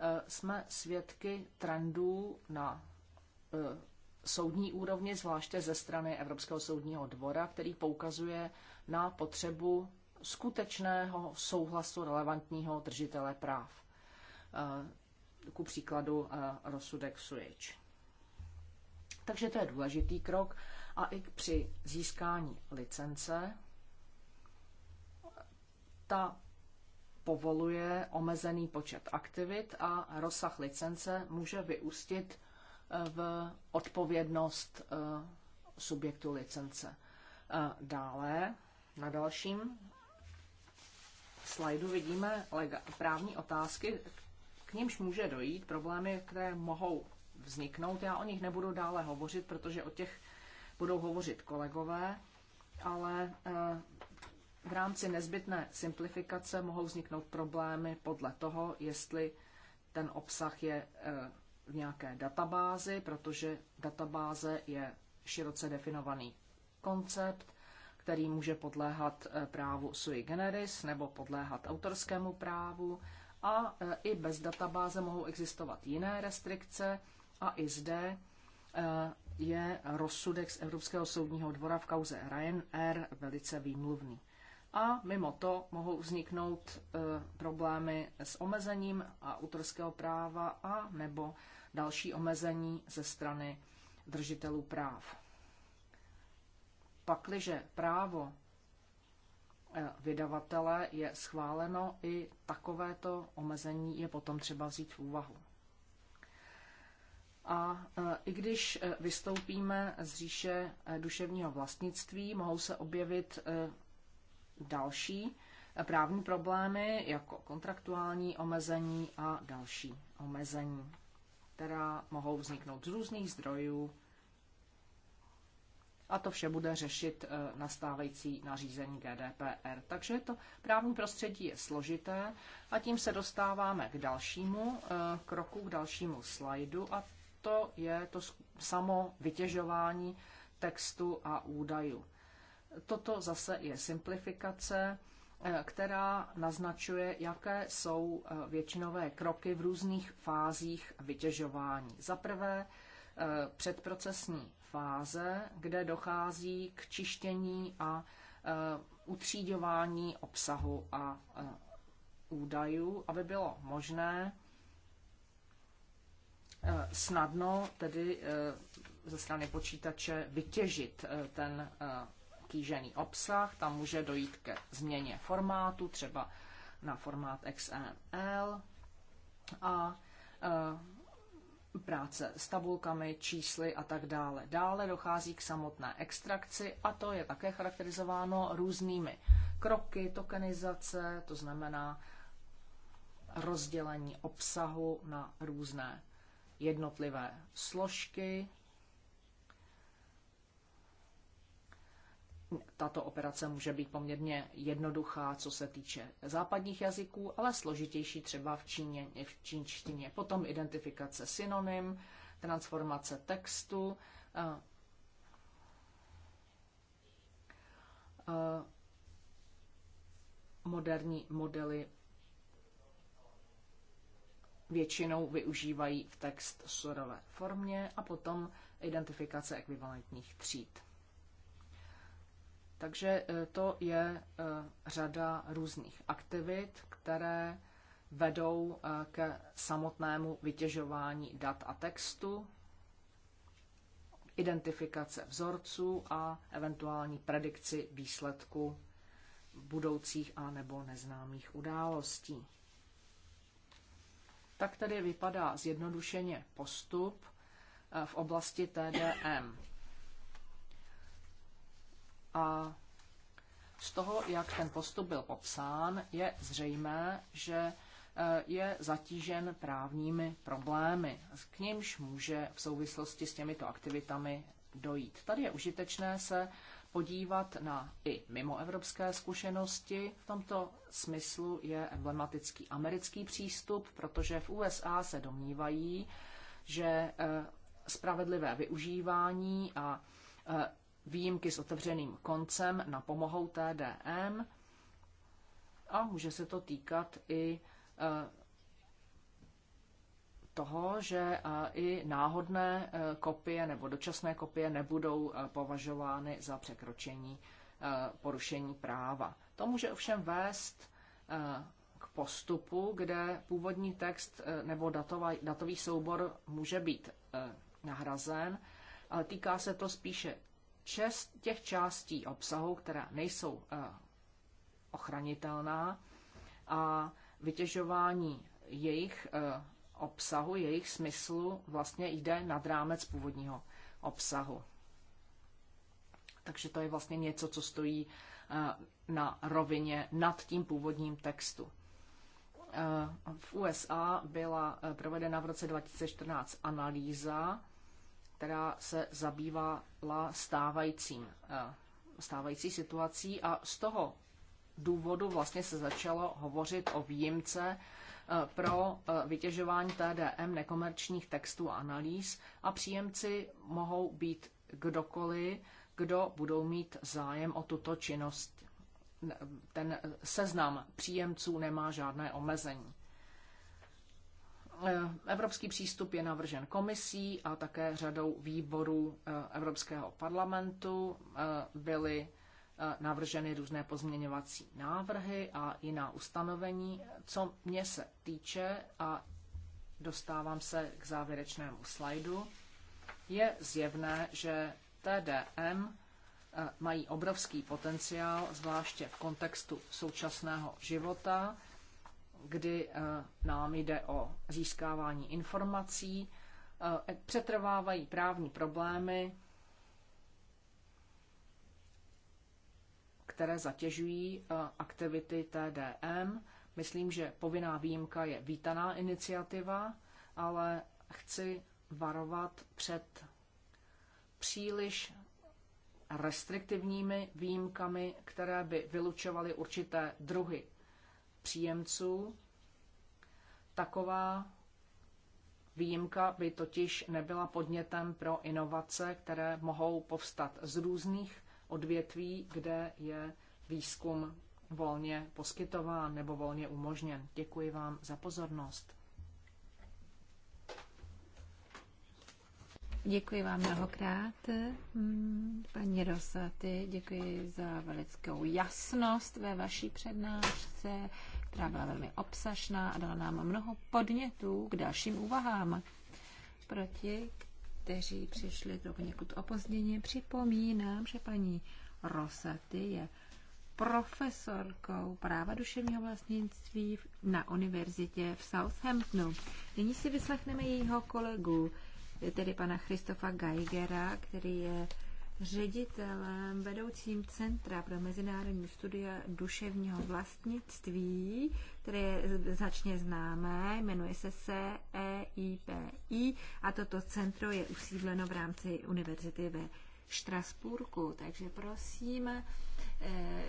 Eh, jsme svědky trendů na eh, soudní úrovni, zvláště ze strany Evropského soudního dvora, který poukazuje na potřebu skutečného souhlasu relevantního držitele práv. Eh, ku příkladu rozsudek Sujič. Takže to je důležitý krok a i při získání licence ta povoluje omezený počet aktivit a rozsah licence může vyústit eh, v odpovědnost eh, subjektu licence. Eh, dále na dalším slajdu vidíme právní otázky, k nímž může dojít, problémy, které mohou vzniknout. Já o nich nebudu dále hovořit, protože o těch budou hovořit kolegové, ale v rámci nezbytné simplifikace mohou vzniknout problémy podle toho, jestli ten obsah je eh, v nějaké databázi, protože databáze je široce definovaný koncept, který může podléhat eh, právu sui generis nebo podléhat autorskému právu a eh, i bez databáze mohou existovat jiné restrikce a i zde je rozsudek z Evropského soudního dvora v kauze Ryanair velice výmluvný a mimo to mohou vzniknout e, problémy s omezením autorského práva a nebo další omezení ze strany držitelů práv. Pakliže právo e, vydavatele je schváleno, i takovéto omezení je potom třeba vzít v úvahu. A e, i když vystoupíme z říše duševního vlastnictví, mohou se objevit další právní problémy, jako kontraktuální omezení a další omezení, která mohou vzniknout z různých zdrojů. A to vše bude řešit eh, nastávající nařízení GDPR. Takže to právní prostředí je složité a tím se dostáváme k dalšímu eh, kroku, k dalšímu slajdu a to je to samo vytěžování textu a údajů toto zase je simplifikace, eh, která naznačuje, jaké jsou eh, většinové kroky v různých fázích vytěžování. Za prvé eh, předprocesní fáze, kde dochází k čištění a utříďování obsahu a údajů, aby bylo možné snadno tedy ze strany počítače vytěžit ten kýžený obsah, tam může dojít ke změně formátu, třeba na formát XML a e, práce s tabulkami, čísly a tak dále. Dále dochází k samotné extrakci a to je také charakterizováno různými kroky, tokenizace, to znamená rozdělení obsahu na různé jednotlivé složky, tato operace může být poměrně jednoduchá, co se týče západních jazyků, ale složitější třeba v, Číně, v čínštině. Potom identifikace synonym, transformace textu, eh, eh, moderní modely většinou využívají v text surové formě a potom identifikace ekvivalentních tříd. Takže eh, to je eh, řada různých aktivit, které vedou eh, ke samotnému vytěžování dat a textu, identifikace vzorců a eventuální predikci výsledku budoucích a nebo neznámých událostí. Tak tedy vypadá zjednodušeně postup v oblasti TDM. A z toho, jak ten postup byl popsán, je zřejmé, že e, je zatížen právními problémy, k nímž může v souvislosti s těmito aktivitami dojít. Tady je užitečné se podívat na i mimoevropské zkušenosti. V tomto smyslu je emblematický americký přístup, protože v USA se domnívají, že e, spravedlivé využívání a e, výjimky s otevřeným koncem pomohou TDM a může se to týkat i e, toho, že e, i náhodné e, kopie nebo dočasné kopie nebudou považovány za překročení porušení práva. To může ovšem vést k postupu, kde původní text nebo datový soubor může být nahrazen, ale týká se to spíše čest těch částí obsahu, která nejsou eh, ochranitelná a vytěžování jejich eh, obsahu, jejich smyslu vlastně jde nad rámec původního obsahu. Takže to je vlastně něco, co stojí eh, na rovině nad tím původním textu. V USA byla provedena v roce 2014 analýza která se zabývala stávajícím, eh, stávající situací a z toho důvodu vlastně se začalo hovořit o výjimce eh, pro eh, vytěžování TDM nekomerčních textů a analýz a příjemci mohou být kdokoliv, kdo budou mít zájem o tuto činnost. Ten seznam příjemců nemá žádné omezení. Eh, evropský přístup je navržen komisí a také řadou výborů eh, Evropského parlamentu. Eh, byly navrženy různé pozměňovací návrhy a jiná ustanovení. Co mě se týče, a dostávám se k závěrečnému slajdu, je zjevné, že TDM mají obrovský potenciál, zvláště v kontextu současného života kdy eh, nám jde o získávání informací, eh, přetrvávají právní problémy, které zatěžují eh, aktivity TDM. Myslím, že povinná výjimka je vítaná iniciativa, ale chci varovat před příliš restriktivními výjimkami, které by vylučovaly určité druhy příjemců. Taková výjimka by totiž nebyla podnětem pro inovace, které mohou povstat z různých odvětví, kde je výzkum volně poskytován nebo volně umožněn. Děkuji vám za pozornost. Děkuji vám mnohokrát, mm, paní Rosaty. Děkuji za velickou jasnost ve vaší přednášce která byla velmi obsažná a dala nám mnoho podnětů k dalším úvahám. Pro ti, kteří přišli trochu někud opozděně, připomínám, že paní Rosaty je profesorkou práva duševního vlastnictví na univerzitě v Southamptonu. Nyní si vyslechneme jejího kolegu, tedy pana Christofa Geigera, který je ředitelem vedoucím Centra pro mezinárodní studia duševního vlastnictví, které je značně známé, jmenuje se CEIPI a toto centro je usídleno v rámci univerzity ve Štrasburku. Takže prosím, eh,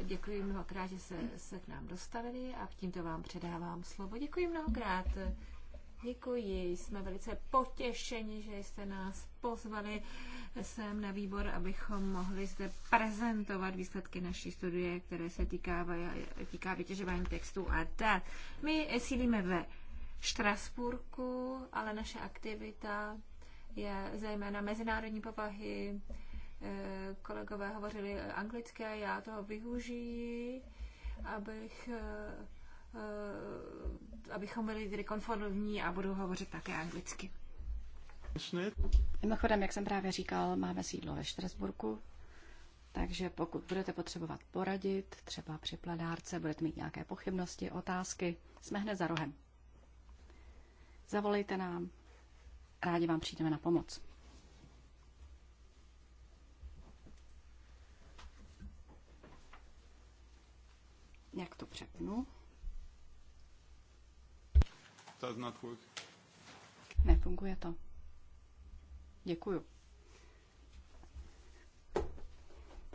děkuji mnohokrát, že se, se k nám dostavili a tímto vám předávám slovo. Děkuji mnohokrát. Děkuji, jsme velice potěšeni, že jste nás pozvali sem na výbor, abychom mohli zde prezentovat výsledky naší studie, které se týká, týká vytěžování textů a tak. My sílíme ve Štrasburku, ale naše aktivita je zejména mezinárodní povahy. Eh, kolegové hovořili anglicky a já toho využiji, abych eh, Eh, abychom byli tedy konformní a budu hovořit také anglicky. Mimochodem, jak jsem právě říkal, máme sídlo ve Štrasburku, takže pokud budete potřebovat poradit, třeba při plenárce, budete mít nějaké pochybnosti, otázky, jsme hned za rohem. Zavolejte nám, rádi vám přijdeme na pomoc. Jak to přepnu? Does not work. Nefunguje to. Děkuju.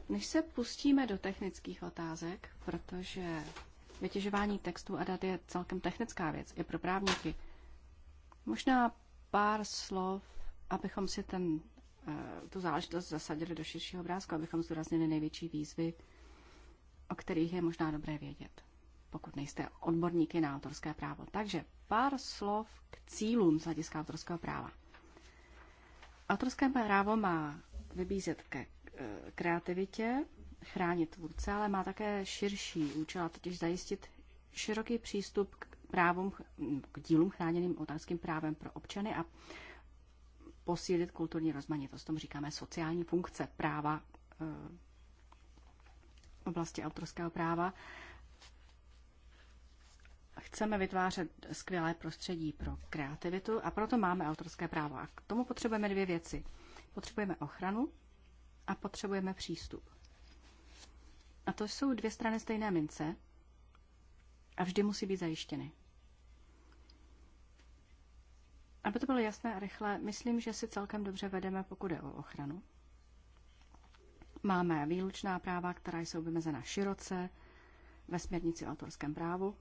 Než se pustíme do technických otázek, protože vytěžování textů a dat je celkem technická věc, i pro právníky, možná pár slov, abychom si ten, eh, tu záležitost zasadili do širšího obrázku, abychom zdůraznili největší výzvy, o kterých je možná dobré vědět pokud nejste odborníky na autorské právo. Takže pár slov k cílům z hlediska autorského práva. Autorské právo má vybízet ke e, kreativitě, chránit tvůrce, ale má také širší účel, totiž zajistit široký přístup k právům, k dílům chráněným autorským právem pro občany a posílit kulturní rozmanitost. Tomu říkáme sociální funkce práva e, v oblasti autorského práva chceme vytvářet skvělé prostředí pro kreativitu a proto máme autorské právo. A k tomu potřebujeme dvě věci. Potřebujeme ochranu a potřebujeme přístup. A to jsou dvě strany stejné mince a vždy musí být zajištěny. Aby to bylo jasné a rychlé, myslím, že si celkem dobře vedeme, pokud je o ochranu. Máme výlučná práva, která jsou vymezena široce ve směrnici o autorském právu,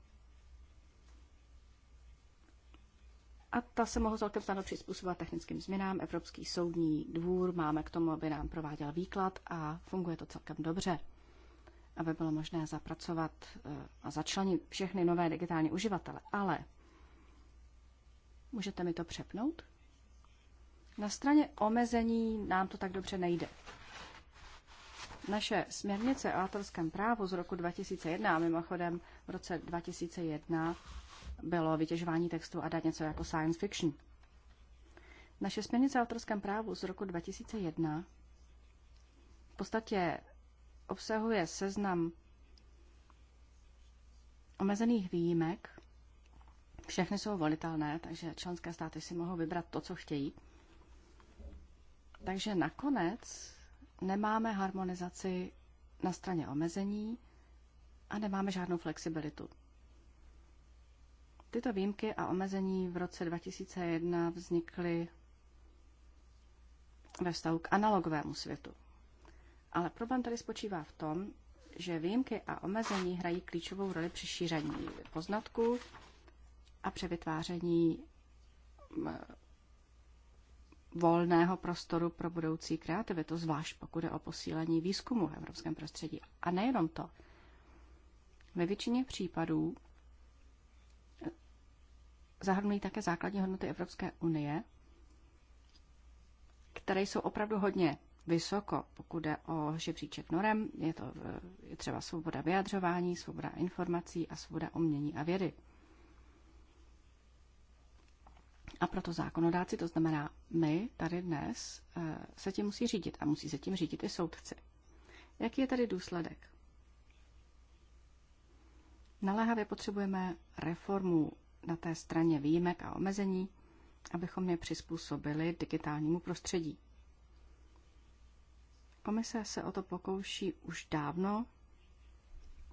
a ta se mohou celkem snadno přizpůsobovat technickým změnám. Evropský soudní dvůr máme k tomu, aby nám prováděl výklad a funguje to celkem dobře, aby bylo možné zapracovat eh, a začlenit všechny nové digitální uživatele. Ale můžete mi to přepnout? Na straně omezení nám to tak dobře nejde. Naše směrnice o autorském právu z roku 2001, a mimochodem v roce 2001 bylo vytěžování textu a dát něco jako science fiction. Naše směrnice o autorském právu z roku 2001 v podstatě obsahuje seznam omezených výjimek. Všechny jsou volitelné, takže členské státy si mohou vybrat to, co chtějí. Takže nakonec nemáme harmonizaci na straně omezení a nemáme žádnou flexibilitu. Tyto výjimky a omezení v roce 2001 vznikly ve vztahu k analogovému světu. Ale problém tady spočívá v tom, že výjimky a omezení hrají klíčovou roli při šíření poznatků a při vytváření volného prostoru pro budoucí kreativitu, zvlášť pokud je o posílení výzkumu v evropském prostředí. A nejenom to. Ve většině případů zahrnují také základní hodnoty Evropské unie, které jsou opravdu hodně vysoko, pokud jde o žebříček norem. Je to eh, je třeba svoboda vyjadřování, svoboda informací a svoboda umění a vědy. A proto zákonodáci, to znamená my tady dnes, eh, se tím musí řídit a musí se tím řídit i soudci. Jaký je tady důsledek? Naléhavě potřebujeme reformu na té straně výjimek a omezení, abychom je přizpůsobili digitálnímu prostředí. Komise se o to pokouší už dávno.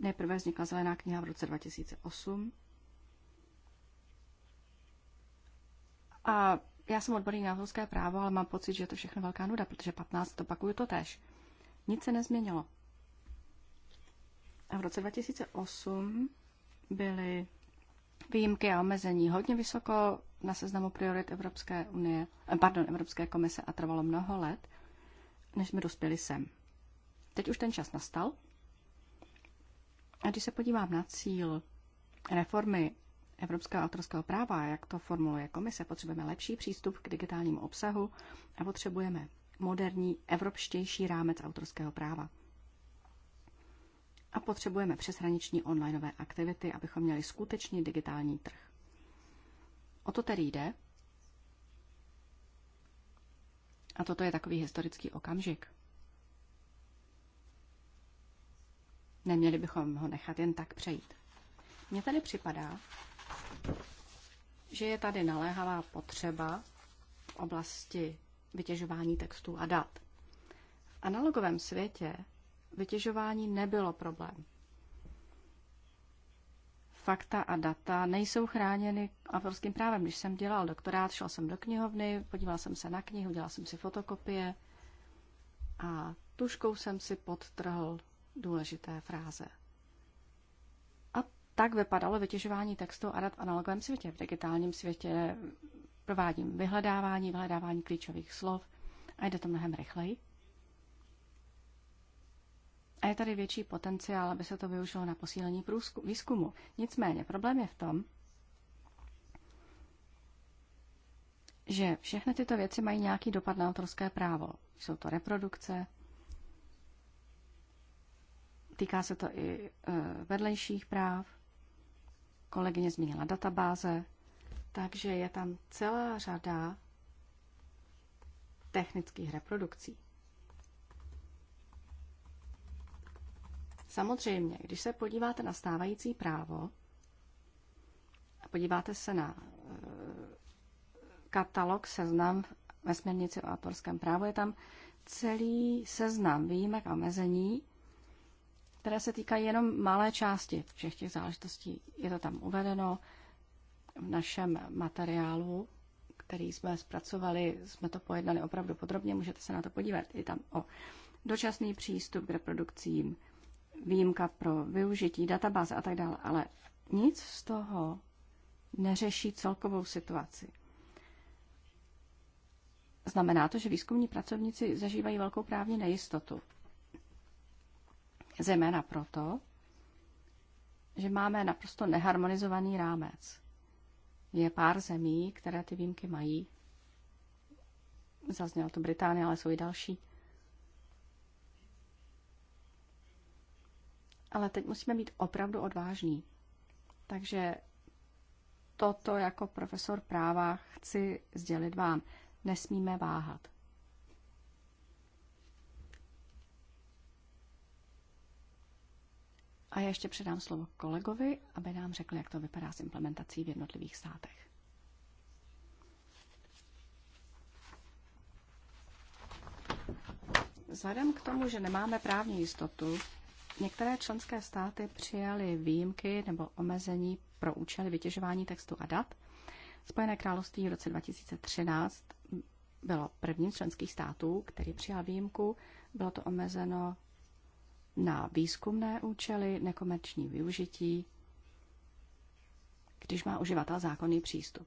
Nejprve vznikla zelená kniha v roce 2008. A já jsem odborný na autorské právo, ale mám pocit, že je to všechno velká nuda, protože 15 to pakuju to tež. Nic se nezměnilo. A v roce 2008 byly výjimky a omezení hodně vysoko na seznamu priorit Evropské unie, eh, pardon, Evropské komise a trvalo mnoho let, než jsme dospěli sem. Teď už ten čas nastal. A když se podívám na cíl reformy evropského autorského práva, jak to formuluje komise, potřebujeme lepší přístup k digitálnímu obsahu a potřebujeme moderní, evropštější rámec autorského práva a potřebujeme přeshraniční onlineové aktivity, abychom měli skutečný digitální trh. O to tedy jde. A toto je takový historický okamžik. Neměli bychom ho nechat jen tak přejít. Mně tady připadá, že je tady naléhavá potřeba v oblasti vytěžování textů a dat. V analogovém světě vytěžování nebylo problém. Fakta a data nejsou chráněny autorským právem. Když jsem dělal doktorát, šel jsem do knihovny, podíval jsem se na knihu, dělal jsem si fotokopie a tuškou jsem si podtrhl důležité fráze. A tak vypadalo vytěžování textu a dat v analogovém světě. V digitálním světě provádím vyhledávání, vyhledávání klíčových slov a jde to mnohem rychleji. A je tady větší potenciál, aby se to využilo na posílení průzku, výzkumu. Nicméně problém je v tom, že všechny tyto věci mají nějaký dopad na autorské právo. Jsou to reprodukce, týká se to i e, vedlejších práv, kolegyně zmínila databáze, takže je tam celá řada technických reprodukcí. Samozřejmě, když se podíváte na stávající právo a podíváte se na eh, katalog, seznam ve směrnici o autorském právu, je tam celý seznam výjimek a omezení, které se týkají jenom malé části všech těch záležitostí. Je to tam uvedeno v našem materiálu, který jsme zpracovali, jsme to pojednali opravdu podrobně, můžete se na to podívat. Je tam o dočasný přístup k reprodukcím, výjimka pro využití databáze a tak dále, ale nic z toho neřeší celkovou situaci. Znamená to, že výzkumní pracovníci zažívají velkou právní nejistotu. Zejména proto, že máme naprosto neharmonizovaný rámec. Je pár zemí, které ty výjimky mají. Zazněla to Británie, ale jsou i další. Ale teď musíme být opravdu odvážní. Takže toto jako profesor práva chci sdělit vám. Nesmíme váhat. A já ještě předám slovo kolegovi, aby nám řekl, jak to vypadá s implementací v jednotlivých státech. Vzhledem k tomu, že nemáme právní jistotu, Některé členské státy přijaly výjimky nebo omezení pro účely vytěžování textu a dat. Spojené království v roce 2013 bylo prvním z členských států, který přijal výjimku. Bylo to omezeno na výzkumné účely, nekomerční využití, když má uživatel zákonný přístup.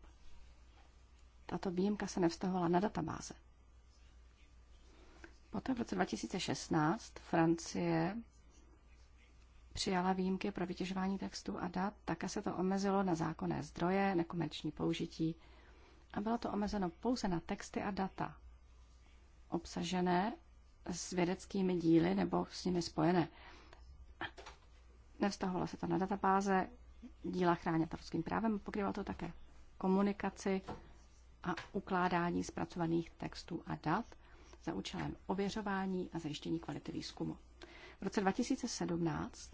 Tato výjimka se nevztahovala na databáze. Poté v roce 2016 Francie přijala výjimky pro vytěžování textů a dat, také se to omezilo na zákonné zdroje, nekomerční použití a bylo to omezeno pouze na texty a data obsažené s vědeckými díly nebo s nimi spojené. Nevztahovalo se to na databáze, díla chráněná autorským právem, pokrývalo to také komunikaci a ukládání zpracovaných textů a dat za účelem ověřování a zajištění kvality výzkumu. V roce 2017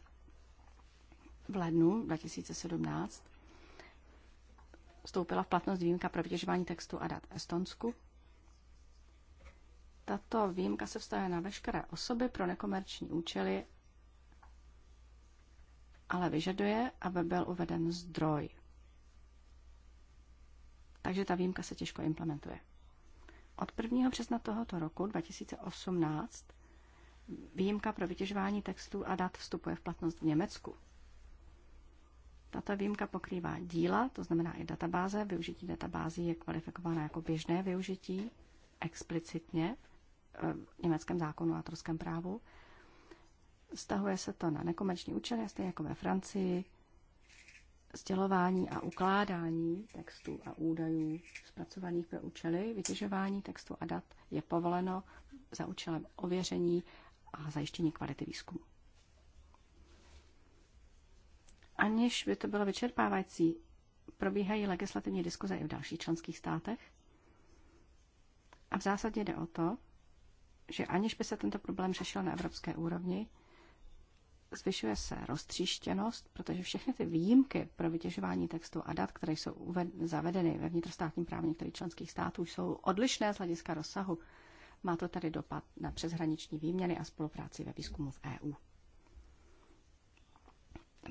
v lednu 2017 vstoupila v platnost výjimka pro vytěžování textu a dat Estonsku. Tato výjimka se vztahuje na veškeré osoby pro nekomerční účely, ale vyžaduje, aby byl uveden zdroj. Takže ta výjimka se těžko implementuje. Od 1. března tohoto roku 2018 výjimka pro vytěžování textů a dat vstupuje v platnost v Německu. Tato výjimka pokrývá díla, to znamená i databáze. Využití databází je kvalifikováno jako běžné využití, explicitně eh, v německém zákonu a autorském právu. Stahuje se to na nekomerční účely, stejně jako ve Francii, sdělování a ukládání textů a údajů zpracovaných pro účely vytěžování textu a dat je povoleno za účelem ověření a zajištění kvality výzkumu aniž by to bylo vyčerpávající, probíhají legislativní diskuze i v dalších členských státech. A v zásadě jde o to, že aniž by se tento problém řešil na evropské úrovni, zvyšuje se roztříštěnost, protože všechny ty výjimky pro vytěžování textu a dat, které jsou uved- zavedeny ve vnitrostátním právě některých členských států, jsou odlišné z hlediska rozsahu. Má to tady dopad na přeshraniční výměny a spolupráci ve výzkumu v EU.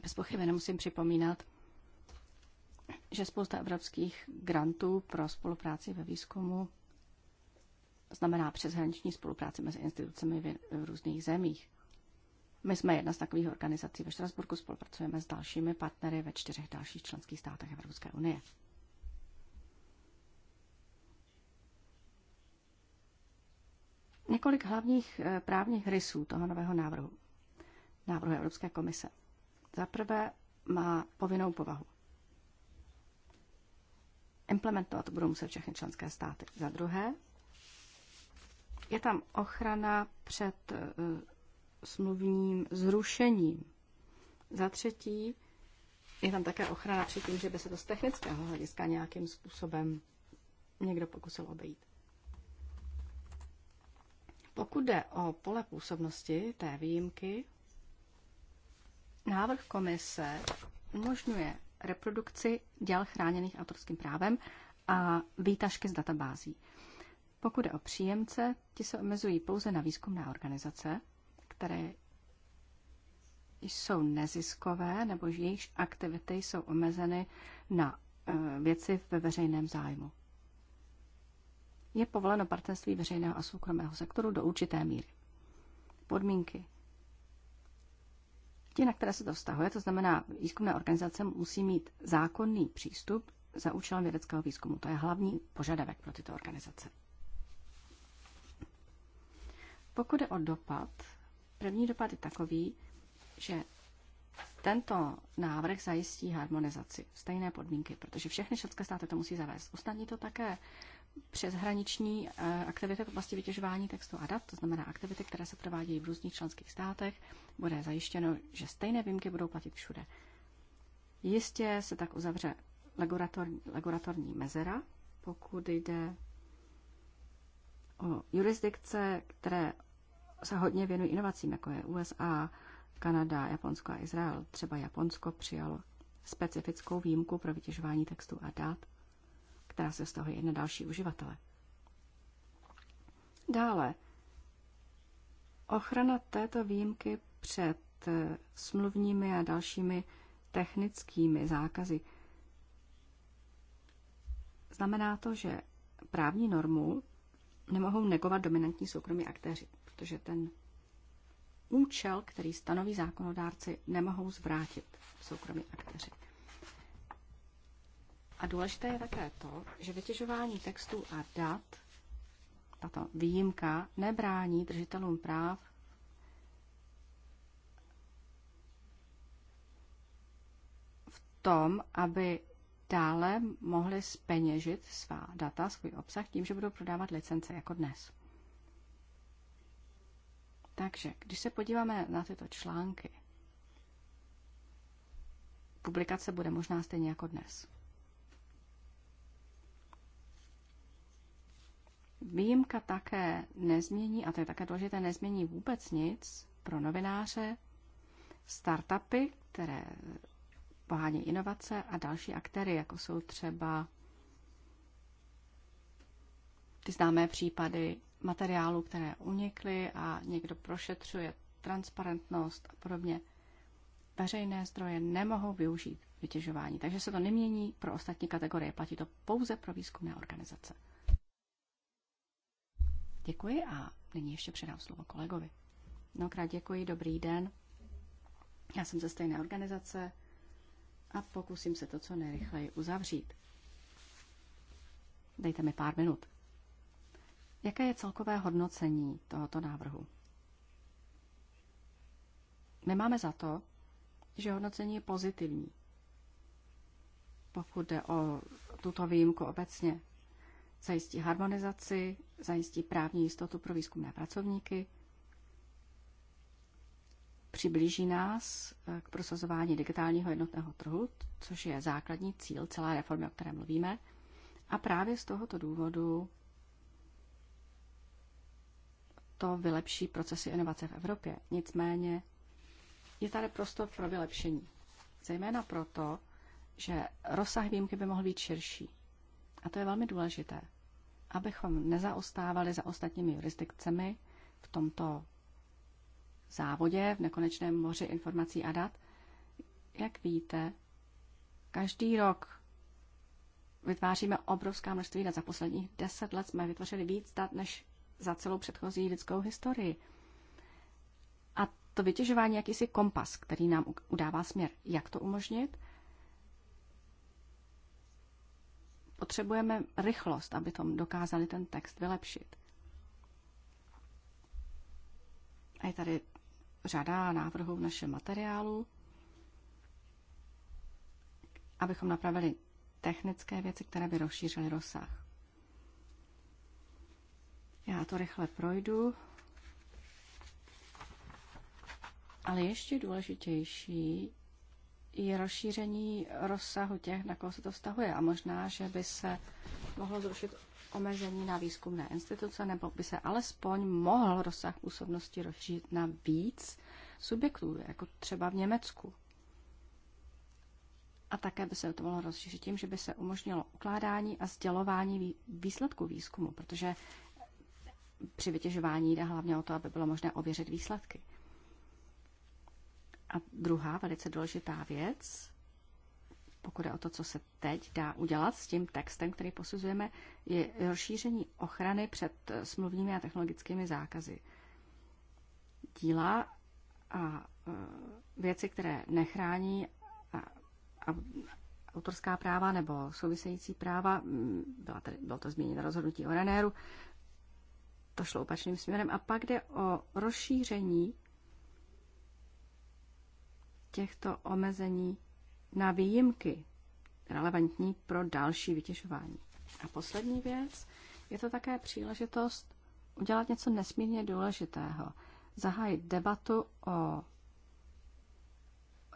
Bez pochyby nemusím připomínat, že spousta evropských grantů pro spolupráci ve výzkumu znamená přeshraniční spolupráci mezi institucemi v různých zemích. My jsme jedna z takových organizací ve Štrasburku, spolupracujeme s dalšími partnery ve čtyřech dalších členských státech Evropské unie. Několik hlavních eh, právních rysů toho nového návrhu, návrhu Evropské komise. Za prvé má povinnou povahu. Implementovat budou muset všechny členské státy. Za druhé, je tam ochrana před eh, smluvním zrušením. Za třetí, je tam také ochrana před tím, že by se to z technického hlediska nějakým způsobem někdo pokusil obejít. Pokud jde o pole působnosti té výjimky, Návrh komise umožňuje reprodukci děl chráněných autorským právem a výtažky z databází. Pokud je o příjemce, ti se omezují pouze na výzkumné organizace, které jsou neziskové nebo jejichž aktivity jsou omezeny na e, věci ve veřejném zájmu. Je povoleno partnerství veřejného a soukromého sektoru do určité míry. Podmínky Ti, na které se to vztahuje, to znamená, výzkumné organizace musí mít zákonný přístup za účelem vědeckého výzkumu. To je hlavní požadavek pro tyto organizace. Pokud je o dopad, první dopad je takový, že tento návrh zajistí harmonizaci, stejné podmínky, protože všechny členské státy to musí zavést. Usnadní to také přeshraniční eh, aktivity v oblasti vytěžování textu a dat, to znamená aktivity, které se provádějí v různých členských státech, bude zajištěno, že stejné výjimky budou platit všude. Jistě se tak uzavře laboratorní mezera, pokud jde o jurisdikce, které se hodně věnují inovacím, jako je USA, Kanada, Japonsko a Izrael. Třeba Japonsko přijalo specifickou výjimku pro vytěžování textu a dat která se vztahuje i na další uživatele. Dále, ochrana této výjimky před eh, smluvními a dalšími technickými zákazy znamená to, že právní normu nemohou negovat dominantní soukromí aktéři, protože ten účel, který stanoví zákonodárci, nemohou zvrátit soukromí aktéři. A důležité je také to, že vytěžování textů a dat, tato výjimka, nebrání držitelům práv v tom, aby dále mohli speněžit svá data, svůj obsah tím, že budou prodávat licence jako dnes. Takže, když se podíváme na tyto články, publikace bude možná stejně jako dnes. Výjimka také nezmění, a to je také důležité, nezmění vůbec nic pro novináře, startupy, které pohání inovace a další aktéry, jako jsou třeba ty známé případy materiálů, které unikly a někdo prošetřuje transparentnost a podobně. Veřejné zdroje nemohou využít vytěžování, takže se to nemění pro ostatní kategorie, platí to pouze pro výzkumné organizace. Děkuji a nyní ještě předám slovo kolegovi. Mnohokrát děkuji, dobrý den. Já jsem ze stejné organizace a pokusím se to co nejrychleji uzavřít. Dejte mi pár minut. Jaké je celkové hodnocení tohoto návrhu? My máme za to, že hodnocení je pozitivní, pokud jde o tuto výjimku obecně zajistí harmonizaci, zajistí právní jistotu pro výzkumné pracovníky, přiblíží nás eh, k prosazování digitálního jednotného trhu, což je základní cíl celé reformy, o které mluvíme. A právě z tohoto důvodu to vylepší procesy inovace v Evropě. Nicméně je tady prostor pro vylepšení. Zejména proto, že rozsah výjimky by mohl být širší. A to je velmi důležité, abychom nezaostávali za ostatními jurisdikcemi v tomto závodě, v nekonečném moři informací a dat. Jak víte, každý rok vytváříme obrovská množství dat. Za posledních deset let jsme vytvořili víc dat než za celou předchozí lidskou historii. A to vytěžování je jakýsi kompas, který nám udává směr, jak to umožnit Potřebujeme rychlost, abychom dokázali ten text vylepšit. A je tady řada návrhů v našem materiálu, abychom napravili technické věci, které by rozšířily rozsah. Já to rychle projdu. Ale ještě důležitější i rozšíření rozsahu těch, na koho se to vztahuje. A možná, že by se mohlo zrušit omezení na výzkumné instituce, nebo by se alespoň mohl rozsah působnosti rozšířit na víc subjektů, jako třeba v Německu. A také by se to mohlo rozšířit tím, že by se umožnilo ukládání a sdělování výsledků výzkumu, protože při vytěžování jde hlavně o to, aby bylo možné ověřit výsledky. A druhá velice důležitá věc, pokud je o to, co se teď dá udělat s tím textem, který posuzujeme, je rozšíření ochrany před smluvními a technologickými zákazy. Díla a e, věci, které nechrání a, a autorská práva nebo související práva, byla tady, bylo to změněno rozhodnutí o Renéru, to šlo opačným směrem. A pak jde o rozšíření těchto omezení na výjimky relevantní pro další vytěžování. A poslední věc, je to také příležitost udělat něco nesmírně důležitého. Zahájit debatu o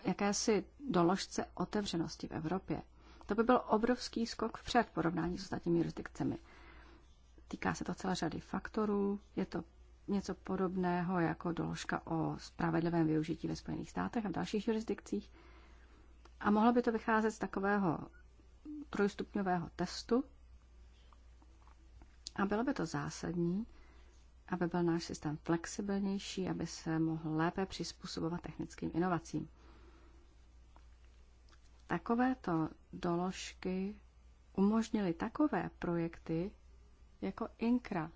jakési doložce otevřenosti v Evropě. To by byl obrovský skok vpřed v porovnání s ostatními jurisdikcemi. Týká se to celé řady faktorů, je to něco podobného jako doložka o spravedlivém využití ve Spojených státech a v dalších jurisdikcích. A mohlo by to vycházet z takového trojstupňového testu. A bylo by to zásadní, aby byl náš systém flexibilnější, aby se mohl lépe přizpůsobovat technickým inovacím. Takovéto doložky umožnily takové projekty jako INKRA,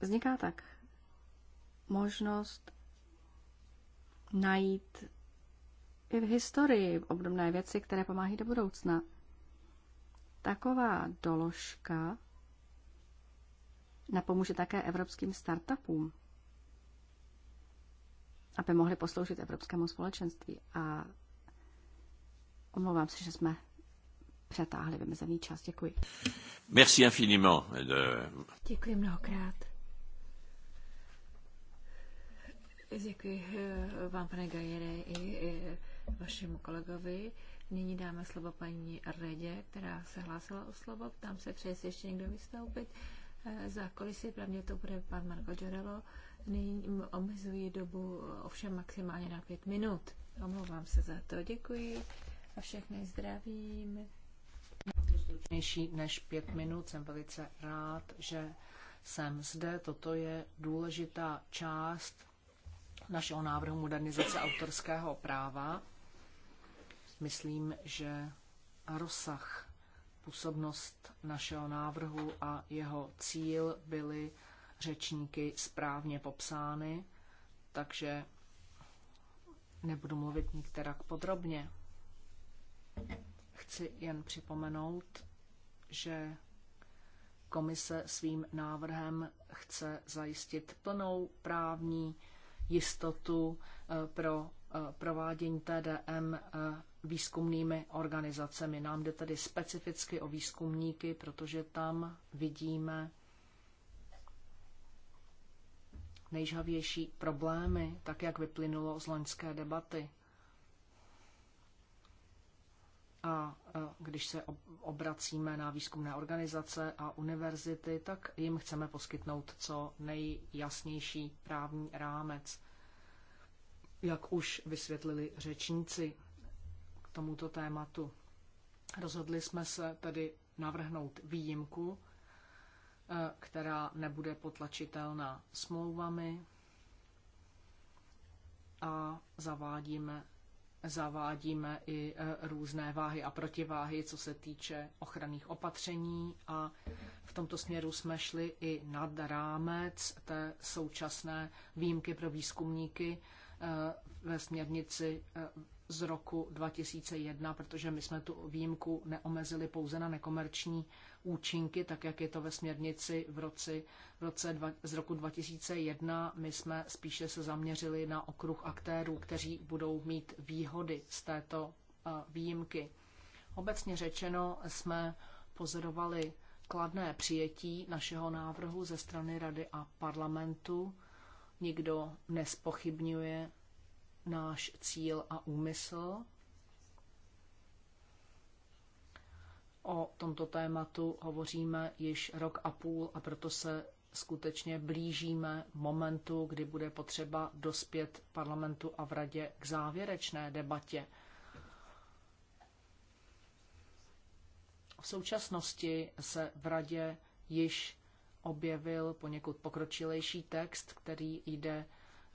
Vzniká tak možnost najít i v historii obdobné věci, které pomáhají do budoucna. Taková doložka napomůže také evropským startupům, aby mohli posloužit evropskému společenství. A omlouvám se, že jsme přetáhli vymezený čas. Děkuji. Merci infiniment. De... Děkuji mnohokrát Děkuji eh, vám, pane Gajere, i vašemu kolegovi. Nyní dáme slovo paní Redě, která se hlásila o slovo. Tam se přeje ještě někdo vystoupit. Eh, za kulisy pravdě to bude pan Marko Giorello. Nyní omezuji dobu ovšem maximálně na pět minut. Omlouvám se za to. Děkuji a všechny zdravím. Stručnější než pět minut. Jsem velice rád, že jsem zde. Toto je důležitá část našeho návrhu modernizace autorského práva. Myslím, že rozsah působnost našeho návrhu a jeho cíl byly řečníky správně popsány, takže nebudu mluvit nikterak podrobně. Chci jen připomenout, že komise svým návrhem chce zajistit plnou právní jistotu eh, pro eh, provádění TDM eh, výzkumnými organizacemi. Nám jde tedy specificky o výzkumníky, protože tam vidíme nejžhavější problémy, tak jak vyplynulo z loňské debaty. A když se obracíme na výzkumné organizace a univerzity, tak jim chceme poskytnout co nejjasnější právní rámec. Jak už vysvětlili řečníci k tomuto tématu, rozhodli jsme se tedy navrhnout výjimku, e, která nebude potlačitelná smlouvami a zavádíme zavádíme i e, různé váhy a protiváhy, co se týče ochranných opatření a v tomto směru jsme šli i nad rámec té současné výjimky pro výzkumníky e, ve směrnici e, z roku 2001, protože my jsme tu výjimku neomezili pouze na nekomerční účinky, tak jak je to ve směrnici v, roce v roce dva, z roku 2001. My jsme spíše se zaměřili na okruh aktérů, kteří budou mít výhody z této eh, výjimky. Obecně řečeno jsme pozorovali kladné přijetí našeho návrhu ze strany Rady a parlamentu. Nikdo nespochybňuje náš cíl a úmysl. O tomto tématu hovoříme již rok a půl a proto se skutečně blížíme momentu, kdy bude potřeba dospět parlamentu a v radě k závěrečné debatě. V současnosti se v radě již objevil poněkud pokročilejší text, který jde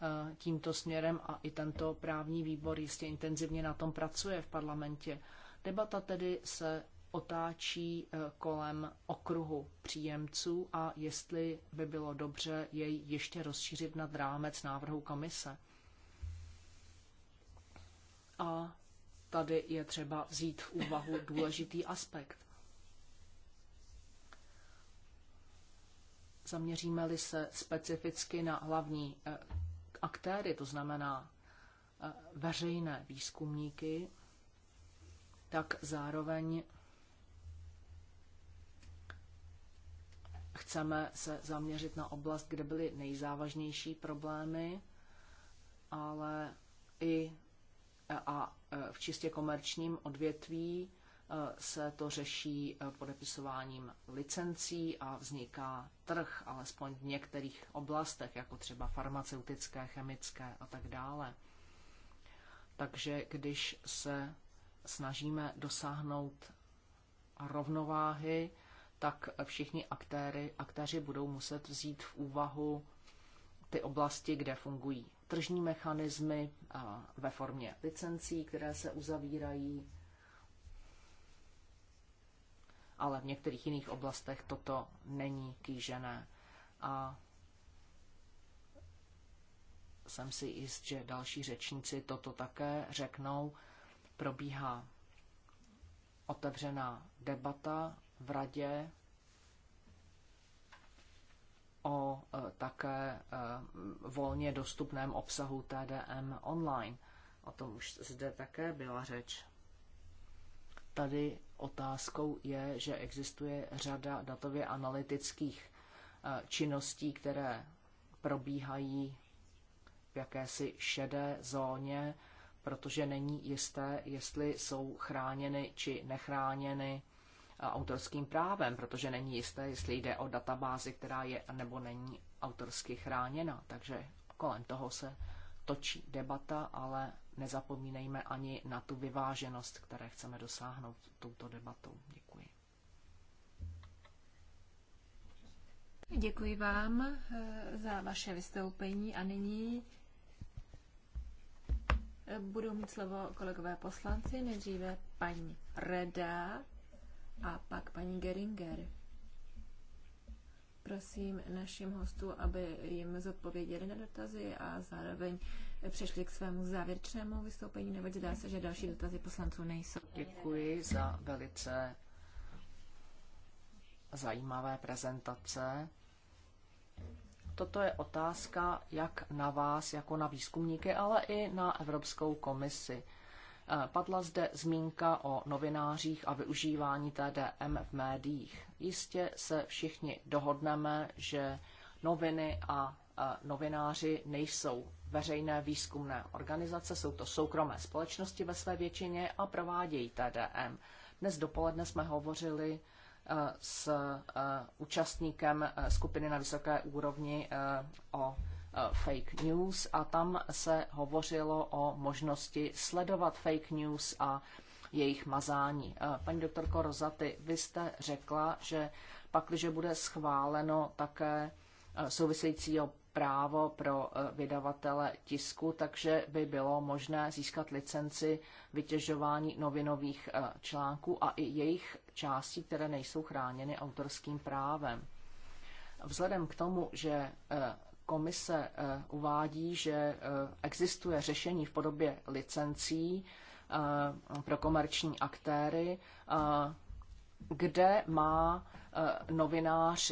Eh, tímto směrem a i tento právní výbor jistě intenzivně na tom pracuje v parlamentě. Debata tedy se otáčí eh, kolem okruhu příjemců a jestli by bylo dobře jej ještě rozšířit nad rámec návrhu komise. A tady je třeba vzít v úvahu důležitý aspekt. Zaměříme-li se specificky na hlavní eh, aktéry, to znamená eh, veřejné výzkumníky, tak zároveň chceme se zaměřit na oblast, kde byly nejzávažnější problémy, ale i a eh, v čistě komerčním odvětví se to řeší eh, podepisováním licencí a vzniká trh, alespoň v některých oblastech, jako třeba farmaceutické, chemické a tak dále. Takže když se snažíme dosáhnout rovnováhy, tak všichni aktéry, aktéři budou muset vzít v úvahu ty oblasti, kde fungují tržní mechanismy eh, ve formě licencí, které se uzavírají, ale v některých jiných oblastech toto není kýžené. A jsem si jist, že další řečníci toto také řeknou. Probíhá otevřená debata v radě o e, také e, volně dostupném obsahu TDM online. O tom už zde také byla řeč tady otázkou je, že existuje řada datově analytických eh, činností, které probíhají v jakési šedé zóně, protože není jisté, jestli jsou chráněny či nechráněny eh, autorským právem, protože není jisté, jestli jde o databázi, která je nebo není autorsky chráněna. Takže kolem toho se točí debata, ale nezapomínejme ani na tu vyváženost, které chceme dosáhnout touto debatou. Děkuji. Děkuji vám eh, za vaše vystoupení a nyní eh, budou mít slovo kolegové poslanci, nejdříve paní Reda a pak paní Geringer. Prosím našim hostů, aby jim zodpověděli na dotazy a zároveň přešli k svému závěrečnému vystoupení, neboť zdá se, že další dotazy poslanců nejsou. Děkuji za velice zajímavé prezentace. Toto je otázka jak na vás, jako na výzkumníky, ale i na Evropskou komisi. Eh, padla zde zmínka o novinářích a využívání TDM v médiích. Jistě se všichni dohodneme, že noviny a novináři nejsou veřejné výzkumné organizace, jsou to soukromé společnosti ve své většině a provádějí TDM. Dnes dopoledne jsme hovořili eh, s eh, účastníkem eh, skupiny na vysoké úrovni o fake news a tam se hovořilo o možnosti sledovat fake news a jejich mazání. Paní doktorko Rozaty, vy jste řekla, že pakliže bude schváleno také souvisejícího právo pro eh, vydavatele tisku, takže by bylo možné získat licenci vytěžování novinových eh, článků a i jejich částí, které nejsou chráněny autorským právem. Vzhledem k tomu, že eh, komise uvádí, že existuje řešení v podobě licencí pro komerční aktéry, kde má novinář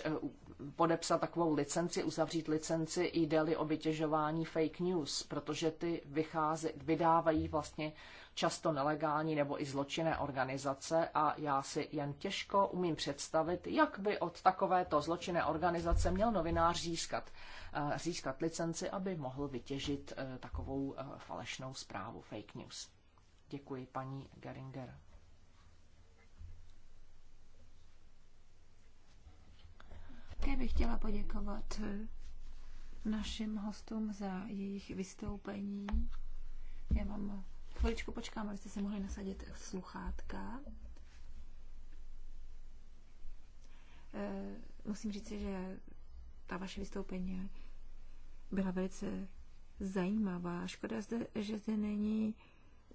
podepsat takovou licenci, uzavřít licenci, jde-li o vytěžování fake news, protože ty vycháze, vydávají vlastně často nelegální nebo i zločinné organizace a já si jen těžko umím představit, jak by od takovéto zločinné organizace měl novinář získat, eh, získat licenci, aby mohl vytěžit eh, takovou eh, falešnou zprávu fake news. Děkuji paní Geringer. Také bych chtěla poděkovat eh, našim hostům za jejich vystoupení. Já vám chviličku počkám, abyste si mohli nasadit sluchátka. Eh, musím říct, že ta vaše vystoupení byla velice zajímavá. Škoda, že zde není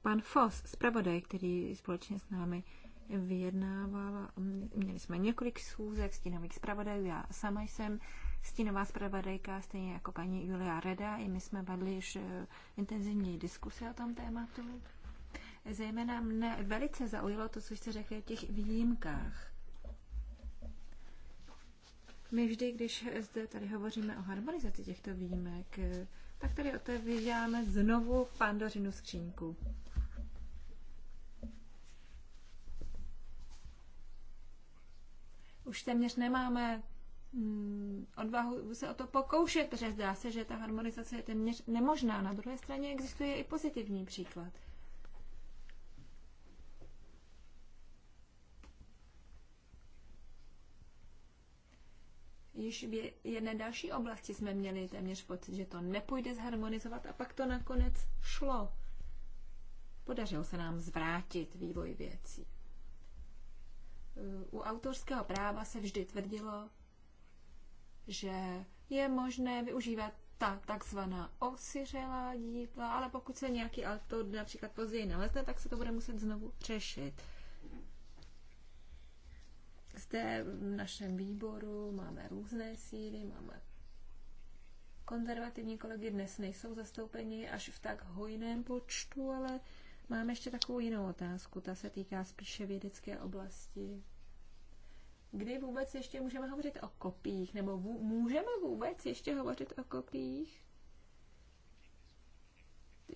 pan Foss, zpravodaj, který společně s námi vyjednávala, měli jsme několik schůzek stínových zpravodajů, já sama jsem stínová zpravodajka, stejně jako paní Julia Reda, i my jsme vedli již eh, intenzivní diskuse o tom tématu. Zejména mne velice zaujalo to, co jste řekli o těch výjimkách. My vždy, když zde tady hovoříme o harmonizaci těchto výjimek, eh, tak tady otevíráme znovu pandořinu skřínku. už téměř nemáme mm, odvahu se o to pokoušet, protože zdá se, že ta harmonizace je téměř nemožná. Na druhé straně existuje i pozitivní příklad. Již v jedné další oblasti jsme měli téměř pocit, že to nepůjde zharmonizovat a pak to nakonec šlo. Podařilo se nám zvrátit vývoj věcí u autorského práva se vždy tvrdilo, že je možné využívat ta takzvaná osiřelá díla, ale pokud se nějaký autor například později nalezne, tak se to bude muset znovu řešit. Zde v našem výboru máme různé síly, máme konzervativní kolegy dnes nejsou zastoupeni až v tak hojném počtu, ale Mám ještě takovou jinou otázku, ta se týká spíše vědecké oblasti. Kdy vůbec ještě můžeme hovořit o kopích? Nebo vů, můžeme vůbec ještě hovořit o kopích?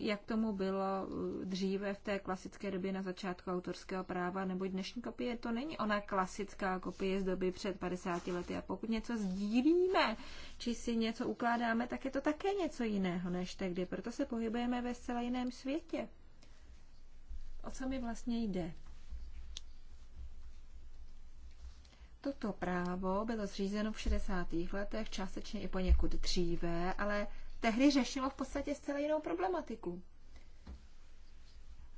Jak tomu bylo eh, dříve v té klasické době na začátku autorského práva, nebo dnešní kopie, to není ona klasická kopie z doby před 50 lety. A pokud něco sdílíme, či si něco ukládáme, tak je to také něco jiného než tehdy. Proto se pohybujeme ve zcela jiném světě. O co mi vlastně jde? Toto právo bylo zřízeno v 60. letech, částečně i poněkud dříve, ale tehdy řešilo v podstatě zcela jinou problematiku.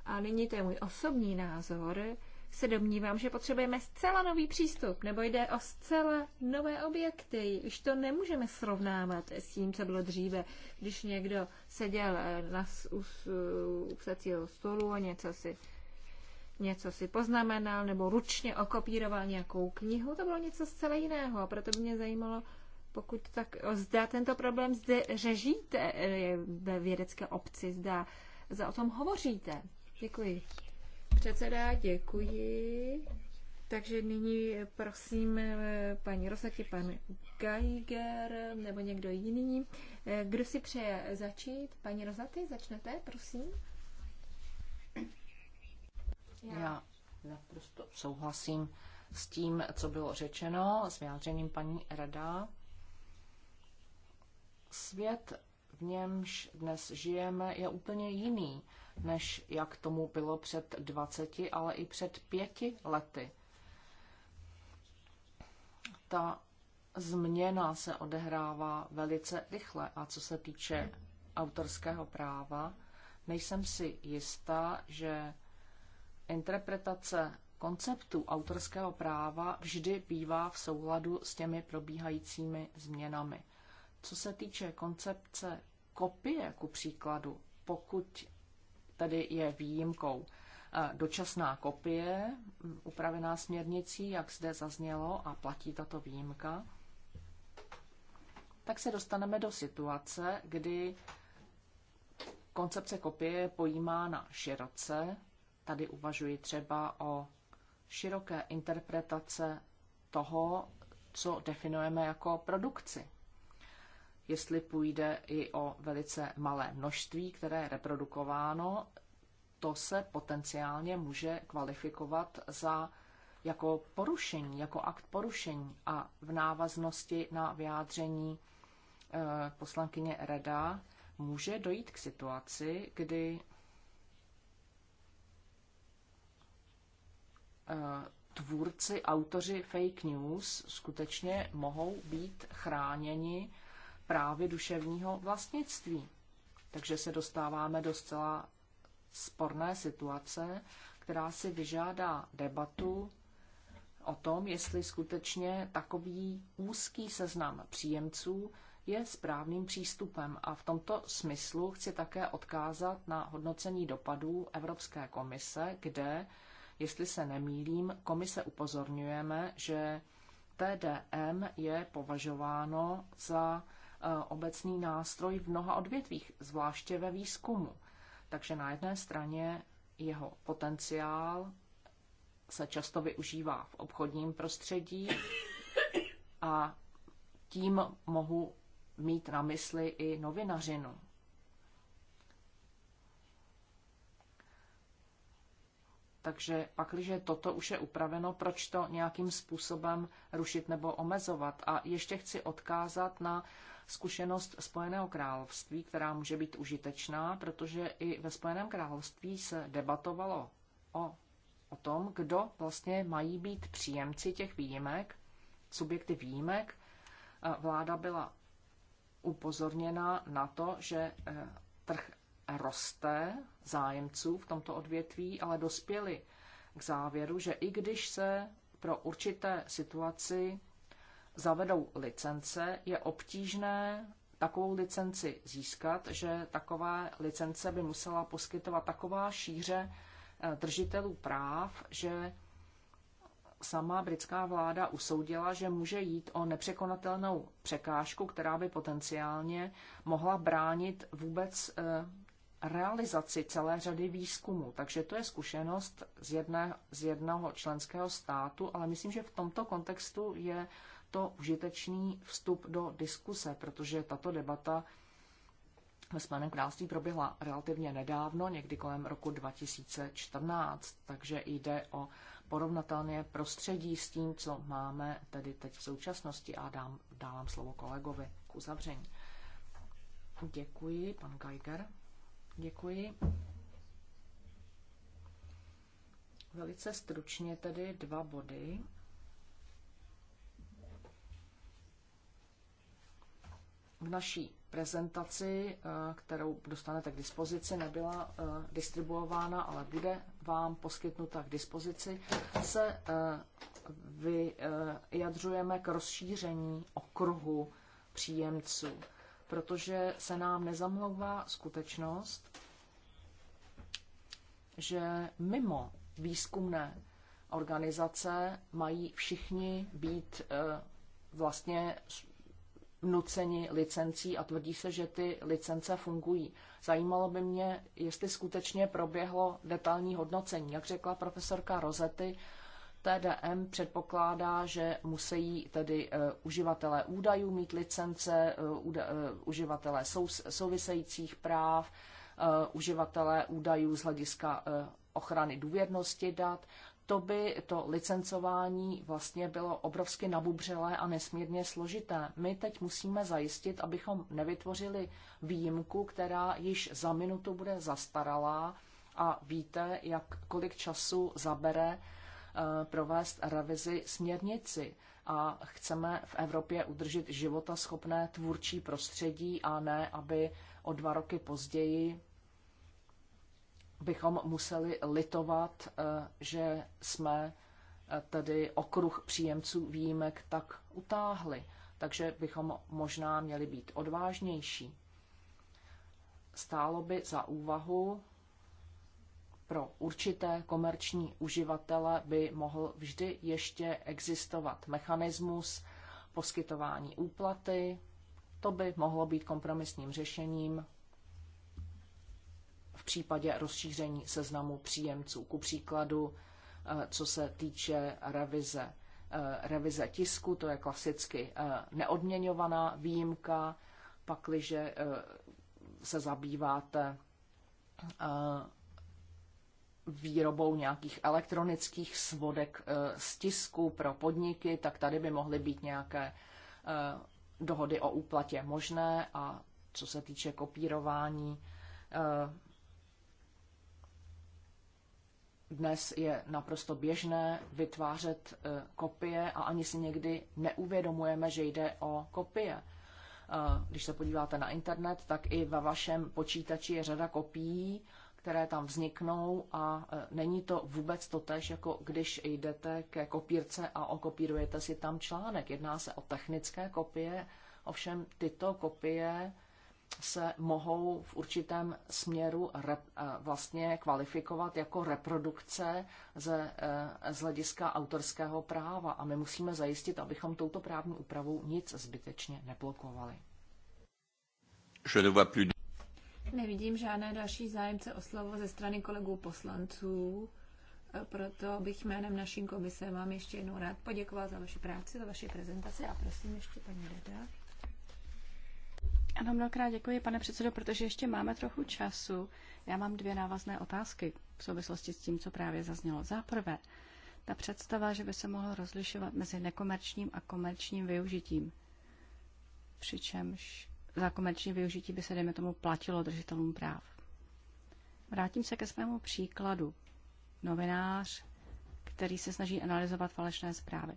A nyní to je můj osobní názor, se domnívám, že potřebujeme zcela nový přístup, nebo jde o zcela nové objekty. Už to nemůžeme srovnávat s tím, co bylo dříve, když někdo seděl eh, na, u, u psacího stolu a něco si něco si poznamenal nebo ručně okopíroval nějakou knihu, to bylo něco zcela jiného. A proto by mě zajímalo, pokud tak zda tento problém zde řežíte eh, ve vědecké obci, zda, zda o tom hovoříte. Děkuji. Předseda, děkuji. Takže nyní eh, prosím eh, paní Rosati, pan Geiger nebo někdo jiný. Eh, kdo si přeje začít? Paní Rosati, začnete, prosím. Já naprosto souhlasím s tím, co bylo řečeno, s vyjádřením paní Rada. Svět, v němž dnes žijeme, je úplně jiný než jak tomu bylo před 20, ale i před pěti lety. Ta změna se odehrává velice rychle a co se týče autorského práva, nejsem si jistá, že interpretace konceptu autorského práva vždy bývá v souladu s těmi probíhajícími změnami. Co se týče koncepce kopie, ku příkladu, pokud tedy je výjimkou. E, dočasná kopie, upravená směrnicí, jak zde zaznělo, a platí tato výjimka, tak se dostaneme do situace, kdy koncepce kopie je pojímána široce. Tady uvažuji třeba o široké interpretace toho, co definujeme jako produkci jestli půjde i o velice malé množství, které je reprodukováno, to se potenciálně může kvalifikovat za jako porušení, jako akt porušení a v návaznosti na vyjádření eh, poslankyně Reda může dojít k situaci, kdy eh, tvůrci, autoři fake news skutečně mohou být chráněni právě duševního vlastnictví. Takže se dostáváme do zcela sporné situace, která si vyžádá debatu o tom, jestli skutečně takový úzký seznam příjemců je správným přístupem. A v tomto smyslu chci také odkázat na hodnocení dopadů Evropské komise, kde, jestli se nemýlím, komise upozorňujeme, že TDM je považováno za Eh, obecný nástroj v mnoha odvětvích, zvláště ve výzkumu. Takže na jedné straně jeho potenciál se často využívá v obchodním prostředí a tím mohu mít na mysli i novinařinu. Takže pakliže toto už je upraveno, proč to nějakým způsobem rušit nebo omezovat? A ještě chci odkázat na zkušenost Spojeného království, která může být užitečná, protože i ve Spojeném království se debatovalo o, o tom, kdo vlastně mají být příjemci těch výjimek, subjekty výjimek. E, vláda byla upozorněna na to, že e, trh roste zájemců v tomto odvětví, ale dospěli k závěru, že i když se pro určité situaci zavedou licence, je obtížné takovou licenci získat, že taková licence by musela poskytovat taková šíře eh, držitelů práv, že sama britská vláda usoudila, že může jít o nepřekonatelnou překážku, která by potenciálně mohla bránit vůbec eh, realizaci celé řady výzkumů. Takže to je zkušenost z, jedné, z jednoho členského státu, ale myslím, že v tomto kontextu je to užitečný vstup do diskuse, protože tato debata ve Spojeném království proběhla relativně nedávno, někdy kolem roku 2014, takže jde o porovnatelné prostředí s tím, co máme tedy teď v současnosti a dám, dávám slovo kolegovi k uzavření. Děkuji, pan Geiger. Děkuji. Velice stručně tedy dva body. v naší prezentaci, eh, kterou dostanete k dispozici, nebyla eh, distribuována, ale bude vám poskytnuta k dispozici, se eh, vyjadřujeme k rozšíření okruhu příjemců, protože se nám nezamlouvá skutečnost, že mimo výzkumné organizace mají všichni být vlastně nuceni licencí a tvrdí se, že ty licence fungují. Zajímalo by mě, jestli skutečně proběhlo detailní hodnocení. Jak řekla profesorka Rozety, TDM předpokládá, že musí tedy uh, uživatelé údajů mít licence, uh, uh, uživatelé sou, souvisejících práv, uh, uživatelé údajů z hlediska uh, ochrany důvěrnosti dat to by to licencování vlastně bylo obrovsky nabubřelé a nesmírně složité. My teď musíme zajistit, abychom nevytvořili výjimku, která již za minutu bude zastaralá a víte, jak kolik času zabere eh, provést revizi směrnici a chceme v Evropě udržet životaschopné tvůrčí prostředí a ne, aby o dva roky později bychom museli litovat, eh, že jsme eh, tedy okruh příjemců výjimek tak utáhli. Takže bychom možná měli být odvážnější. Stálo by za úvahu, pro určité komerční uživatele by mohl vždy ještě existovat mechanismus poskytování úplaty. To by mohlo být kompromisním řešením případě rozšíření seznamu příjemců. Ku příkladu, eh, co se týče revize, eh, revize tisku, to je klasicky eh, neodměňovaná výjimka, pakliže se zabýváte výrobou nějakých elektronických svodek z tisku pro podniky, tak tady by mohly být nějaké dohody o úplatě možné a co se týče kopírování dnes je naprosto běžné vytvářet eh, kopie a ani si někdy neuvědomujeme, že jde o kopie. Eh, když se podíváte na internet, tak i ve vašem počítači je řada kopií, které tam vzniknou a eh, není to vůbec totéž, jako když jdete ke kopírce a okopírujete si tam článek. Jedná se o technické kopie, ovšem tyto kopie se mohou v určitém směru rep, eh, vlastně kvalifikovat jako reprodukce ze, eh, z hlediska autorského práva a my musíme zajistit, abychom touto právní úpravou nic zbytečně neblokovali. Nevidím žádné další zájemce o slovo ze strany kolegů poslanců, eh, proto bych jménem naší komise vám ještě jednou rád poděkoval za vaši práci, za vaši prezentaci a prosím ještě paní Reda. Ano, mnohokrát děkuji, pane předsedo, protože ještě máme trochu času. Já mám dvě návazné otázky v souvislosti s tím, co právě zaznělo. Za prvé, ta představa, že by se mohlo rozlišovat mezi nekomerčním a komerčním využitím. Přičemž za komerční využití by se, dejme tomu, platilo držitelům práv. Vrátím se ke svému příkladu. Novinář, který se snaží analyzovat falešné zprávy.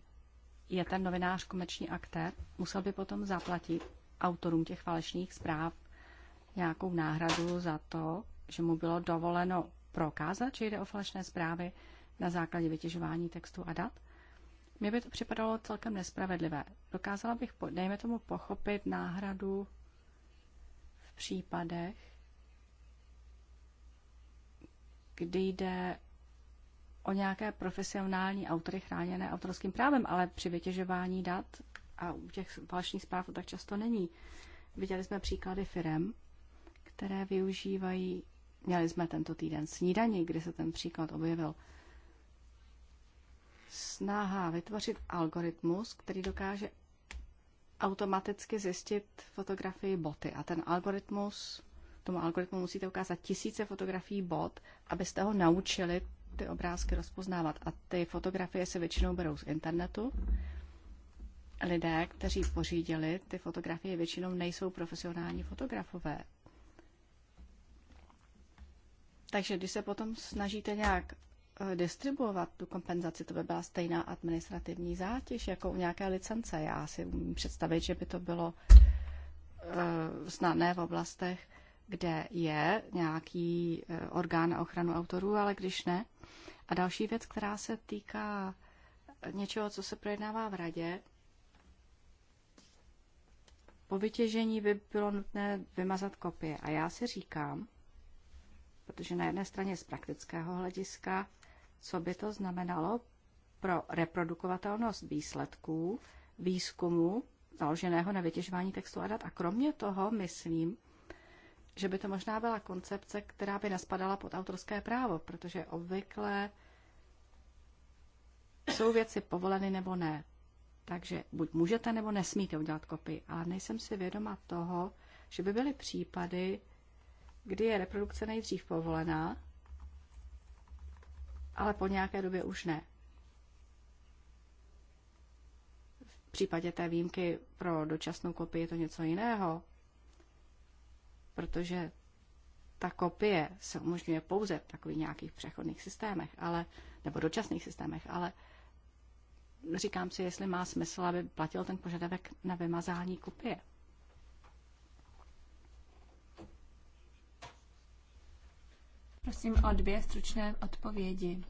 Je ten novinář komerční aktér? Musel by potom zaplatit autorům těch falešných zpráv nějakou náhradu za to, že mu bylo dovoleno prokázat, že jde o falešné zprávy na základě vytěžování textu a dat? Mně by to připadalo celkem nespravedlivé. Dokázala bych, dejme tomu, pochopit náhradu v případech, kdy jde o nějaké profesionální autory chráněné autorským právem, ale při vytěžování dat a u těch válečných zpráv to tak často není. Viděli jsme příklady firem, které využívají, měli jsme tento týden snídaní, kdy se ten příklad objevil, snaha vytvořit algoritmus, který dokáže automaticky zjistit fotografii boty. A ten algoritmus, tomu algoritmu musíte ukázat tisíce fotografií bot, abyste ho naučili ty obrázky rozpoznávat. A ty fotografie se většinou berou z internetu lidé, kteří pořídili ty fotografie, většinou nejsou profesionální fotografové. Takže když se potom snažíte nějak eh, distribuovat tu kompenzaci, to by byla stejná administrativní zátěž jako u nějaké licence. Já si umím představit, že by to bylo eh, snadné v oblastech, kde je nějaký eh, orgán na ochranu autorů, ale když ne. A další věc, která se týká něčeho, co se projednává v radě, po vytěžení by bylo nutné vymazat kopie. A já si říkám, protože na jedné straně z praktického hlediska, co by to znamenalo pro reprodukovatelnost výsledků, výzkumu založeného na vytěžování textu a dat. A kromě toho myslím, že by to možná byla koncepce, která by naspadala pod autorské právo, protože obvykle jsou věci povoleny nebo ne. Takže buď můžete nebo nesmíte udělat kopii, ale nejsem si vědoma toho, že by byly případy, kdy je reprodukce nejdřív povolená, ale po nějaké době už ne. V případě té výjimky pro dočasnou kopii je to něco jiného, protože ta kopie se umožňuje pouze v takových nějakých přechodných systémech, ale, nebo dočasných systémech, ale říkám si, jestli má smysl, aby platil ten požadavek na vymazání kopie. Prosím o dvě stručné odpovědi.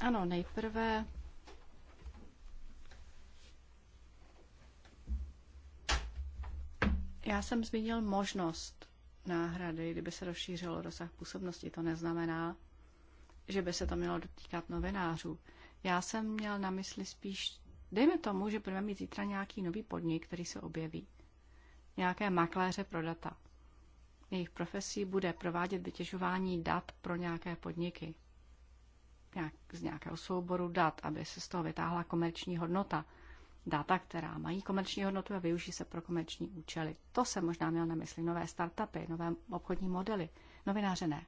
Ano, nejprve Já jsem zmínil možnost náhrady, kdyby se rozšířilo rozsah působnosti. To neznamená, že by se to mělo dotýkat novinářů. Já jsem měl na mysli spíš, dejme tomu, že budeme mít zítra nějaký nový podnik, který se objeví. Nějaké makléře pro data. Jejich profesí bude provádět vytěžování dat pro nějaké podniky. Nějak, z nějakého souboru dat, aby se z toho vytáhla komerční hodnota. Data, která mají komerční hodnotu a využijí se pro komerční účely. To se možná měl na mysli. Nové startupy, nové obchodní modely. Novináře ne.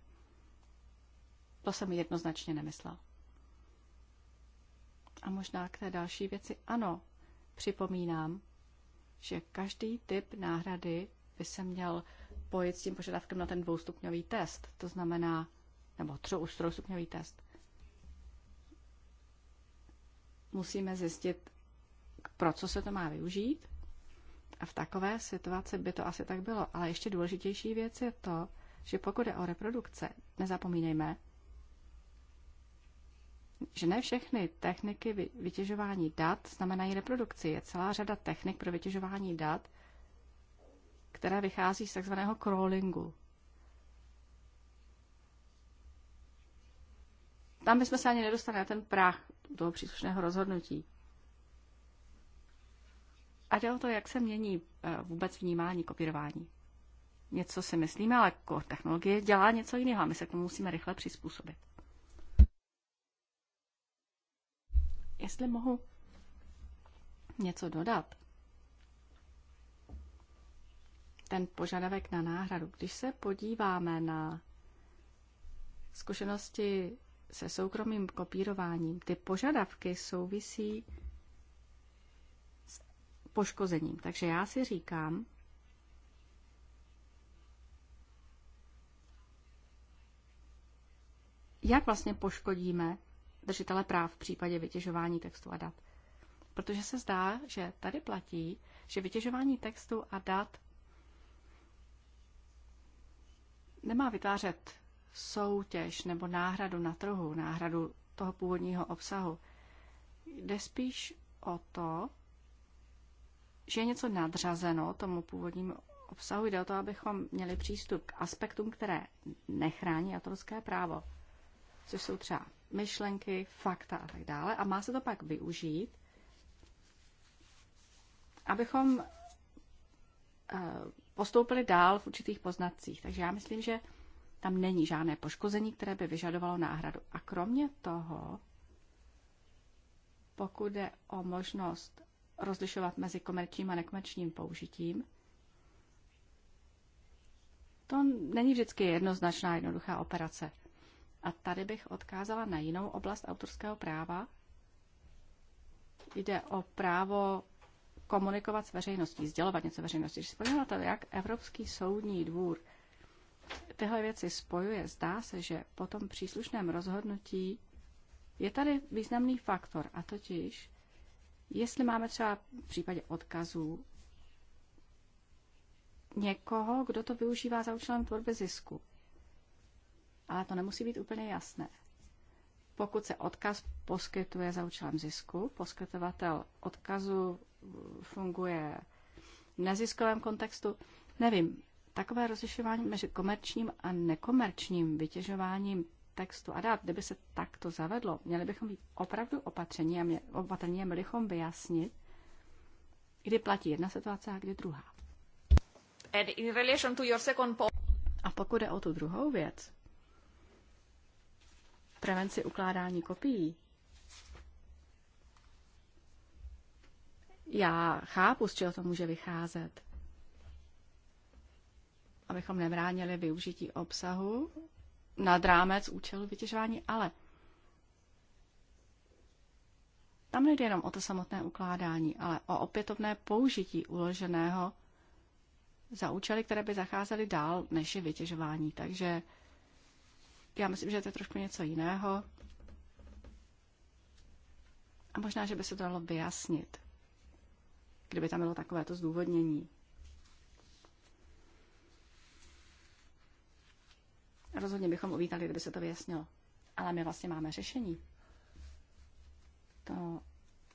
To jsem jednoznačně nemyslel. A možná k té další věci. Ano, připomínám, že každý typ náhrady by se měl pojit s tím požadavkem na ten dvoustupňový test. To znamená, nebo třou, trojstupňový test. Musíme zjistit, pro co se to má využít. A v takové situaci by to asi tak bylo. Ale ještě důležitější věc je to, že pokud je o reprodukce, nezapomínejme, že ne všechny techniky vytěžování dat znamenají reprodukci. Je celá řada technik pro vytěžování dat, které vychází z takzvaného crawlingu. Tam bychom se ani nedostali na ten práh toho příslušného rozhodnutí. A jde o to, jak se mění eh, vůbec vnímání kopírování. Něco si myslíme, ale technologie dělá něco jiného a my se k tomu musíme rychle přizpůsobit. Jestli mohu něco dodat, ten požadavek na náhradu. Když se podíváme na zkušenosti se soukromým kopírováním, ty požadavky souvisí s poškozením. Takže já si říkám, jak vlastně poškodíme držitele práv v případě vytěžování textu a dat. Protože se zdá, že tady platí, že vytěžování textu a dat nemá vytvářet soutěž nebo náhradu na trhu, náhradu toho původního obsahu. Jde spíš o to, že je něco nadřazeno tomu původnímu obsahu. Jde o to, abychom měli přístup k aspektům, které nechrání autorské právo, což jsou třeba myšlenky, fakta a tak dále. A má se to pak využít, abychom eh, postoupili dál v určitých poznatcích. Takže já myslím, že tam není žádné poškození, které by vyžadovalo náhradu. A kromě toho, pokud jde o možnost rozlišovat mezi komerčním a nekomerčním použitím, to není vždycky jednoznačná jednoduchá operace. A tady bych odkázala na jinou oblast autorského práva. Jde o právo komunikovat s veřejností, sdělovat něco veřejnosti. Když spojíme to, jak Evropský soudní dvůr tyhle věci spojuje, zdá se, že po tom příslušném rozhodnutí je tady významný faktor, a totiž, jestli máme třeba v případě odkazů někoho, kdo to využívá za účelem tvorby zisku ale to nemusí být úplně jasné. Pokud se odkaz poskytuje za účelem zisku, poskytovatel odkazu funguje v neziskovém kontextu, nevím, takové rozlišování mezi komerčním a nekomerčním vytěžováním textu a dát, kdyby se takto zavedlo, měli bychom být opravdu opatření a mě, opatrně měli bychom vyjasnit, kdy platí jedna situace a kdy druhá. A pokud je o tu druhou věc, prevenci ukládání kopií. Já chápu, z čeho to může vycházet. Abychom nebránili využití obsahu nad rámec účelu vytěžování, ale tam nejde jenom o to samotné ukládání, ale o opětovné použití uloženého za účely, které by zacházely dál než je vytěžování. Takže já myslím, že to je trošku něco jiného. A možná, že by se to dalo vyjasnit, kdyby tam bylo takovéto zdůvodnění. Rozhodně bychom uvítali, kdyby se to vyjasnilo. Ale my vlastně máme řešení. To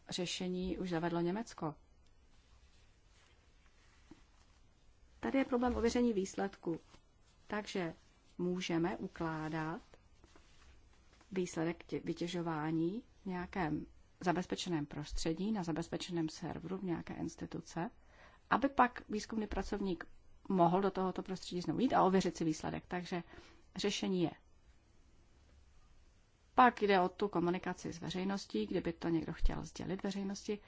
řešení už zavedlo Německo. Tady je problém ověření výsledku. Takže můžeme ukládat výsledek vytěžování v nějakém zabezpečeném prostředí, na zabezpečeném serveru v nějaké instituce, aby pak výzkumný pracovník mohl do tohoto prostředí znovu jít a ověřit si výsledek. Takže řešení je. Pak jde o tu komunikaci s veřejností, kdyby to někdo chtěl sdělit veřejnosti,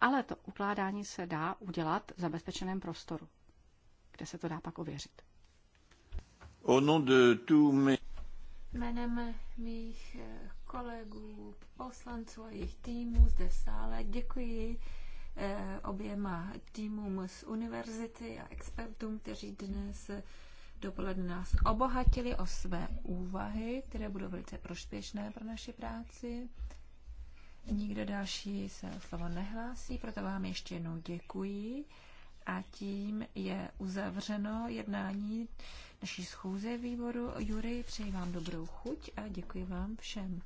ale to ukládání se dá udělat v zabezpečeném prostoru, kde se to dá pak ověřit. Au nom de tous mes... Jménem mých eh, kolegů, poslanců a jejich týmů zde v sále děkuji eh, oběma týmům z univerzity a expertům, kteří dnes dopoledne nás obohatili o své úvahy, které budou velice prospěšné pro naši práci. Nikdo další se slovo nehlásí, proto vám ještě jednou děkuji. A tím je uzavřeno jednání naší schůze výboru Jury. Přeji vám dobrou chuť a děkuji vám všem.